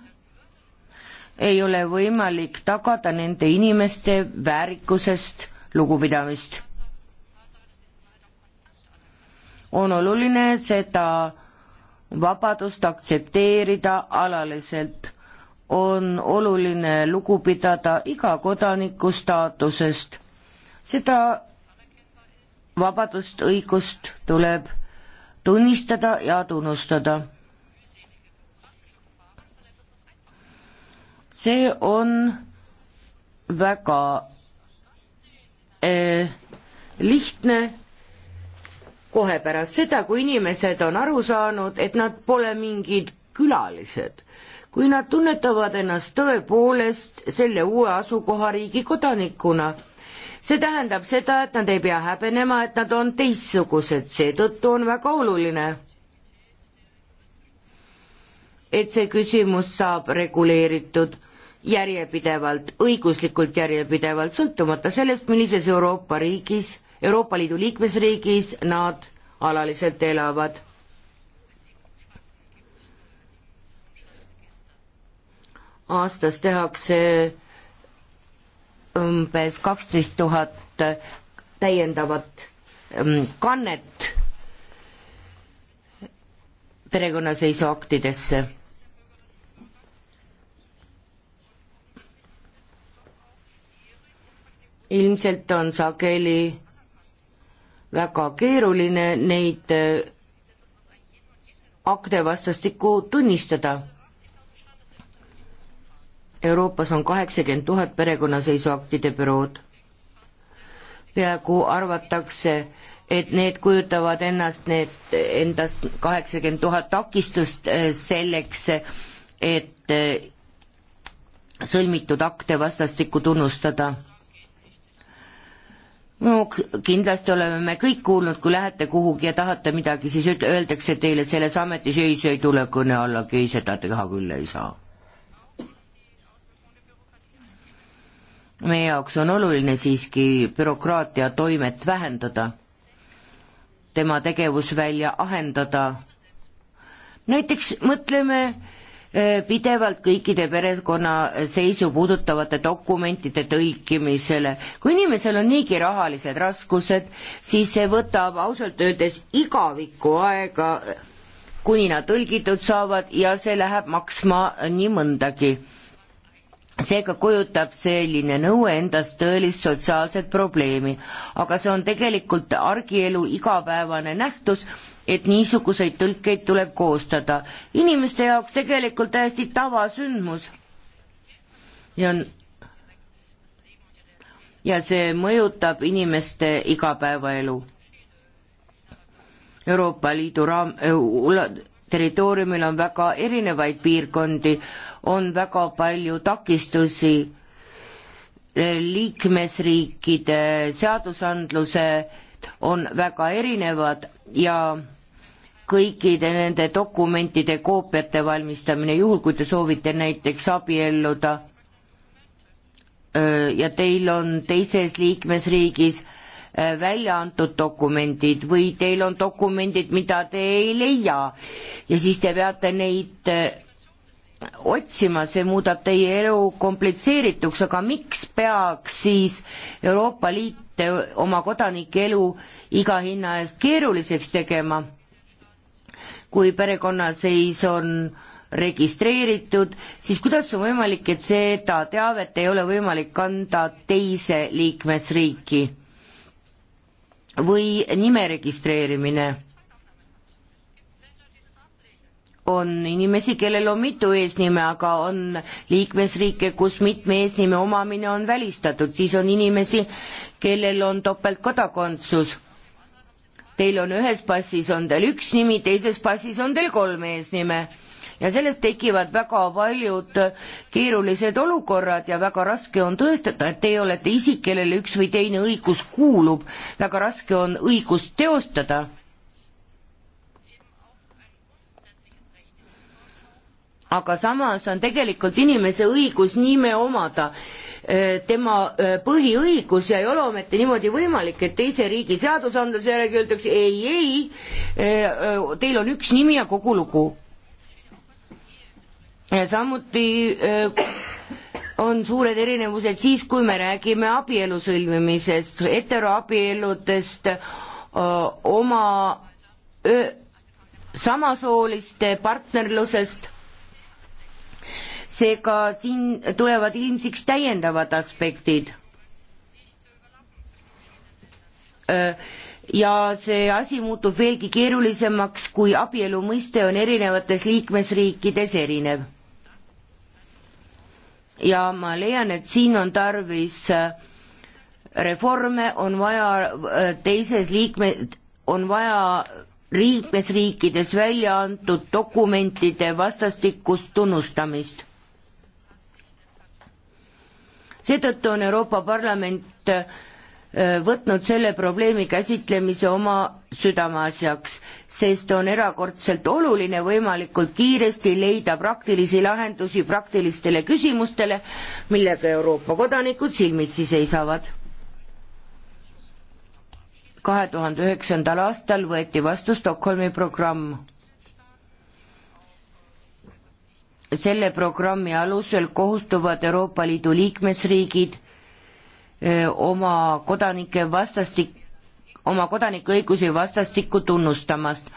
ei ole võimalik tagada nende inimeste väärikusest lugupidamist. on oluline seda vabadust aktsepteerida alaliselt, on oluline lugu pidada iga kodaniku staatusest. seda vabadust, õigust tuleb tunnistada ja tunnustada see on väga eh, lihtne kohe pärast seda, kui inimesed on aru saanud, et nad pole mingid külalised, kui nad tunnetavad ennast tõepoolest selle uue asukohariigi kodanikuna. see tähendab seda, et nad ei pea häbenema, et nad on teistsugused, seetõttu on väga oluline, et see küsimus saab reguleeritud järjepidevalt, õiguslikult järjepidevalt, sõltumata sellest, millises Euroopa riigis, Euroopa Liidu liikmesriigis nad alaliselt elavad. aastas tehakse umbes kaksteist tuhat täiendavat um, kannet perekonnaseisuaktidesse ilmselt on sageli väga keeruline neid äh, akte vastastikku tunnistada. Euroopas on kaheksakümmend tuhat perekonnaseisuaktide bürood. peaaegu arvatakse, et need kujutavad ennast, need endast kaheksakümmend tuhat takistust äh, selleks, et äh, sõlmitud akte vastastikku tunnustada no kindlasti oleme me kõik kuulnud, kui lähete kuhugi ja tahate midagi, siis üt-, öeldakse teile, et selles ametis ei, see ei tule kõne allagi, ei seda teha küll ei saa. meie jaoks on oluline siiski bürokraatia toimet vähendada, tema tegevusvälja ahendada, näiteks mõtleme Äh, pidevalt kõikide perekonnaseisu puudutavate dokumentide tõlkimisele. kui inimesel on niigi rahalised raskused, siis see võtab ausalt öeldes igaviku aega, kuni nad tõlgitud saavad ja see läheb maksma nii mõndagi seega kujutab selline nõue endast tõelist sotsiaalset probleemi, aga see on tegelikult argielu igapäevane nähtus, et niisuguseid tõlkeid tuleb koostada. inimeste jaoks tegelikult täiesti tavasündmus. ja on ja see mõjutab inimeste igapäevaelu. Euroopa Liidu raam- äh,, territooriumil on väga erinevaid piirkondi, on väga palju takistusi liikmesriikide seadusandluse on väga erinevad ja kõikide nende dokumentide koopiate valmistamine, juhul kui te soovite näiteks abielluda ja teil on teises liikmesriigis Äh, välja antud dokumendid või teil on dokumendid, mida te ei leia ja siis te peate neid äh, otsima, see muudab teie elu komplitseerituks, aga miks peaks siis Euroopa Liit äh, oma kodanike elu iga hinna eest keeruliseks tegema, kui perekonnaseis on registreeritud, siis kuidas on võimalik, et seda teavet ei ole võimalik kanda teise liikmesriiki? või nime registreerimine. on inimesi, kellel on mitu eesnime, aga on liikmesriike, kus mitme eesnime omamine on välistatud, siis on inimesi, kellel on topeltkodakondsus. Teil on ühes passis on teil üks nimi, teises passis on teil kolm eesnime ja sellest tekivad väga paljud keerulised olukorrad ja väga raske on tõestada, et teie olete isik, kellele üks või teine õigus kuulub, väga raske on õigust teostada. aga samas on tegelikult inimese õigus nime omada e, tema e, põhiõigus ja ei ole ometi niimoodi võimalik, et teise riigi seadusandluse järgi öeldakse ei, ei, e, teil on üks nimi ja kogu lugu samuti äh, on suured erinevused siis, kui me räägime abielu sõlmimisest, heteroabieludest, äh, oma öö, samasooliste partnerlusest. seega siin tulevad ilmsiks täiendavad aspektid. ja see asi muutub veelgi keerulisemaks, kui abielu mõiste on erinevates liikmesriikides erinev ja ma leian, et siin on tarvis äh, reforme, on vaja äh, teises liikme, on vaja liikmesriikides välja antud dokumentide vastastikust tunnustamist. seetõttu on Euroopa Parlament äh, Äh, võtnud selle probleemi käsitlemise oma südameasjaks, sest on erakordselt oluline võimalikult kiiresti leida praktilisi lahendusi praktilistele küsimustele, millega Euroopa kodanikud silmitsi seisavad. kahe tuhande üheksandal aastal võeti vastu Stockholmi programm selle programmi alusel kohustuvad Euroopa Liidu liikmesriigid oma kodanike vastastik, oma kodanikuõigusi vastastikku tunnustamast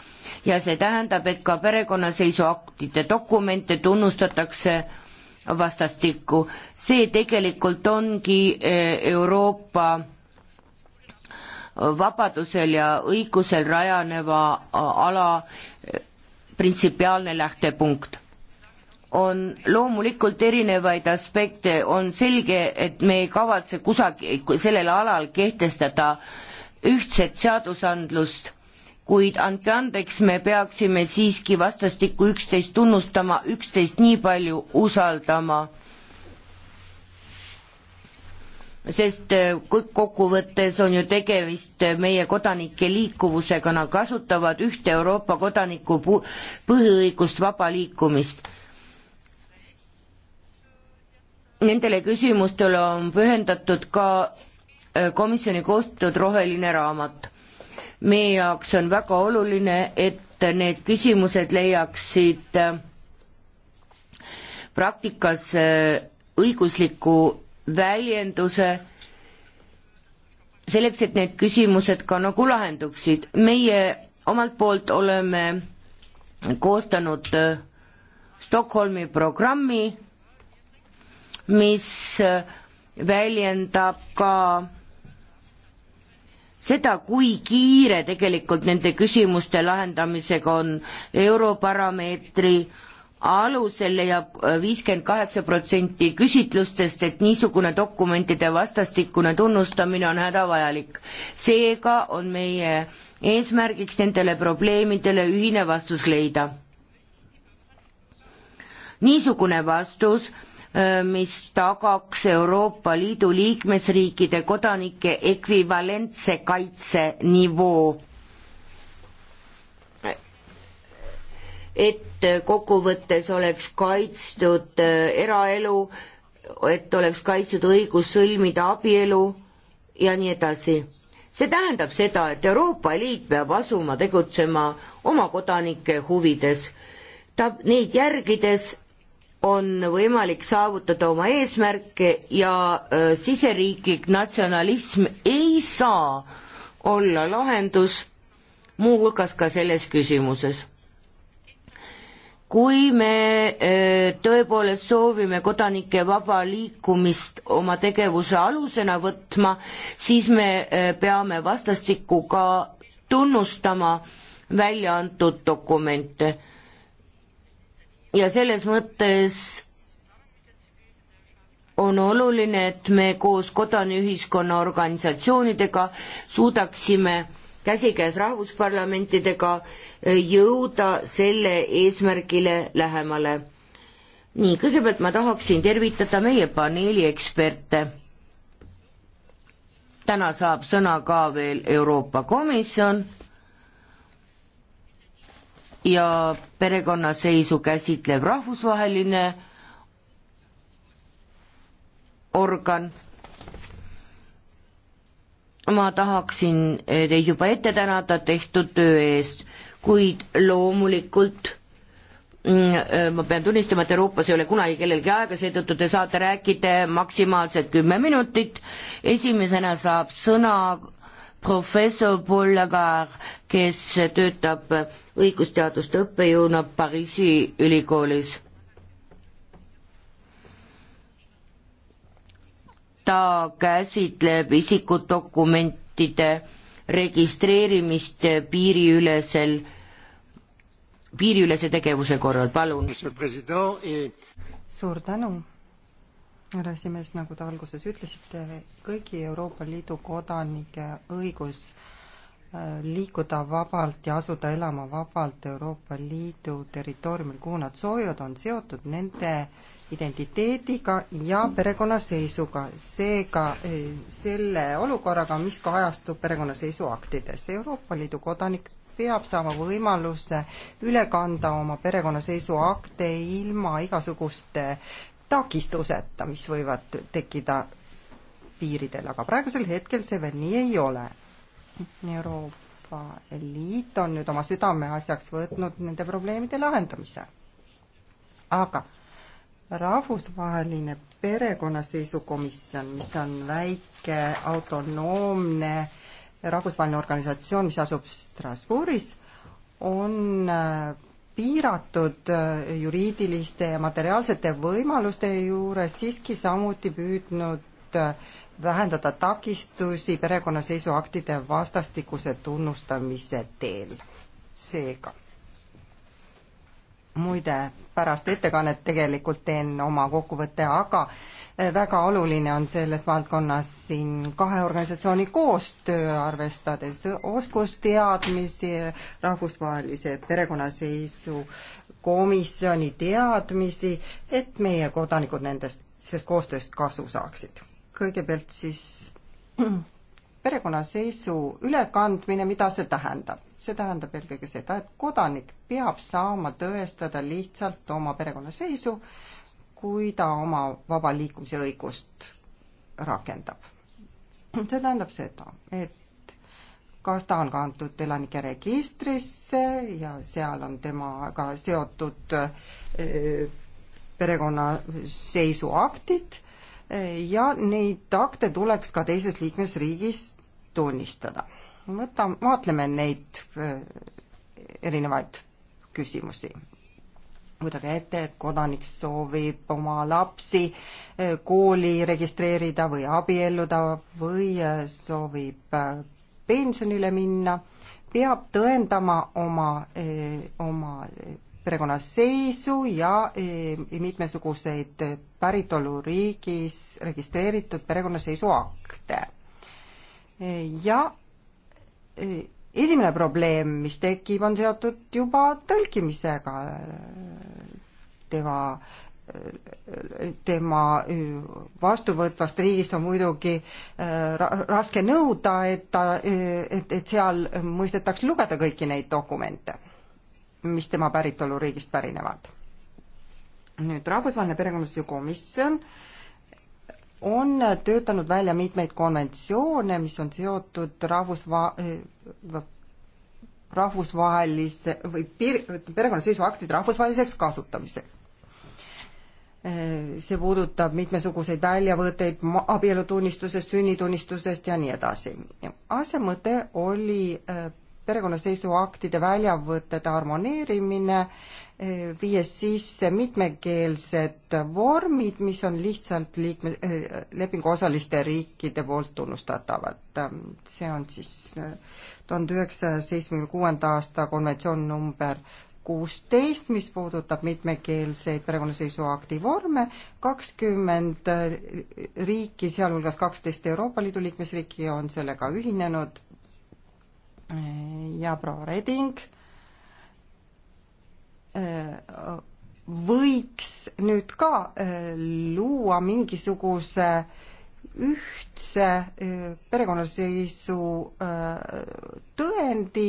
ja see tähendab, et ka perekonnaseisuaktide dokumente tunnustatakse vastastikku. see tegelikult ongi Euroopa vabadusel ja õigusel rajaneva ala printsipiaalne lähtepunkt on loomulikult erinevaid aspekte, on selge, et me ei kavatse kusagil, sellel alal kehtestada ühtset seadusandlust, kuid andke andeks, me peaksime siiski vastastikku üksteist tunnustama, üksteist nii palju usaldama. sest äh, kokkuvõttes on ju tegemist äh, meie kodanike liikuvusega, nad kasutavad ühte Euroopa kodaniku põhiõigust vaba liikumist Nendele küsimustele on pühendatud ka äh, komisjoni koostatud roheline raamat. meie jaoks on väga oluline, et need küsimused leiaksid äh, praktikas äh, õigusliku väljenduse selleks, et need küsimused ka nagu lahenduksid. meie omalt poolt oleme koostanud Stockholmi programmi, mis väljendab ka seda, kui kiire tegelikult nende küsimuste lahendamisega on Europarameetri alusel leiab viiskümmend kaheksa protsenti küsitlustest, et niisugune dokumentide vastastikune tunnustamine on hädavajalik. seega on meie eesmärgiks nendele probleemidele ühine vastus leida. niisugune vastus Äh, mis tagaks Euroopa Liidu liikmesriikide kodanike ekvivalentse kaitsenivoo. et kokkuvõttes oleks kaitstud äh, eraelu, et oleks kaitstud õigus sõlmida abielu ja nii edasi see tähendab seda, et Euroopa Liit peab asuma tegutsema oma kodanike huvides. ta neid järgides on võimalik saavutada oma eesmärke ja siseriiklik natsionalism ei saa olla lahendus muuhulgas ka selles küsimuses. kui me tõepoolest soovime kodanike vaba liikumist oma tegevuse alusena võtma, siis me peame vastastikku ka tunnustama välja antud dokumente ja selles mõttes on oluline, et me koos kodaniühiskonna organisatsioonidega suudaksime käsikäes rahvusparlamentidega e, jõuda selle eesmärgile lähemale. nii, kõigepealt ma tahaksin tervitada meie paneeli eksperte. täna saab sõna ka veel Euroopa Komisjon ja perekonnaseisu käsitlev rahvusvaheline organ. ma tahaksin teid juba ette tänada tehtud töö eest, kuid loomulikult mm, äh, ma pean tunnistama, et Euroopas ei ole kunagi kellelgi aega, seetõttu te saate rääkida maksimaalselt kümme minutit. esimesena saab sõna professor Paul Lagar, kes töötab õigusteaduste õppejõuna Pariisi ülikoolis. ta käsitleb isikudokumentide registreerimist piiriülesel, piiriülese tegevuse korral, palun. suur tänu härra esimees, nagu te alguses ütlesite, kõigi Euroopa Liidu kodanike õigus äh, liikuda vabalt ja asuda elama vabalt Euroopa Liidu territooriumil, kuhu nad soovivad, on seotud nende identiteediga ja perekonnaseisuga. seega äh, selle olukorraga, mis ka ajastub perekonnaseisuaktides. Euroopa Liidu kodanik peab saama võimaluse üle kanda oma perekonnaseisuakte ilma igasuguste takistuseta, mis võivad tekkida piiridel, aga praegusel hetkel see veel nii ei ole. Euroopa Liit on nüüd oma südameasjaks võtnud nende probleemide lahendamise. aga rahvusvaheline perekonnaseisukomisjon, mis on väike autonoomne rahvusvaheline organisatsioon, mis asub Strasbourgis, on äh, piiratud äh, juriidiliste ja materiaalsete võimaluste juures siiski samuti püüdnud äh, vähendada takistusi perekonnaseisuaktide vastastikuse tunnustamise teel. seega. muide, pärast ettekannet tegelikult teen oma kokkuvõtte, aga väga oluline on selles valdkonnas siin kahe organisatsiooni koostöö, arvestades oskusteadmisi, rahvusvahelise perekonnaseisu komisjoni teadmisi, et meie kodanikud nendest, sellest koostööst kasu saaksid. kõigepealt siis perekonnaseisu ülekandmine, mida see tähendab? see tähendab eelkõige seda, et kodanik peab saama tõestada lihtsalt oma perekonnaseisu, kui ta oma vaba liikumise õigust rakendab. see tähendab seda, et kas ta on kantud elanike registrisse ja seal on temaga seotud eh, perekonnaseisuaktid eh, ja neid akte tuleks ka teises liikmesriigis tunnistada. võtame, vaatleme neid eh, erinevaid küsimusi kujutage ette, et kodanik soovib oma lapsi eh, kooli registreerida või abielluda või eh, soovib eh, pensionile minna, peab tõendama oma, oma perekonnaseisu ja mitmesuguseid päritoluriigis registreeritud perekonnaseisu akte. ja esimene probleem, mis tekib, on seotud juba tõlkimisega. tema, tema vastuvõtvast riigist on muidugi äh, raske nõuda, et ta, et, et seal mõistetaks lugeda kõiki neid dokumente, mis tema päritoluriigist pärinevad. nüüd rahvusvaheline perekonnaseaduskomisjon äh, on töötanud välja mitmeid konventsioone, mis on seotud rahvusva-, rahvusvahelise või piir-, perekonnaseisuaktide rahvusvaheliseks kasutamiseks. see puudutab mitmesuguseid väljavõtteid abielutunnistusest, sünnitunnistusest ja nii edasi. asja mõte oli äh, perekonnaseisuaktide väljavõtete harmoneerimine, eh, viies sisse mitmekeelsed vormid, mis on lihtsalt liikme, eh, lepinguosaliste riikide poolt tunnustatavad. see on siis eh, tuhande üheksasaja seitsmekümne kuuenda aasta konventsioon number kuusteist, mis puudutab mitmekeelseid perekonnaseisuakti vorme, kakskümmend riiki, sealhulgas kaksteist Euroopa Liidu liikmesriiki on sellega ühinenud ja proua Reding äh, võiks nüüd ka äh, luua mingisuguse ühtse äh, perekonnaseisuga tõendi,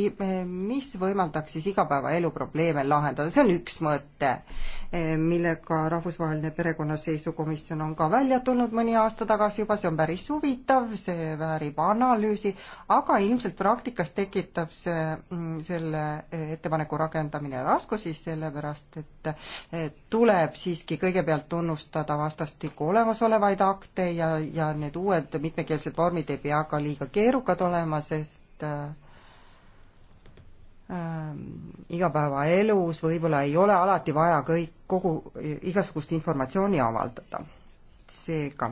mis võimaldaks siis igapäevaelu probleeme lahendada, see on üks mõte, millega Rahvusvaheline Perekonnaseisukomisjon on ka välja tulnud mõni aasta tagasi juba, see on päris huvitav, see väärib analüüsi, aga ilmselt praktikas tekitab see, selle ettepaneku rakendamine raskusi, sellepärast et tuleb siiski kõigepealt tunnustada vastastikku olemasolevaid akte ja, ja need uued mitmekeelsed vormid ei pea ka liiga keerukad olema, sest äh, Ähm, igapäevaelus võib-olla ei ole alati vaja kõik, kogu, igasugust informatsiooni avaldada. seega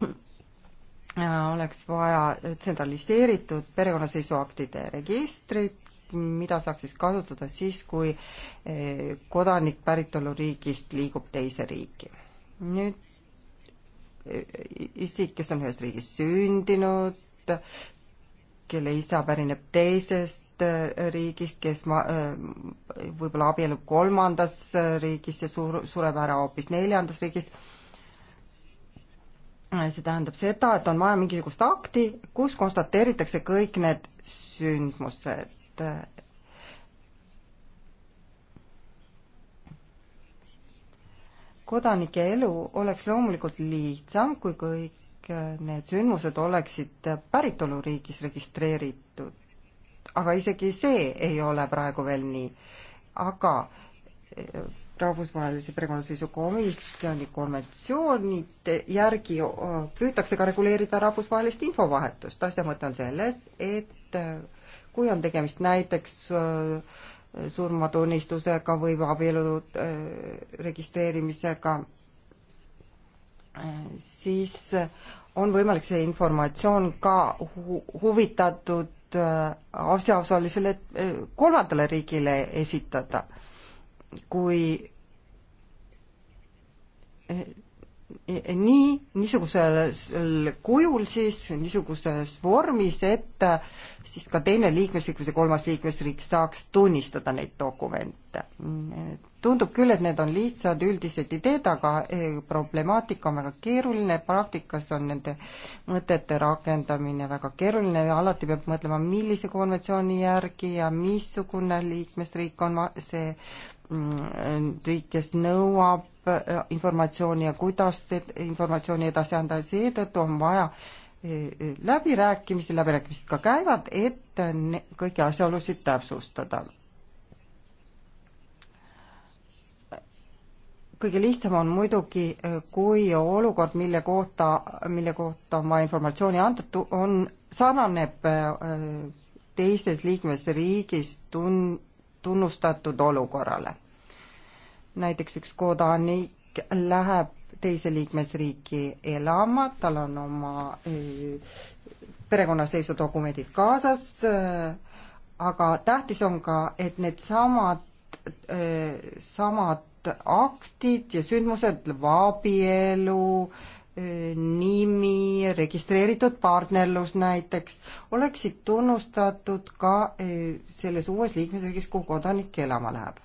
äh, oleks vaja tsentraliseeritud perekonnaseisuaktide registrit, mida saaks siis kasutada siis, kui äh, kodanik päritoluriigist liigub teise riiki. nüüd äh, isik, kes on ühes riigis sündinud, kelle isa pärineb teisest riigist, kes ma-, äh, võib-olla abiellub kolmandas äh, riigis ja sur-, sureb ära hoopis neljandas riigis, see tähendab seda, et on vaja mingisugust akti, kus konstateeritakse kõik need sündmused. kodanike elu oleks loomulikult lihtsam, kui kõik need sündmused oleksid päritoluriigis registreeritud aga isegi see ei ole praegu veel nii. aga eh, rahvusvahelise perekonnaseisu komisjoni konventsioonide järgi eh, püütakse ka reguleerida rahvusvahelist infovahetust. asja mõte on selles, et eh, kui on tegemist näiteks surmatunnistusega või abielu registreerimisega, siis on võimalik see informatsioon ka hu huvitatud Äh, asjaosalisele äh, kolmandale riigile esitada. kui äh, nii, niisugusel kujul siis, niisuguses vormis, et siis ka teine liikmesriik või see kolmas liikmesriik saaks tunnistada neid dokumente. tundub küll, et need on lihtsad üldised ideed, aga eh, problemaatika on väga keeruline, praktikas on nende mõtete rakendamine väga keeruline ja alati peab mõtlema, millise konventsiooni järgi ja missugune liikmesriik on see Mm, riik, kes nõuab äh, informatsiooni ja kuidas informatsiooni edasi anda, seetõttu on vaja äh, äh, läbirääkimisi, läbirääkimised ka käivad, et kõiki asjaolusid täpsustada. kõige lihtsam on muidugi, kui olukord, mille kohta, mille kohta on vaja informatsiooni anda, on, sarnaneb teises liikmesriigis tun-, tunnustatud olukorrale näiteks üks kodanik läheb teise liikmesriiki elama, tal on oma eh, perekonnaseisudokumendid kaasas, eh, aga tähtis on ka, et needsamad, eh, samad aktid ja sündmused, abielu, nimi, registreeritud partnerlus näiteks, oleksid tunnustatud ka selles uues liikmesriigis, kuhu kodanik elama läheb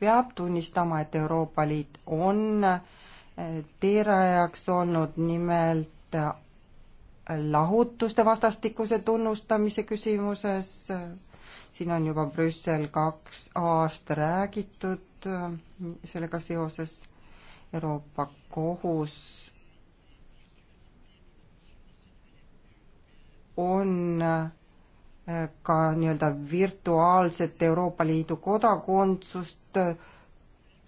peab tunnistama, et Euroopa Liit on eh, teerajajaks olnud nimelt eh, lahutuste vastastikuse tunnustamise küsimuses. siin on juba Brüssel kaks aasta räägitud eh, sellega seoses. Euroopa Kohus on ka nii-öelda virtuaalset Euroopa Liidu kodakondsust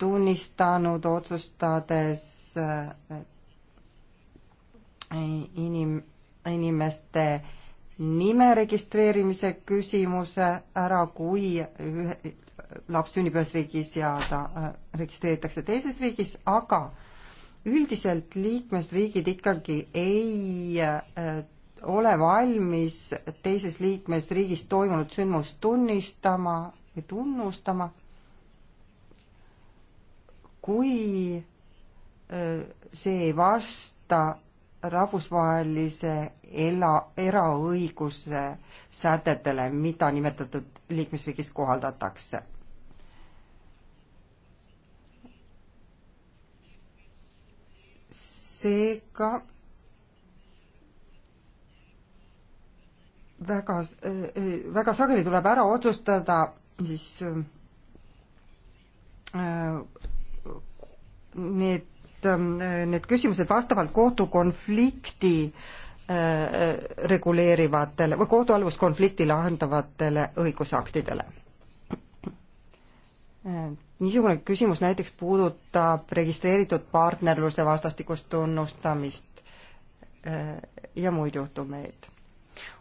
tunnistanud, otsustades äh, inim-, inimeste nime registreerimise küsimuse ära, kui ühe, laps sünnib ühes riigis ja ta äh, registreeritakse teises riigis, aga üldiselt liikmesriigid ikkagi ei äh, ole valmis teises liikmesriigis toimunud sündmust tunnistama või tunnustama, kui see ei vasta rahvusvahelise ela, eraõiguse sätetele, mida nimetatud liikmesriigis kohaldatakse. seega väga, äh, äh, väga sageli tuleb ära otsustada siis äh, need, ähm, need küsimused vastavalt kohtukonflikti reguleerivatele või kohtualuskonflikti lahendavatele õigusaktidele. niisugune küsimus näiteks puudutab registreeritud partnerluse vastastikust tunnustamist ja muid juhtumeid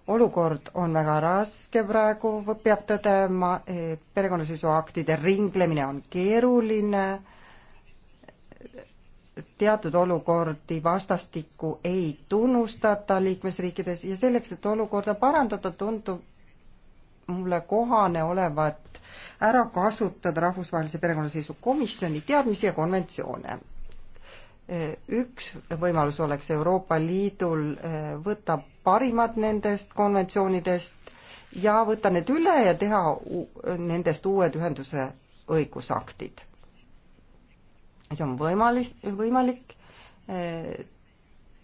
olukord on väga raske praegu, peab tõdema, e, perekonnasisuaktide ringlemine on keeruline, teatud olukordi vastastikku ei tunnustata liikmesriikides ja selleks, et olukorda parandada, tundub mulle kohane olevat ära kasutada Rahvusvahelise Perekonnaseisu Komisjoni teadmisi ja konventsioone üks võimalus oleks Euroopa Liidul eh, võtta parimad nendest konventsioonidest ja võtta need üle ja teha nendest uued ühenduse õigusaktid. see on võimalis, võimalik eh,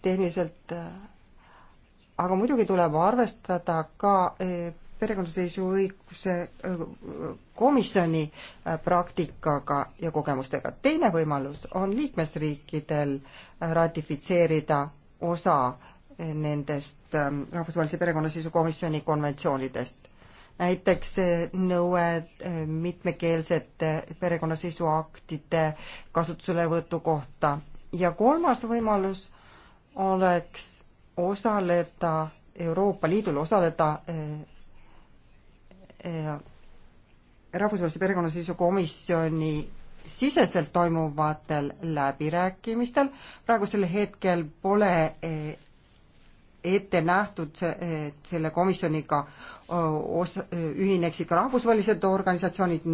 tehniliselt, eh, aga muidugi tuleb arvestada ka perekonnaseisuõiguse komisjoni praktikaga ja kogemustega. teine võimalus on liikmesriikidel ratifitseerida osa nendest Rahvusvahelise Perekonnaseisukomisjoni konventsioonidest. näiteks nõue mitmekeelsete perekonnaseisuaktide kasutuselevõtu kohta ja kolmas võimalus oleks osaleda Euroopa Liidul osaleda rahvusvahelise perekonnaseisukomisjoni siseselt toimuvatel läbirääkimistel. praegusel hetkel pole e, ette nähtud, et e, selle komisjoniga os-, e, ühineksid ka rahvusvahelised organisatsioonid,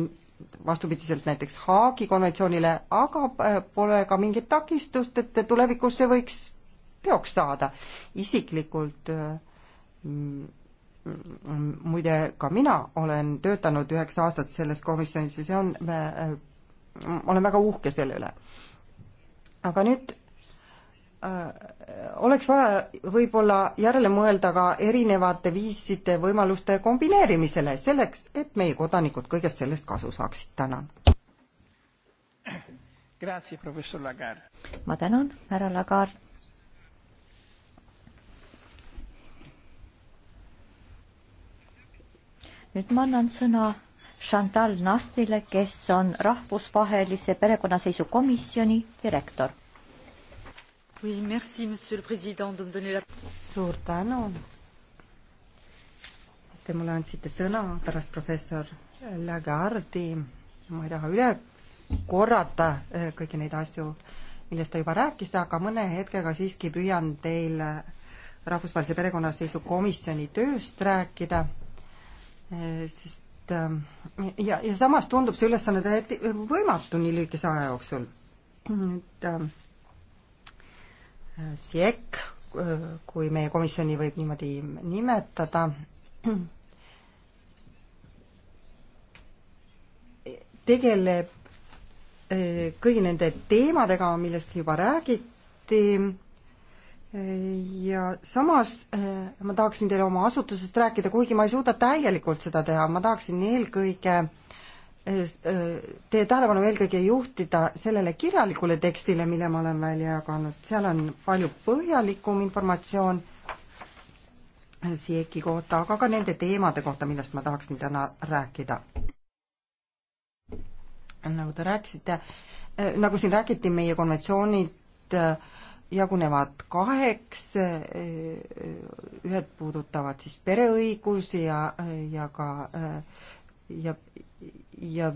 vastupidiselt näiteks Haagi konventsioonile, aga pole ka mingit takistust, et tulevikus see võiks teoks saada. isiklikult Mm, muide, ka mina olen töötanud üheksa aastat selles komisjonis ja see on, ma äh, olen väga uhke selle üle. aga nüüd äh, oleks vaja võib-olla järele mõelda ka erinevate viiside võimaluste kombineerimisele, selleks et meie kodanikud kõigest sellest kasu saaksid. tänan. ma tänan, härra Lagar nüüd ma annan sõna Chantal Nastile, kes on rahvusvahelise perekonnaseisukomisjoni direktor. suur tänu, et te mulle andsite sõna pärast professor Lagardi. ma ei taha üle korrata eh, kõiki neid asju, millest ta juba rääkis, aga mõne hetkega siiski püüan teile rahvusvahelise perekonnaseisukomisjoni tööst rääkida Eh, sest ähm, ja, ja samas tundub see ülesanne täiesti võimatu nii lühikese aja jooksul. nüüd ähm, äh, SIEK, äh, kui meie komisjoni võib niimoodi nimetada, tegeleb äh, kõigi nende teemadega, millest juba räägiti, ja samas äh, ma tahaksin teile oma asutusest rääkida, kuigi ma ei suuda täielikult seda teha, ma tahaksin eelkõige äh, äh, teie tähelepanu eelkõige juhtida sellele kirjalikule tekstile, mille ma olen välja jaganud, seal on palju põhjalikum informatsioon SIEK-i kohta, aga ka nende teemade kohta, millest ma tahaksin täna rääkida. nagu te rääkisite, nagu siin räägiti, meie konventsioonid äh, jagunevad kaheks, ühed puudutavad siis pereõigusi ja, ja ka ja, ja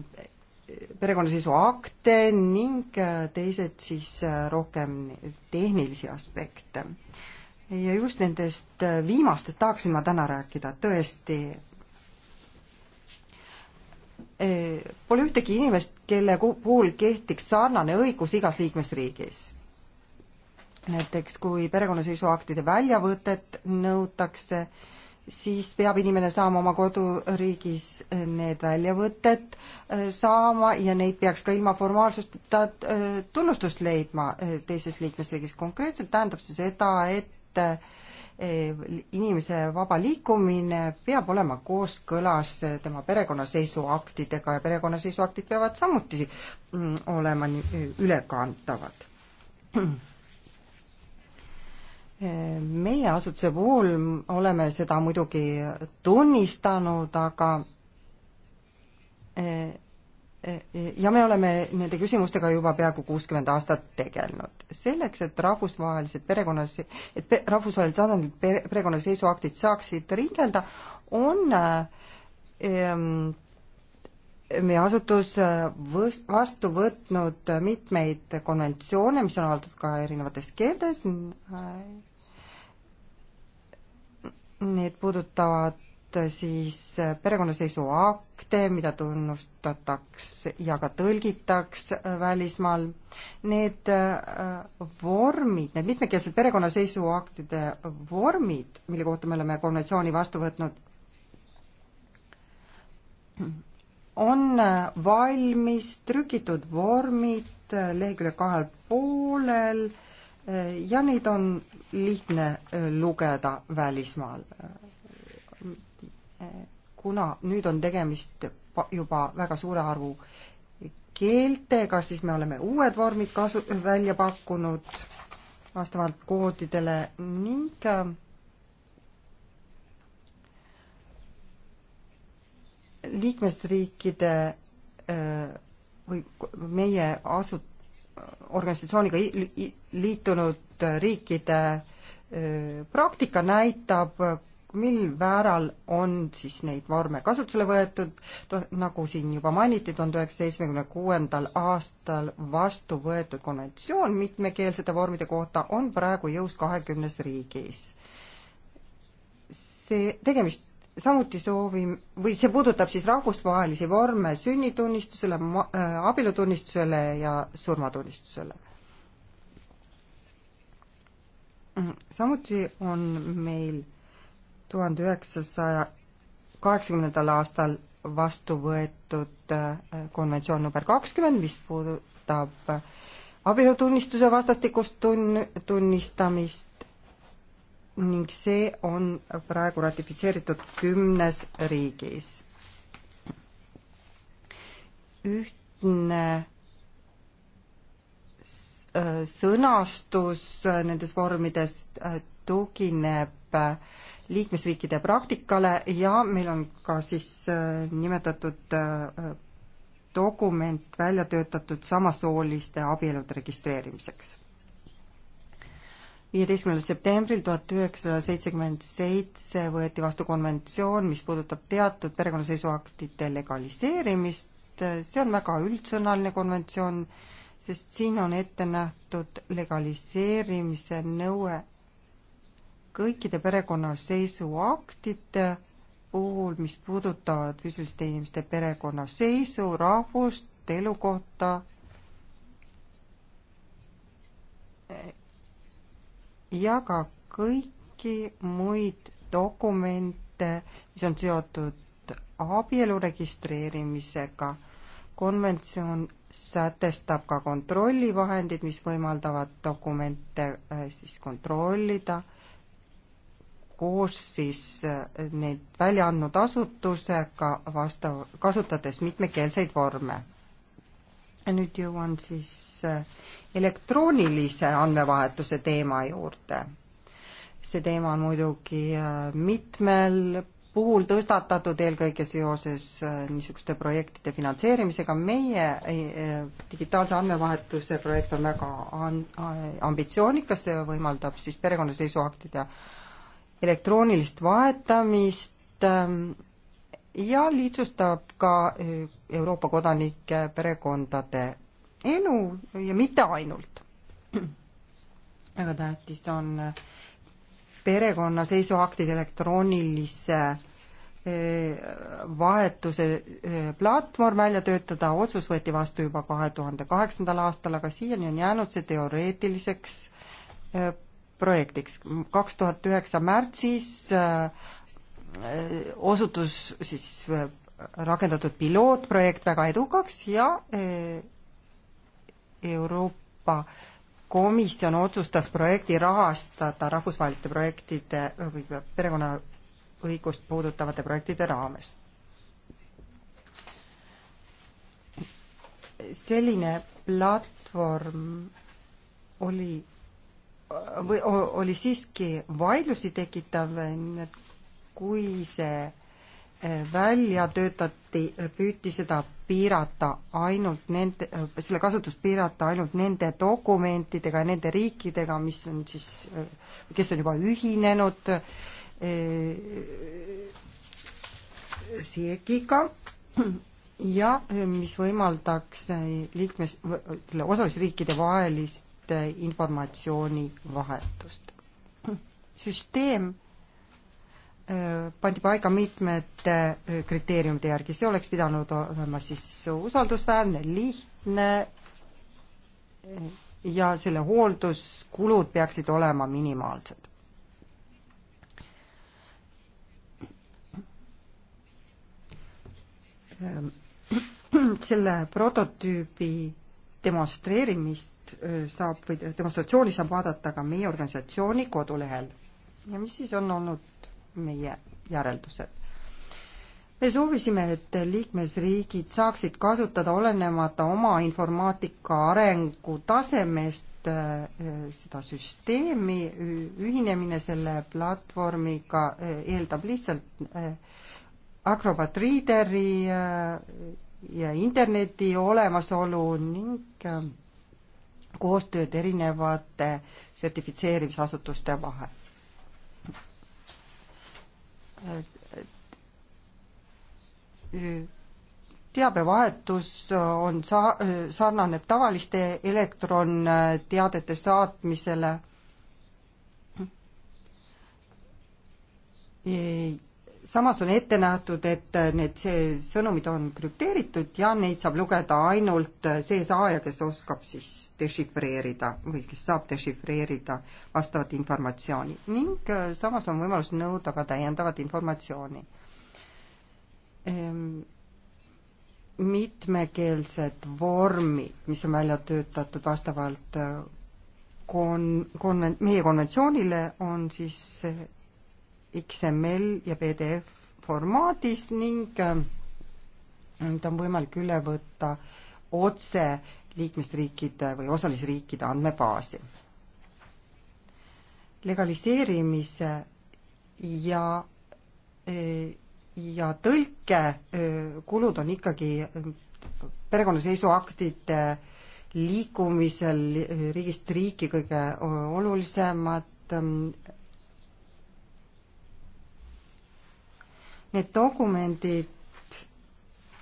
perekonnaseisuakte ning teised siis rohkem tehnilisi aspekte. ja just nendest viimastest tahaksin ma täna rääkida, tõesti Pole ühtegi inimest, kelle puhul kehtiks sarnane õigus igas liikmesriigis näiteks kui perekonnaseisuaktide väljavõtet nõutakse, siis peab inimene saama oma koduriigis need väljavõtted äh, saama ja neid peaks ka ilma formaalsusteta äh, tunnustust leidma äh, teises liikmesriigis. konkreetselt tähendab see seda, et inimese vaba liikumine peab olema kooskõlas tema perekonnaseisuaktidega ja perekonnaseisuaktid peavad samuti mm, olema ülekantavad meie asutuse puhul oleme seda muidugi tunnistanud, aga e, e, e, ja me oleme nende küsimustega juba peaaegu kuuskümmend aastat tegelenud. selleks, et rahvusvahelised perekonnas, et pe, rahvusvahelisel tasandil pere, perekonnaseisuaktid saaksid ringelda, on ähm, meie asutus võs-, vastu võtnud mitmeid konventsioone, mis on avaldatud ka erinevates keeltes äh,, Need puudutavad äh, siis äh, perekonnaseisuakte, mida tunnustatakse ja ka tõlgitakse äh, välismaal. Need vormid, need mitmekesed perekonnaseisuaktide vormid, mille kohta me oleme konventsiooni vastu võtnud, on valmis trükitud vormid lehekülje kahel poolel ja neid on lihtne äh, lugeda välismaal. Äh, kuna nüüd on tegemist juba väga suure arvu keeltega, siis me oleme uued vormid kasu-, välja pakkunud vastavalt koodidele ning äh, liikmesriikide või meie asut-, organisatsiooniga liitunud riikide praktika näitab, mil määral on siis neid vorme kasutusele võetud, nagu siin juba mainiti, tuhande üheksasaja seitsmekümne kuuendal aastal vastu võetud konventsioon mitmekeelsete vormide kohta on praegu jõus kahekümnes riigis. see, tegemist samuti soovime, või see puudutab siis rahvusvahelisi vorme sünnitunnistusele, äh, abielutunnistusele ja surmatunnistusele. Mm, samuti on meil tuhande üheksasaja kaheksakümnendal aastal vastu võetud äh, konventsioon number kakskümmend, mis puudutab äh, abielutunnistuse vastastikust tun-, tunnistamist ning see on praegu ratifitseeritud kümnes riigis. ühtne äh, sõnastus äh, nendes vormides äh, tugineb liikmesriikide praktikale ja meil on ka siis nimetatud dokument välja töötatud samasooliste abielude registreerimiseks viieteistkümnendal septembril tuhat üheksasada seitsekümmend seitse võeti vastu konventsioon, mis puudutab teatud perekonnaseisuaktide legaliseerimist. see on väga üldsõnaline konventsioon, sest siin on ette nähtud legaliseerimise nõue kõikide perekonnaseisuaktide puhul, mis puudutavad füüsiliste inimeste perekonnaseisu, rahvust, elukohta ja ka kõiki muid dokumente, mis on seotud abielu registreerimisega. konventsioon sätestab ka kontrollivahendid, mis võimaldavad dokumente äh, siis kontrollida koos siis äh, neid välja andnud asutusega vastav, kasutades mitmekeelseid vorme nüüd jõuan siis äh, elektroonilise andmevahetuse teema juurde. see teema on muidugi äh, mitmel puhul tõstatatud eelkõige seoses äh, niisuguste projektide finantseerimisega. meie digitaalse andmevahetuse projekt on väga ambitsioonikas, see võimaldab siis perekonnaseisuaktide elektroonilist vahetamist ähm, ja lihtsustab ka Euroopa kodanike perekondade elu ja mitte ainult. väga tähtis on perekonna seisuaktide elektroonilise eh, vahetuse eh, platvorm välja töötada, otsus võeti vastu juba kahe tuhande kaheksandal aastal, aga siiani on jäänud see teoreetiliseks eh, projektiks. kaks tuhat üheksa märtsis osutus siis rakendatud pilootprojekt väga edukaks ja e, Euroopa Komisjon otsustas projekti rahastada rahvusvaheliste projektide või perekonnaõigust puudutavate projektide raames. selline platvorm oli või oli siiski vaidlusi tekitav, nii et kui see välja töötati, püüti seda piirata ainult nende, selle kasutust piirata ainult nende dokumentidega ja nende riikidega, mis on siis, kes on juba ühinenud eh, SIEG-iga ja mis võimaldaks liikmes, selle osalisriikide vahelist informatsioonivahetust. süsteem Äh, pandi paika mitmete äh, kriteeriumide järgi, see oleks pidanud olema siis usaldusväärne, lihtne äh, ja selle hoolduskulud peaksid olema minimaalsed. Ähm, selle prototüübi demonstreerimist saab või demonstratsiooni saab vaadata ka meie organisatsiooni kodulehel. ja mis siis on olnud meie järeldused. me soovisime, et liikmesriigid saaksid kasutada olenemata oma informaatika arengu tasemest äh, seda süsteemi, ühinemine selle platvormiga äh, eeldab lihtsalt äh, Acrobat Readeri ja interneti olemasolu ning koostööd erinevate sertifitseerimisasutuste vahel teabevahetus on sa-, sarnaneb tavaliste elektronteadete saatmisele samas on ette nähtud, et need sõnumid on krüpteeritud ja neid saab lugeda ainult see saaja, kes oskab siis dešifreerida või kes saab dešifreerida vastavat informatsiooni ning äh, samas on võimalus nõuda ka täiendavat informatsiooni. Ehm, mitmekeelsed vormid, mis on välja töötatud vastavalt äh, kon-, konven-, meie konventsioonile, on siis äh, XML ja PDF formaadis ning nüüd ähm, on võimalik üle võtta otse liikmesriikide või osalisriikide andmebaasi. legaliseerimise ja äh, ja tõlkekulud äh, on ikkagi äh, perekonnaseisuaktide liikumisel riigist riiki kõige olulisemad, ähm, Need dokumendid,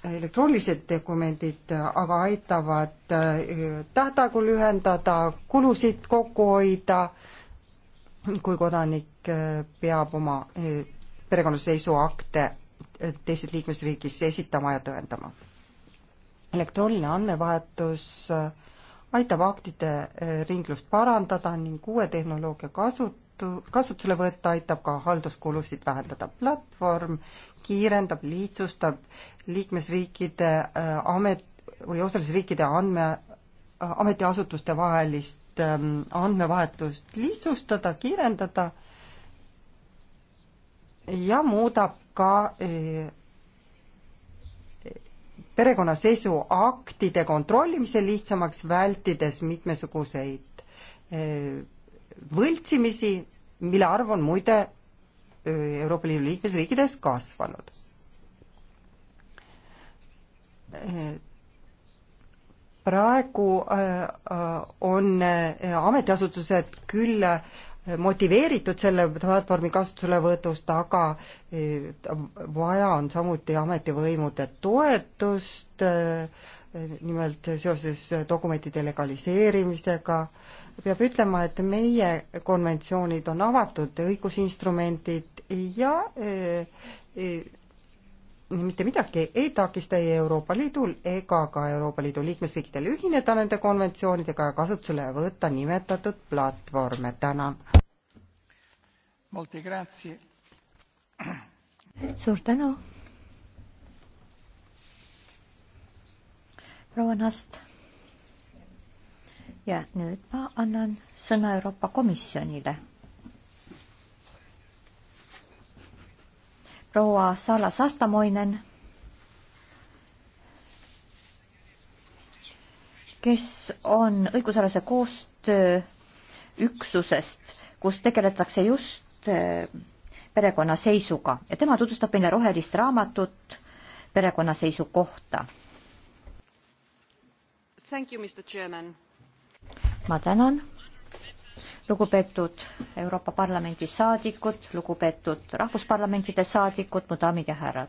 elektroonilised dokumendid aga aitavad äh, tähtaegu lühendada, kulusid kokku hoida, kui kodanik äh, peab oma äh, perekonnaseisuakte teises liikmesriigis esitama ja tõendama. elektrooniline andmevahetus aitab aktide ringlust parandada ning uue tehnoloogia kasut-, kasutu, kasutusele võtta aitab ka halduskulusid vähendada. platvorm kiirendab, lihtsustab liikmesriikide äh, amet või osalisriikide andme, äh, ametiasutuste vahelist ähm, andmevahetust lihtsustada, kiirendada ja muudab ka äh, perekonnaseisuaktide kontrollimise lihtsamaks, vältides mitmesuguseid võltsimisi, mille arv on muide Euroopa Liidu liikmesriikides kasvanud. praegu on ametiasutused küll motiveeritud selle platvormi kasutuselevõtust, aga vaja on samuti ametivõimude toetust, nimelt seoses dokumentide legaliseerimisega äh,, peab ütlema, et meie konventsioonid on avatud õigusinstrumendid ja e, e, mitte midagi ei takista ei Euroopa Liidul ega ka Euroopa Liidu liikmesriikidel ühineda nende konventsioonidega ja kasutusele võtta nimetatud platvorme. tänan. suur tänu. proua Nast ja nüüd ma annan sõna Euroopa Komisjonile. proua Salas Astamoinen, kes on õigusalase koostöö üksusest, kus tegeletakse just äh, perekonna seisuga ja tema tutvustab meile rohelist raamatut perekonna seisu kohta. Thank you, Mr Chairman ma tänan, lugupeetud Euroopa Parlamendi saadikud, lugupeetud rahvusparlamentide saadikud, mu daamid ja härrad.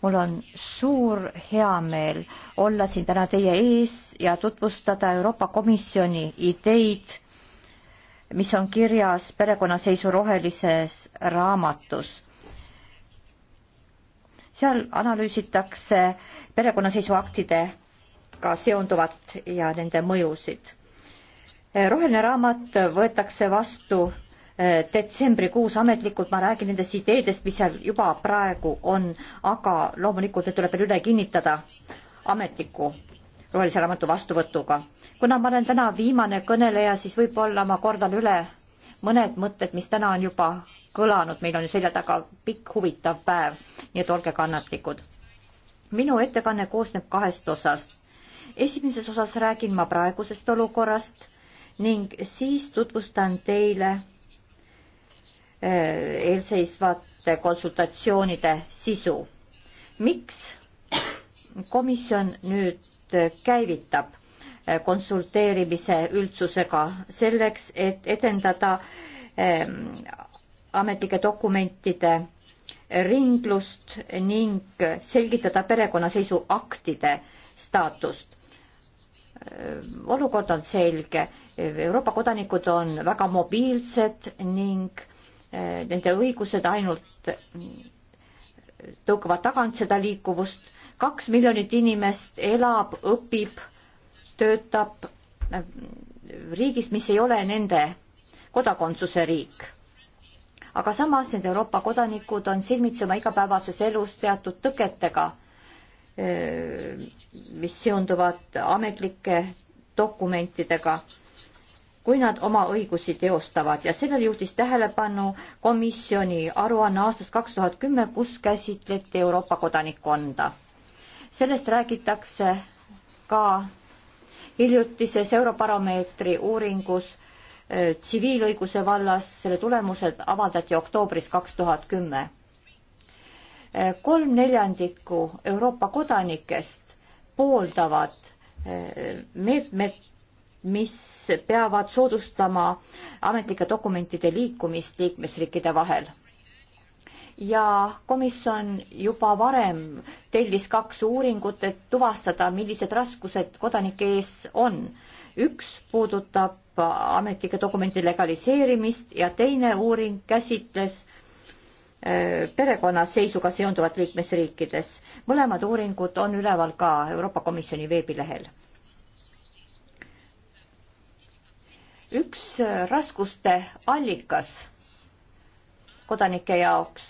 mul on suur heameel olla siin täna teie ees ja tutvustada Euroopa Komisjoni ideid, mis on kirjas perekonnaseisu rohelises raamatus seal analüüsitakse perekonnaseisu aktide ka seonduvat ja nende mõjusid. Eh, roheline raamat võetakse vastu eh, detsembrikuus ametlikult, ma räägin nendest ideedest, mis seal juba praegu on, aga loomulikult need tuleb veel üle kinnitada ametliku rohelise raamatu vastuvõtuga. kuna ma olen täna viimane kõneleja, siis võib-olla ma kordan üle mõned mõtted, mis täna on juba kõlanud, meil on ju selja taga pikk huvitav päev, nii et olge kannatlikud. minu ettekanne koosneb kahest osast esimeses osas räägin ma praegusest olukorrast ning siis tutvustan teile eh, eelseisvate konsultatsioonide sisu. miks komisjon nüüd käivitab eh, konsulteerimise üldsusega selleks, et edendada eh, ametlike dokumentide ringlust ning selgitada perekonnaseisuaktide staatust olukord on selge, Euroopa kodanikud on väga mobiilsed ning eh, nende õigused ainult tõukavad tagant seda liikuvust. kaks miljonit inimest elab, õpib, töötab eh, riigis, mis ei ole nende kodakondsuse riik. aga samas need Euroopa kodanikud on silmitsi oma igapäevases elus teatud tõketega eh, mis seonduvad ametlike dokumentidega, kui nad oma õigusi teostavad ja sellele juhtis tähelepanu komisjoni aruanne aastast kaks tuhat kümme, kus käsitleti Euroopa kodanikkonda. sellest räägitakse ka hiljutises Eurobaromeetri uuringus äh, tsiviilõiguse vallas, selle tulemused avaldati oktoobris kaks tuhat kümme. Äh, kolm neljandikku Euroopa kodanikest pooldavad eh, meetmed, mis peavad soodustama ametlike dokumentide liikumist liikmesriikide vahel. ja komisjon juba varem tellis kaks uuringut, et tuvastada, millised raskused kodanike ees on. üks puudutab ametlike dokumentide legaliseerimist ja teine uuring käsitles Äh, perekonnaseisuga seonduvat liikmesriikides. mõlemad uuringud on üleval ka Euroopa Komisjoni veebilehel. üks äh, raskuste allikas kodanike jaoks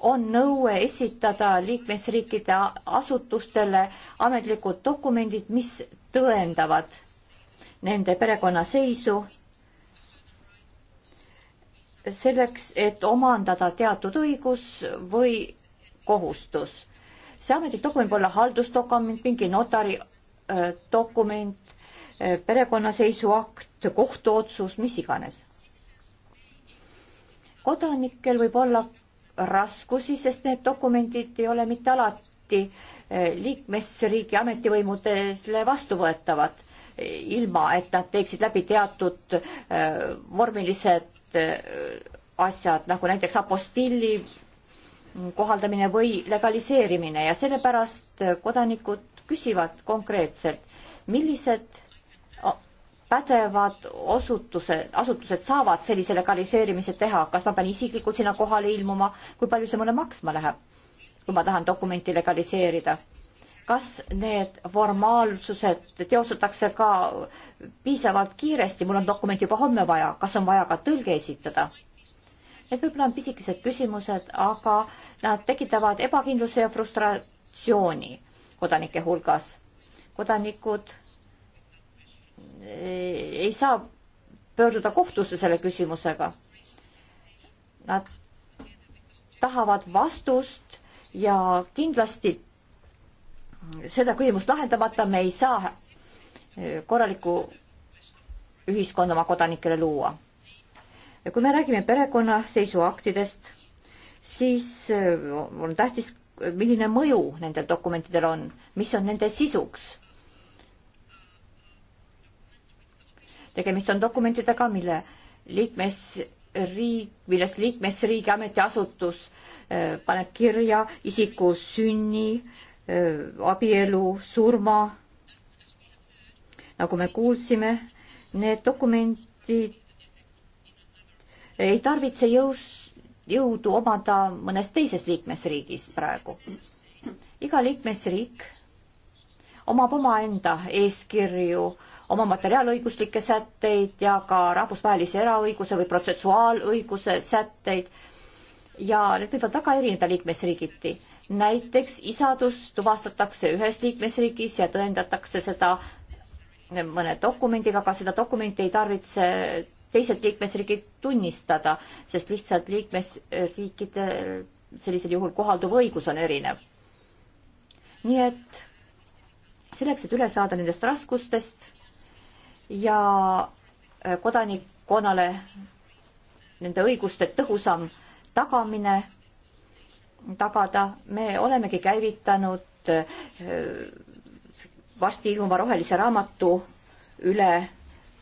on nõue esitada liikmesriikide asutustele ametlikud dokumendid, mis tõendavad nende perekonnaseisu selleks, et omandada teatud õigus või kohustus. see ametlik dokument võib olla haldusdokument, mingi notari äh, dokument äh,, perekonnaseisuakt, kohtuotsus, mis iganes. kodanikel võib olla raskusi, sest need dokumendid ei ole mitte alati äh, liikmesriigi ametivõimudele vastuvõetavad, äh, ilma et nad teeksid läbi teatud äh, vormilised Äh, asjad nagu näiteks apostilli kohaldamine või legaliseerimine ja sellepärast äh, kodanikud küsivad konkreetselt, millised pädevad osutused, asutused saavad sellise legaliseerimise teha, kas ma pean isiklikult sinna kohale ilmuma, kui palju see mulle maksma läheb, kui ma tahan dokumenti legaliseerida kas need formaalsused teostatakse ka piisavalt kiiresti, mul on dokument juba homme vaja, kas on vaja ka tõlge esitada? Need võib-olla on pisikesed küsimused, aga nad tekitavad ebakindluse ja frustratsiooni kodanike hulgas. kodanikud eh, ei saa pöörduda kohtusse selle küsimusega. Nad tahavad vastust ja kindlasti seda küsimust lahendamata me ei saa eh, korralikku ühiskonda oma kodanikele luua. ja kui me räägime perekonna seisuaktidest, siis eh, on tähtis, milline mõju nendel dokumentidel on, mis on nende sisuks. tegemist on dokumentidega, mille liikmesriik, milles liikmesriigi ametiasutus eh, paneb kirja isiku sünni, abielu, surma, nagu me kuulsime, need dokumendid ei tarvitse jõus, jõudu omada mõnes teises liikmesriigis praegu. iga liikmesriik omab omaenda eeskirju, oma materiaalõiguslikke sätteid ja ka rahvusvahelise eraõiguse või protsessuaalõiguse sätteid ja need võivad väga erineda liikmesriigiti näiteks isadus tuvastatakse ühes liikmesriigis ja tõendatakse seda mõne dokumendiga, aga seda dokumenti ei tarvitse teised liikmesriigid tunnistada, sest lihtsalt liikmesriikidel sellisel juhul kohalduv õigus on erinev. nii et selleks, et üle saada nendest raskustest ja kodanikkonnale nende õiguste tõhusam tagamine tagada, me olemegi käivitanud äh, varsti ilmuva rohelise raamatu üle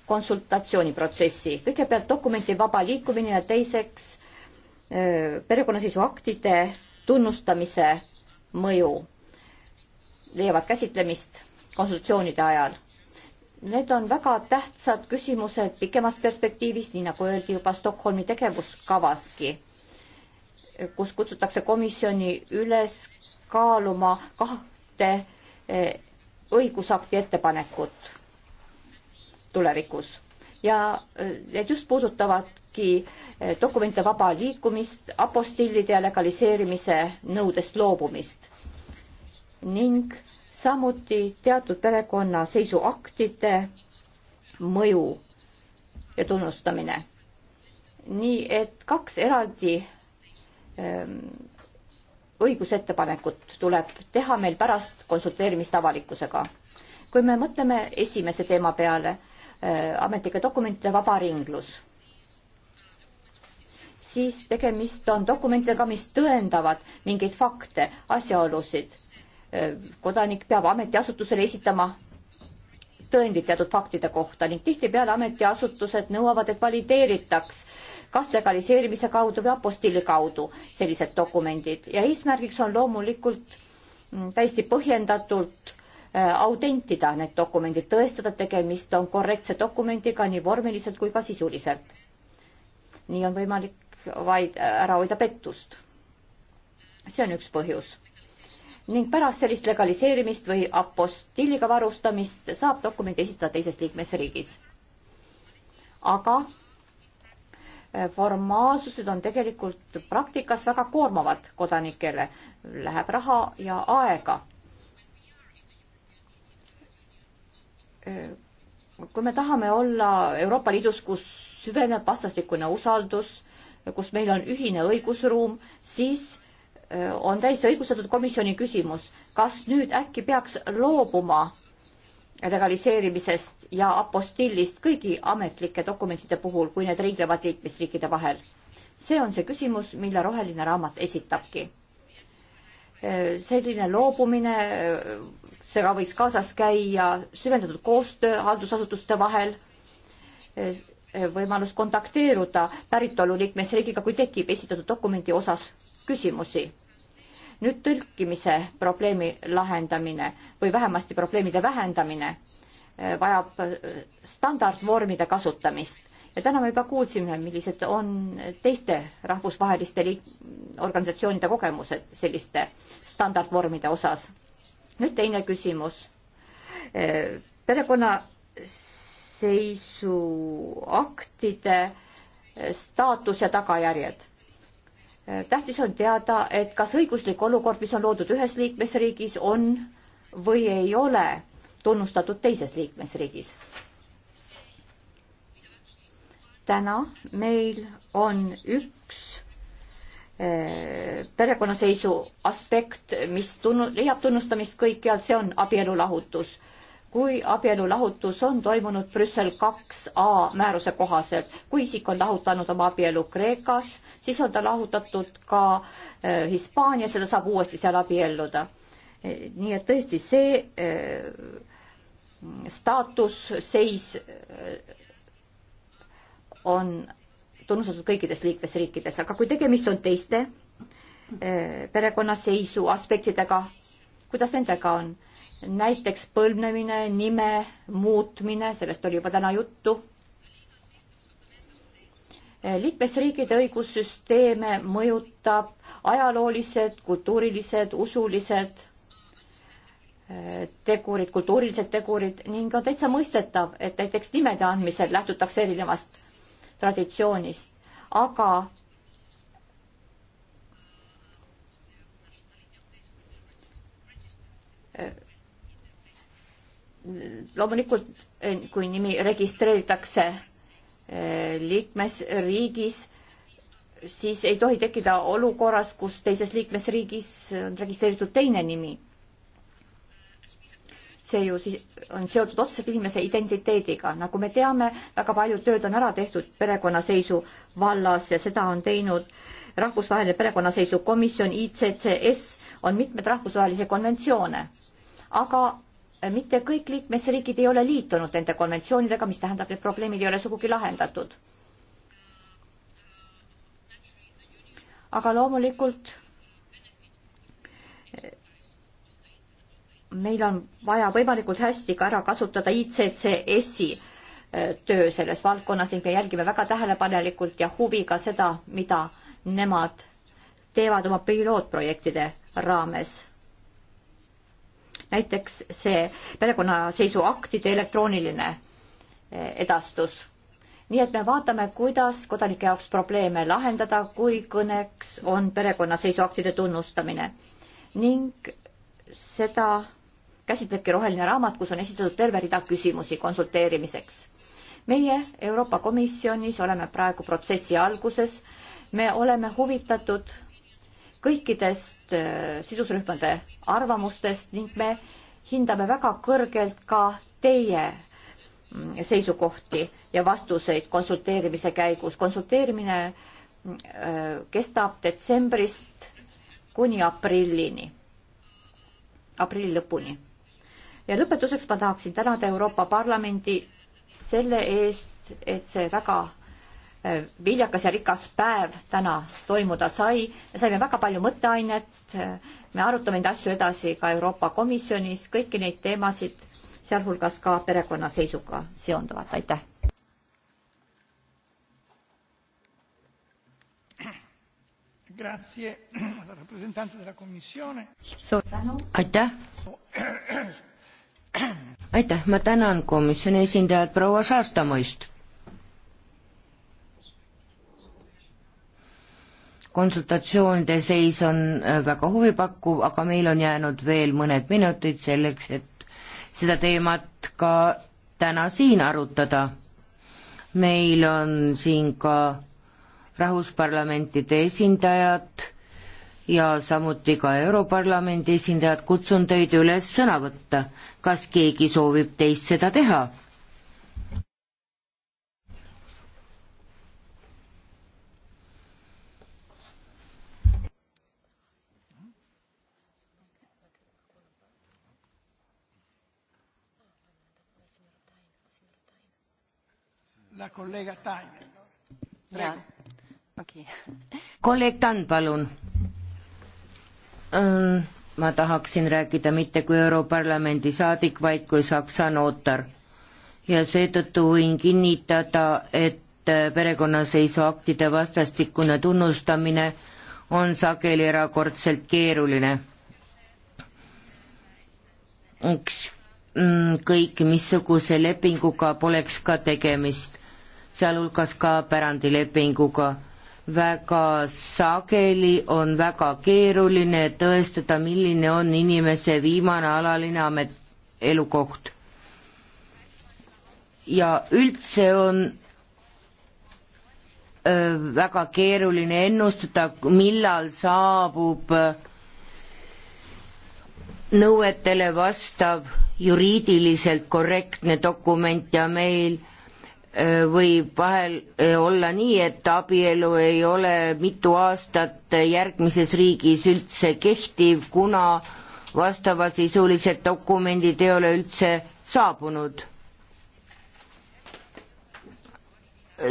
konsultatsiooniprotsessi. kõigepealt dokumenti vaba liikumine ja teiseks äh, perekonnasisuaktide tunnustamise mõju leiavad käsitlemist konsultatsioonide ajal. Need on väga tähtsad küsimused pikemas perspektiivis, nii nagu öeldi juba Stockholmi tegevuskavaski kus kutsutakse komisjoni üles kaaluma kahte eh, õigusakti ettepanekut tulevikus ja eh, need just puudutavadki eh, dokumente vaba liikumist, apostillide ja legaliseerimise nõudest loobumist ning samuti teatud perekonna seisuaktide mõju ja tunnustamine. nii et kaks eraldi Ehm, õigusettepanekut tuleb teha meil pärast konsulteerimist avalikkusega. kui me mõtleme esimese teema peale, eh, ametlike dokumentide vaba ringlus, siis tegemist on dokumentidega, mis tõendavad mingeid fakte, asjaolusid. Eh, kodanik peab ametiasutusele esitama tõendid teatud faktide kohta ning tihtipeale ametiasutused nõuavad, et valideeritaks äh, kas legaliseerimise kaudu või apostilli kaudu sellised dokumendid ja eesmärgiks on loomulikult mm, täiesti põhjendatult äh, autentida need dokumendid, tõestada, tegemist on korrektse dokumendiga nii vormiliselt kui ka sisuliselt. nii on võimalik vaid äh, ära hoida pettust. see on üks põhjus. ning pärast sellist legaliseerimist või apostilliga varustamist saab dokumendi esitada teises liikmesriigis. aga Äh, formaalsused on tegelikult praktikas väga koormavad kodanikele, läheb raha ja aega. Äh, kui me tahame olla Euroopa Liidus, kus süveneb vastastikune usaldus, kus meil on ühine õigusruum, siis äh, on täiesti õigustatud komisjoni küsimus, kas nüüd äkki peaks loobuma legaliseerimisest ja apostillist kõigi ametlike dokumentide puhul, kui need ringlevad liikmesriikide vahel. see on see küsimus, mille roheline raamat esitabki. selline loobumine, seda võiks kaasas käia süvendatud koostöö haldusasutuste vahel, võimalus kontakteeruda päritolu liikmesriigiga, kui tekib esitatud dokumendi osas küsimusi nüüd tõlkimise probleemi lahendamine või vähemasti probleemide vähendamine eh, vajab eh, standardvormide kasutamist ja täna me juba kuulsime, millised on teiste rahvusvaheliste organisatsioonide kogemused selliste standardvormide osas. nüüd teine küsimus. Eh, perekonnaseisuaktide staatus ja tagajärjed tähtis on teada, et kas õiguslik olukord, mis on loodud ühes liikmesriigis, on või ei ole tunnustatud teises liikmesriigis. täna meil on üks eh, perekonnaseisu aspekt, mis tunnu-, leiab tunnustamist kõikjal, see on abielulahutus kui abielulahutus on toimunud Brüssel kaks A määruse kohaselt. kui isik on lahutanud oma abielu Kreekas, siis on ta lahutatud ka äh, Hispaanias ja ta saab uuesti seal abielluda. Äh, nii et tõesti see äh, staatus, seis on tunnustatud kõikides liikmesriikides, aga kui tegemist on teiste perekonnaseisu aspektidega, kuidas nendega on? näiteks põlvnemine, nime muutmine, sellest oli juba täna juttu. liikmesriikide õigussüsteeme mõjutab ajaloolised, kultuurilised, usulised eh, tegurid, kultuurilised tegurid ning on täitsa mõistetav, et näiteks nimede andmisel lähtutakse erinevast traditsioonist, aga eh, loomulikult, eh, kui nimi registreeritakse eh, liikmesriigis, siis ei tohi tekkida olukorras, kus teises liikmesriigis on registreeritud teine nimi. see ju siis on seotud otseselt inimese identiteediga, nagu me teame, väga palju tööd on ära tehtud perekonnaseisu vallas ja seda on teinud rahvusvaheline perekonnaseisukomisjon ICCS on mitmed rahvusvahelisi konventsioone, aga Äh, mitte kõik liikmesriigid ei ole liitunud nende konventsioonidega, mis tähendab, et probleemid ei ole sugugi lahendatud. aga loomulikult äh, meil on vaja võimalikult hästi ka ära kasutada ICCS-i äh, töö selles valdkonnas ning me jälgime väga tähelepanelikult ja huviga seda, mida nemad teevad oma pilootprojektide raames näiteks see perekonnaseisuaktide elektrooniline eh, edastus. nii et me vaatame, kuidas kodanike jaoks probleeme lahendada, kui kõneks on perekonnaseisuaktide tunnustamine ning seda käsitlebki roheline raamat, kus on esitatud terve rida küsimusi konsulteerimiseks. meie Euroopa Komisjonis oleme praegu protsessi alguses. me oleme huvitatud kõikidest äh, sidusrühmade arvamustest ning me hindame väga kõrgelt ka teie mm, seisukohti ja vastuseid konsulteerimise käigus. konsulteerimine äh, kestab detsembrist kuni aprillini, aprilli lõpuni. ja lõpetuseks ma tahaksin tänada Euroopa Parlamendi selle eest, et see väga Äh, viljakas ja rikas päev täna toimuda sai. saime väga palju mõtteainet, äh, me arutame neid asju edasi ka Euroopa Komisjonis, kõiki neid teemasid, sealhulgas ka perekonnaseisuga seonduvat, aitäh. suur tänu. aitäh. aitäh, ma tänan komisjoni esindajat proua Saastamõist konsultatsioonide seis on äh, väga huvipakkuv, aga meil on jäänud veel mõned minutid selleks, et seda teemat ka täna siin arutada. meil on siin ka rahvusparlamentide esindajad ja samuti ka Europarlamendi esindajad, kutsun teid üles sõna võtta. kas keegi soovib teist seda teha? la kolleeg Tainen. Okay. kolleeg Tann, palun mm,. ma tahaksin rääkida mitte kui Europarlamendi saadik, vaid kui Saksa notar. ja seetõttu võin kinnitada, et äh, perekonnaseisuaktide vastastikune tunnustamine on sageli erakordselt keeruline. üks, mm, kõik missuguse lepinguga poleks ka tegemist sealhulgas ka pärandilepinguga. väga sageli on väga keeruline tõestada, milline on inimese viimane alaline amet, elukoht. ja üldse on öö, väga keeruline ennustada, millal saabub öö, nõuetele vastav juriidiliselt korrektne dokument ja meil võib vahel eh, olla nii, et abielu ei ole mitu aastat järgmises riigis üldse kehtiv, kuna vastavasisulised dokumendid ei ole üldse saabunud.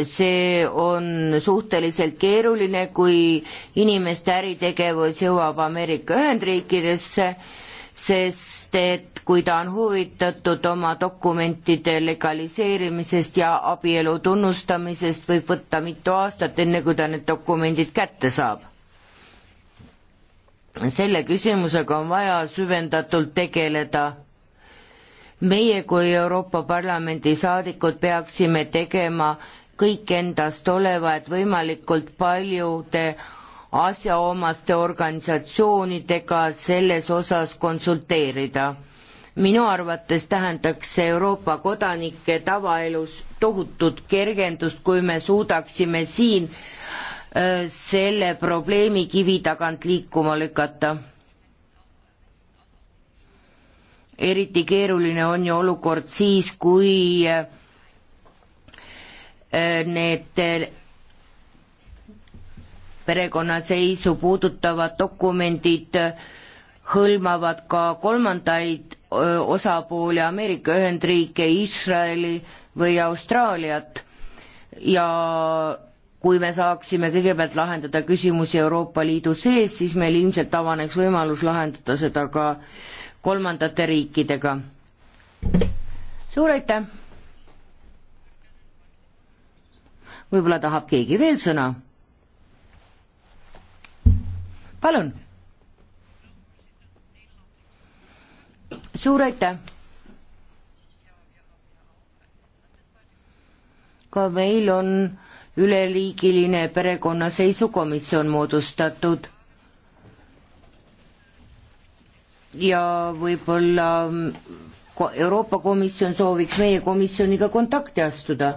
see on suhteliselt keeruline, kui inimeste äritegevus jõuab Ameerika Ühendriikidesse sest et kui ta on huvitatud oma dokumentide legaliseerimisest ja abielu tunnustamisest, võib võtta mitu aastat, enne kui ta need dokumendid kätte saab. selle küsimusega on vaja süvendatult tegeleda meie kui Euroopa Parlamendi saadikud peaksime tegema kõik endast oleva, et võimalikult paljude asjaomaste organisatsioonidega selles osas konsulteerida. minu arvates tähendaks see Euroopa kodanike tavaelus tohutut kergendust, kui me suudaksime siin äh, selle probleemi kivi tagant liikuma lükata. eriti keeruline on ju olukord siis, kui äh, need perekonnaseisu puudutavad dokumendid hõlmavad ka kolmandaid osapooli Ameerika Ühendriike, Iisraeli või Austraaliat ja kui me saaksime kõigepealt lahendada küsimusi Euroopa Liidu sees, siis meil ilmselt avaneks võimalus lahendada seda ka kolmandate riikidega. suur aitäh! võib-olla tahab keegi veel sõna? palun. suur aitäh. ka meil on üleliigiline perekonnaseisukomisjon moodustatud ja võib-olla Euroopa Komisjon sooviks meie komisjoniga kontakti astuda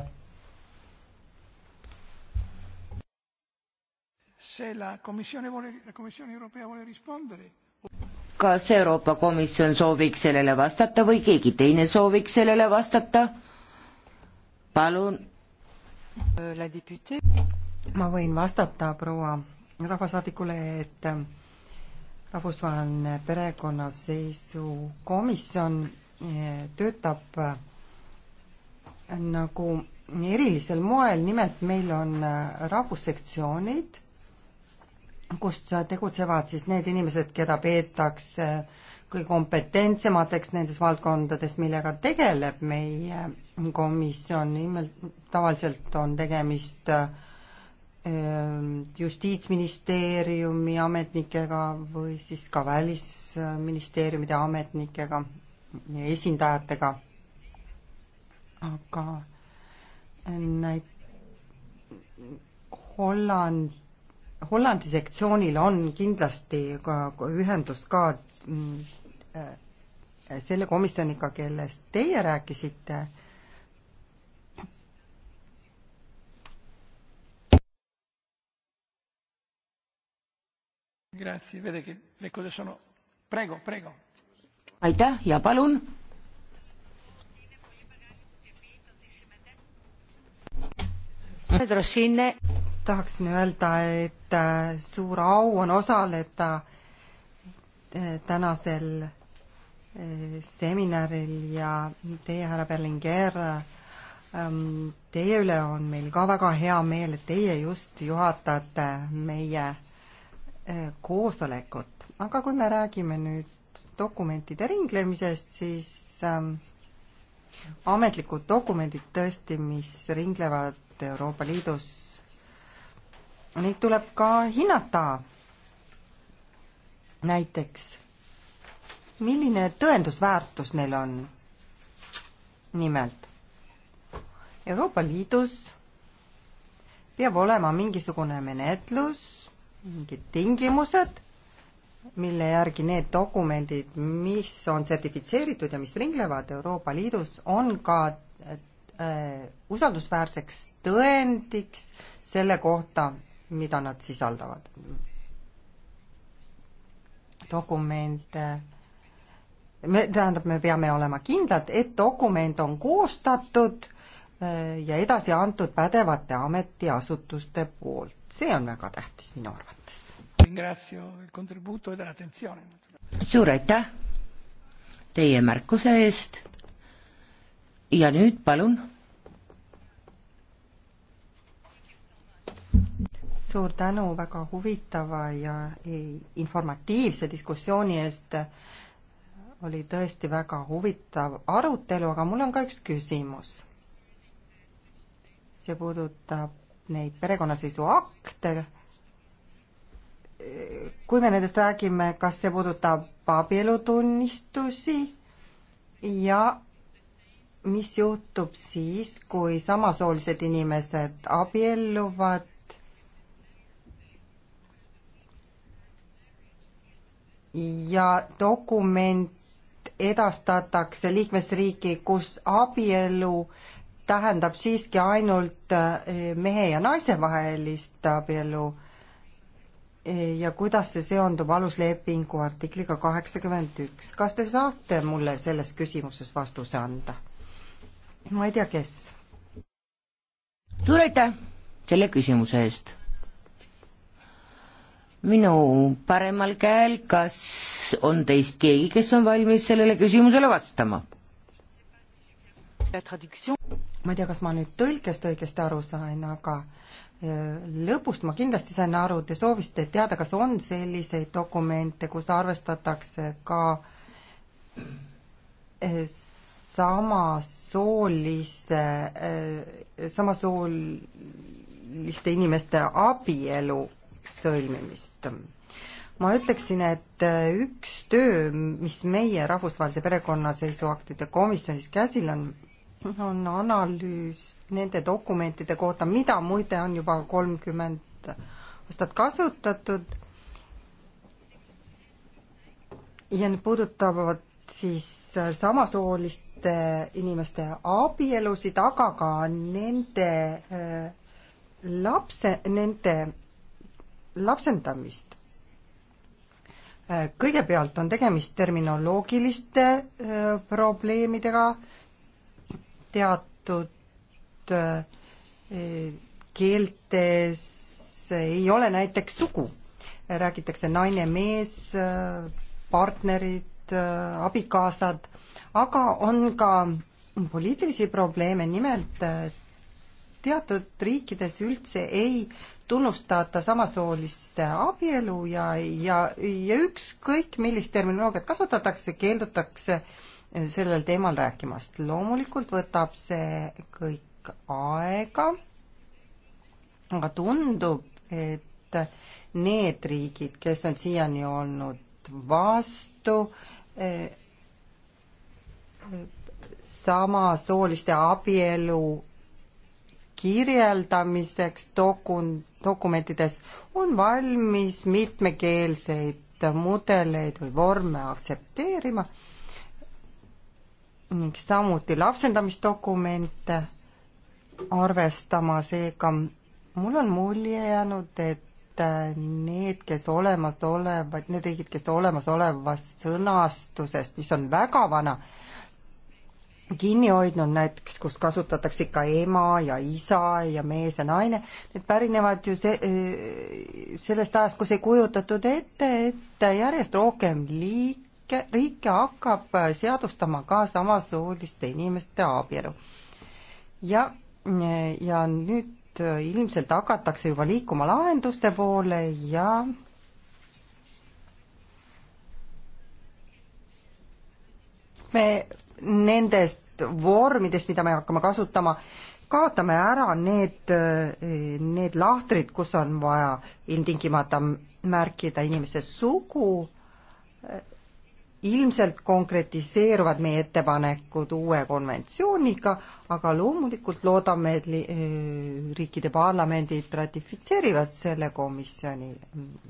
kas Euroopa Komisjon sooviks sellele vastata või keegi teine sooviks sellele vastata? palun. ma võin vastata proua rahvasaadikule, et ähm, rahvusvaheline perekonnaseisukomisjon äh, töötab äh, nagu erilisel moel, nimelt meil on äh, rahvussektsioonid kus tegutsevad siis need inimesed, keda peetakse kõige kompetentsemateks nendes valdkondades, millega tegeleb meie komisjon, nimelt tavaliselt on tegemist justiitsministeeriumi ametnikega või siis ka välisministeeriumide ametnikega, esindajatega. aga näit-, Hollandi Hollandi sektsioonil on kindlasti ka ühendust ka mm, äh, selle komisjoniga, kellest teie rääkisite. aitäh ja palun tahaksin öelda, et äh, suur au on osaleda äh, tänasel äh, seminaril ja teie, härra Berlinger, ähm, teie üle on meil ka väga hea meel, et teie just juhatate meie koosolekut. aga kui me räägime nüüd dokumentide ringlemisest, siis ähm, ametlikud dokumendid tõesti, mis ringlevad Euroopa Liidus neid tuleb ka hinnata. näiteks, milline tõendusväärtus neil on? nimelt, Euroopa Liidus peab olema mingisugune menetlus, mingid tingimused, mille järgi need dokumendid, mis on sertifitseeritud ja mis ringlevad Euroopa Liidus, on ka äh, usaldusväärseks tõendiks selle kohta, mida nad sisaldavad. dokumente, me, tähendab, me peame olema kindlad, et dokument on koostatud äh, ja edasi antud pädevate ametiasutuste poolt. see on väga tähtis minu arvates. suur aitäh teie märkuse eest ja nüüd palun suur tänu väga huvitava ja informatiivse diskussiooni eest. oli tõesti väga huvitav arutelu, aga mul on ka üks küsimus. see puudutab neid perekonnaseisuakte. kui me nendest räägime, kas see puudutab abielutunnistusi ja mis juhtub siis, kui samasoolised inimesed abielluvad ja dokument edastatakse liikmesriiki, kus abielu tähendab siiski ainult eh, mehe ja naise vahelist abielu eh, ja kuidas see seondub aluslepingu artikliga kaheksakümmend üks. kas te saate mulle selles küsimuses vastuse anda? ma ei tea, kes. suur aitäh selle küsimuse eest minu paremal käel, kas on teist keegi, kes on valmis sellele küsimusele vastama? ma ei tea, kas ma nüüd tõlkest õigesti aru sain, aga äh, lõpust ma kindlasti sain aru, te soovisite teada, kas on selliseid dokumente, kus arvestatakse ka äh, samasoolise, äh, samasooliste inimeste abielu sõlmimist. ma ütleksin, et äh, üks töö, mis meie rahvusvahelise perekonnaseisuaktide komisjonis käsil on, on analüüs nende dokumentide kohta, mida muide on juba kolmkümmend aastat kasutatud ja need puudutavad siis äh, samasooliste inimeste abielusid, aga ka nende äh, lapse, nende lapsendamist. kõigepealt on tegemist terminoloogiliste äh, probleemidega, teatud äh, keeltes ei ole näiteks sugu, räägitakse naine, mees, äh, partnerid, abikaasad, aga on ka poliitilisi probleeme, nimelt teatud riikides üldse ei tunnustada samasooliste abielu ja, ja, ja ükskõik, millist terminoloogiat kasutatakse, keeldutakse sellel teemal rääkimast. loomulikult võtab see kõik aega, aga tundub, et need riigid, kes on siiani olnud vastu eh, eh, samasooliste abielu kirjeldamiseks dokun-, dokumentides on valmis mitmekeelseid mudeleid või vorme aktsepteerima ning samuti lapsendamisdokumente arvestama, seega mul on mulje jäänud, et need, kes olemasolevad, need riigid, kes olemasolevast sõnastusest, mis on väga vana, kinni hoidnud, näiteks kus kasutatakse ikka ema ja isa ja mees ja naine, need pärinevad ju se-, sellest ajast, kus ei kujutatud ette, et järjest rohkem liike, riike hakkab seadustama ka samasooliste inimeste abielu. ja, ja nüüd ilmselt hakatakse juba liikuma lahenduste poole ja me nendest vormidest, mida me hakkame kasutama, kaotame ära need, need lahtrid, kus on vaja ilmtingimata märkida inimese sugu, ilmselt konkretiseeruvad meie ettepanekud uue konventsiooniga, aga loomulikult loodame, et li-, riikide parlamendid ratifitseerivad selle komisjoni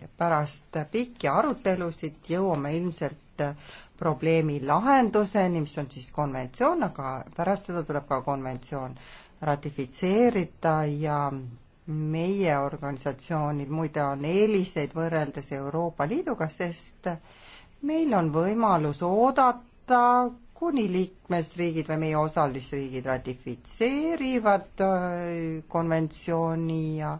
ja pärast pikki arutelusid jõuame ilmselt Äh, probleemi lahenduseni, mis on siis konventsioon, aga pärast seda tuleb ka konventsioon ratifitseerida ja meie organisatsioonil muide on eeliseid võrreldes Euroopa Liiduga, sest meil on võimalus oodata, kuni liikmesriigid või meie osalisriigid ratifitseerivad äh, konventsiooni ja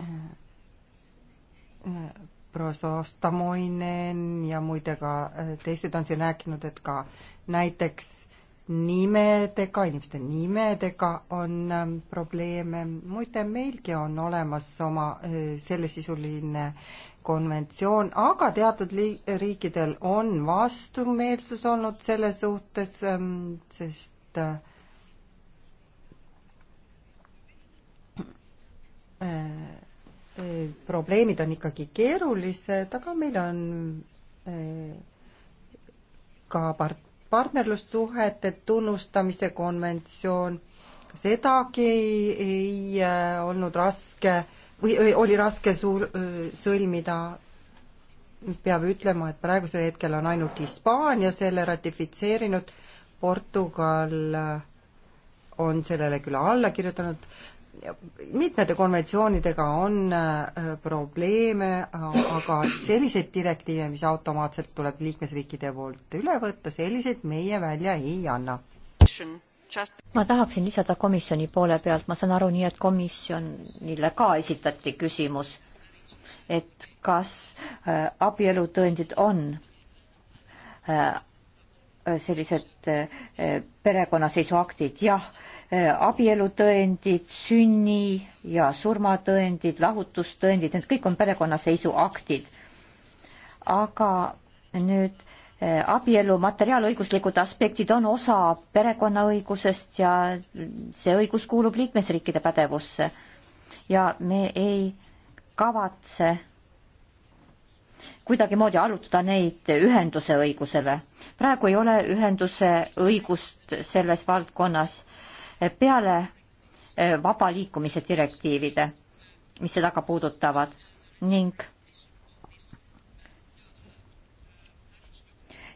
äh, professor Ostamoinen ja muide ka äh, teised on siin rääkinud, et ka näiteks nimedega, inimeste nimedega on ähm, probleeme, muide meilgi on olemas oma äh, sellesisuline konventsioon, aga teatud liik-, riikidel on vastumeelsus olnud selle suhtes, ähm, sest äh, äh Äh, probleemid on ikkagi keerulised, aga meil on äh, ka part-, partnerlussuhete tunnustamise konventsioon, sedagi ei, ei äh, olnud raske või, või oli raske suur, sõlmida, peab ütlema, et praegusel hetkel on ainult Hispaania selle ratifitseerinud, Portugal on sellele küll alla kirjutanud, mitmete konventsioonidega on äh, probleeme, aga selliseid direktiive, mis automaatselt tuleb liikmesriikide poolt üle võtta, selliseid meie välja ei anna. ma tahaksin lisada komisjoni poole pealt, ma saan aru nii, et komisjonile ka esitati küsimus, et kas äh, abielutõendid on äh, Äh, sellised äh, perekonnaseisuaktid, jah, äh, abielutõendid, sünni ja surmatõendid, lahutustõendid, need kõik on perekonnaseisuaktid. aga nüüd abielu materiaalõiguslikud aspektid on osa perekonnaõigusest ja see õigus kuulub liikmesriikide pädevusse. ja me ei kavatse kuidagimoodi allutada neid ühenduse õigusele. praegu ei ole ühenduse õigust selles valdkonnas peale eh, vaba liikumise direktiivide, mis seda ka puudutavad ning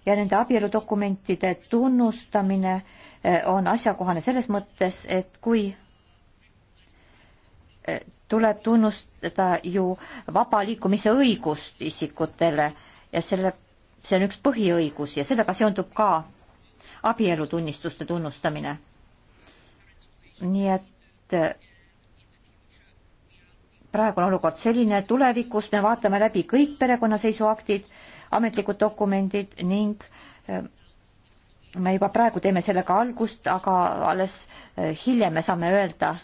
ja nende abieludokumentide tunnustamine eh, on asjakohane selles mõttes, et kui tuleb tunnustada ju vaba liikumise õigust isikutele ja selle, see on üks põhiõigusi ja sellega seondub ka abielutunnistuste tunnustamine. nii et äh, praegu on olukord selline, tulevikus me vaatame läbi kõik perekonnaseisuaktid, ametlikud dokumendid ning äh, me juba praegu teeme sellega algust, aga alles äh, hiljem me saame öelda,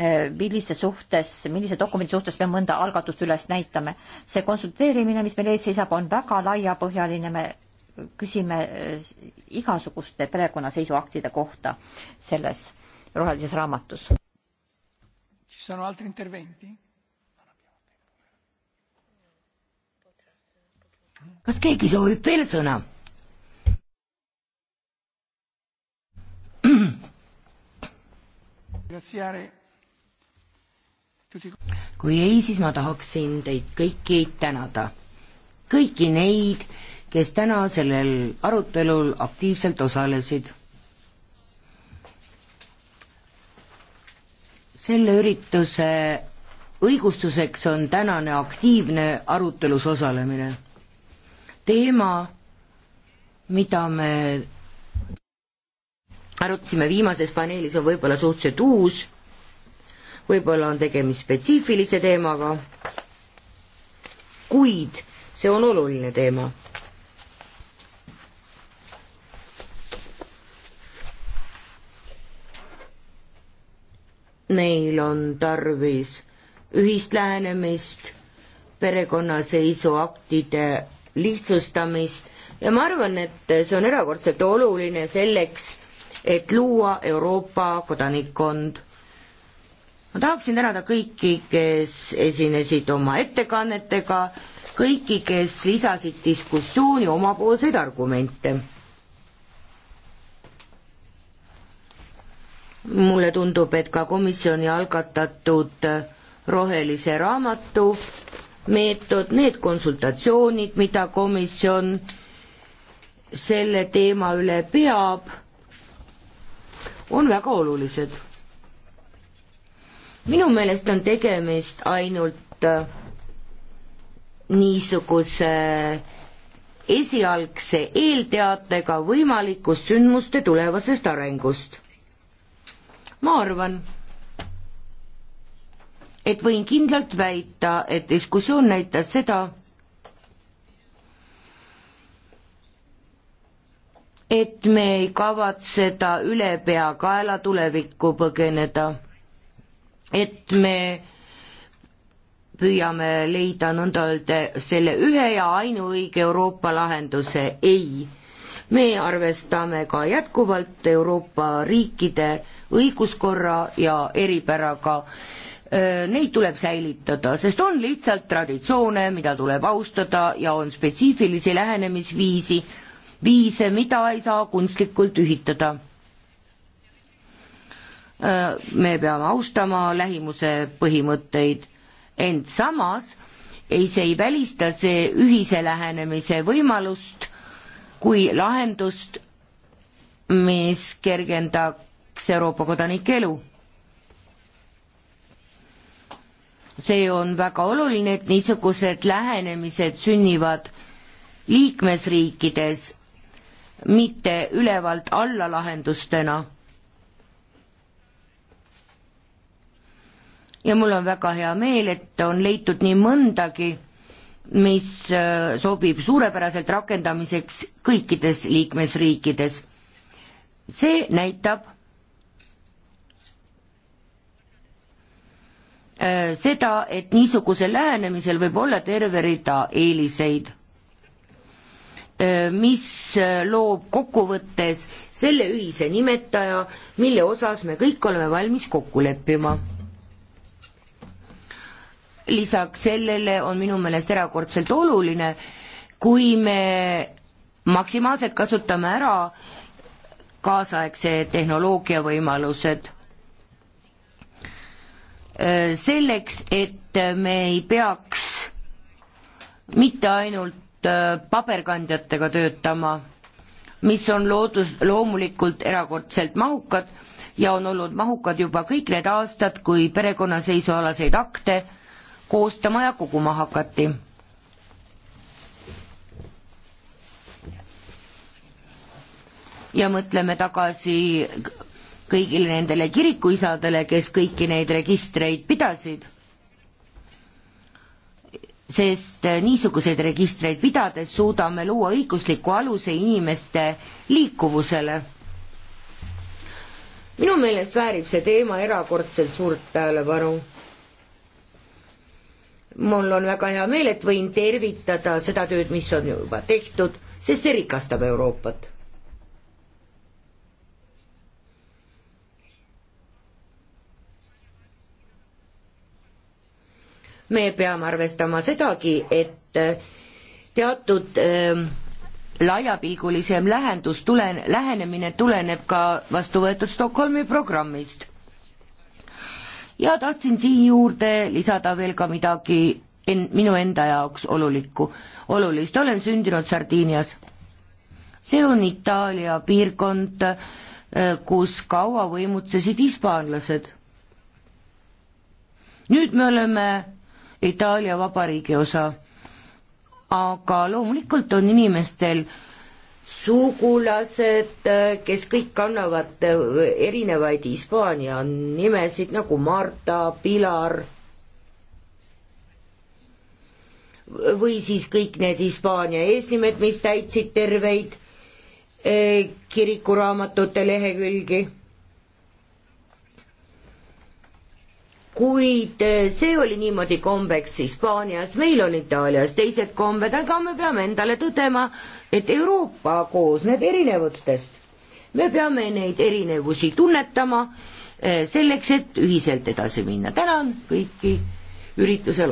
Äh, millise suhtes, millise dokumendi suhtes me mõnda algatust üles näitame. see konsulteerimine, mis meil ees seisab, on väga laiapõhjaline, me küsime äh, igasuguste perekonnaseisuaktide kohta selles rohelises raamatus. kas keegi soovib veel sõna? Grazie kui ei, siis ma tahaksin teid kõiki tänada. kõiki neid, kes täna sellel arutelul aktiivselt osalesid. selle ürituse õigustuseks on tänane aktiivne arutelus osalemine. teema, mida me arutasime viimases paneelis, on võib-olla suhteliselt uus võib-olla on tegemist spetsiifilise teemaga, kuid see on oluline teema. Neil on tarvis ühist lähenemist, perekonnaseisuaktide lihtsustamist ja ma arvan, et see on erakordselt oluline selleks, et luua Euroopa kodanikkond ma tahaksin tänada kõiki, kes esinesid oma ettekannetega, kõiki, kes lisasid diskussiooni omapoolseid argumente. mulle tundub, et ka komisjoni algatatud rohelise raamatu meetod, need konsultatsioonid, mida komisjon selle teema üle peab, on väga olulised minu meelest on tegemist ainult äh, niisuguse äh, esialgse eelteatega võimalikust sündmuste tulevasest arengust. ma arvan, et võin kindlalt väita, et diskussioon näitas seda, et me ei kavatse ta ülepeakaela tulevikku põgeneda et me püüame leida nõnda öelda selle ühe ja ainuõige Euroopa lahenduse, ei. me arvestame ka jätkuvalt Euroopa riikide õiguskorra ja eripäraga. Neid tuleb säilitada, sest on lihtsalt traditsioone, mida tuleb austada ja on spetsiifilisi lähenemisviisi, viise, mida ei saa kunstlikult ühitada Äh, me peame austama lähimuse põhimõtteid, ent samas ei, see ei välista see ühise lähenemise võimalust kui lahendust, mis kergendaks Euroopa kodanike elu. see on väga oluline, et niisugused lähenemised sünnivad liikmesriikides, mitte ülevalt alla lahendustena ja mul on väga hea meel, et on leitud nii mõndagi, mis äh, sobib suurepäraselt rakendamiseks kõikides liikmesriikides. see näitab äh, seda, et niisugusel lähenemisel võib olla terve rida eeliseid, äh, mis loob kokkuvõttes selle ühise nimetaja, mille osas me kõik oleme valmis kokku leppima lisaks sellele on minu meelest erakordselt oluline, kui me maksimaalselt kasutame ära kaasaegse tehnoloogia võimalused. selleks, et me ei peaks mitte ainult äh, paberkandjatega töötama, mis on loodus, loomulikult erakordselt mahukad ja on olnud mahukad juba kõik need aastad, kui perekonnaseisualaseid akte koostama ja koguma hakati. ja mõtleme tagasi kõigile nendele kirikuisadele, kes kõiki neid registreid pidasid, sest niisuguseid registreid pidades suudame luua õigusliku aluse inimeste liikuvusele. minu meelest väärib see teema erakordselt suurt tähelepanu mul on väga hea meel, et võin tervitada seda tööd, mis on juba tehtud, sest see rikastab Euroopat. me peame arvestama sedagi, et äh, teatud äh, laiapilgulisem lähendus tulen-, lähenemine tuleneb ka vastuvõetud Stockholmi programmist ja tahtsin siin juurde lisada veel ka midagi en-, minu enda jaoks olulikku, olulist, olen sündinud Sardiinias. see on Itaalia piirkond, eh, kus kaua võimutsesid hispaanlased. nüüd me oleme Itaalia vabariigi osa, aga loomulikult on inimestel äh, sugulased, kes kõik kannavad äh, erinevaid Hispaania nimesid nagu Marta, Pilar või siis kõik need Hispaania eesnimed, mis täitsid terveid äh, kirikuraamatute lehekülgi kuid eh, see oli niimoodi kombeks Hispaanias, meil on Itaalias teised kombed, aga me peame endale tõdema, et Euroopa koosneb erinevustest. me peame neid erinevusi tunnetama eh, selleks, et ühiselt edasi minna. tänan kõiki ürituse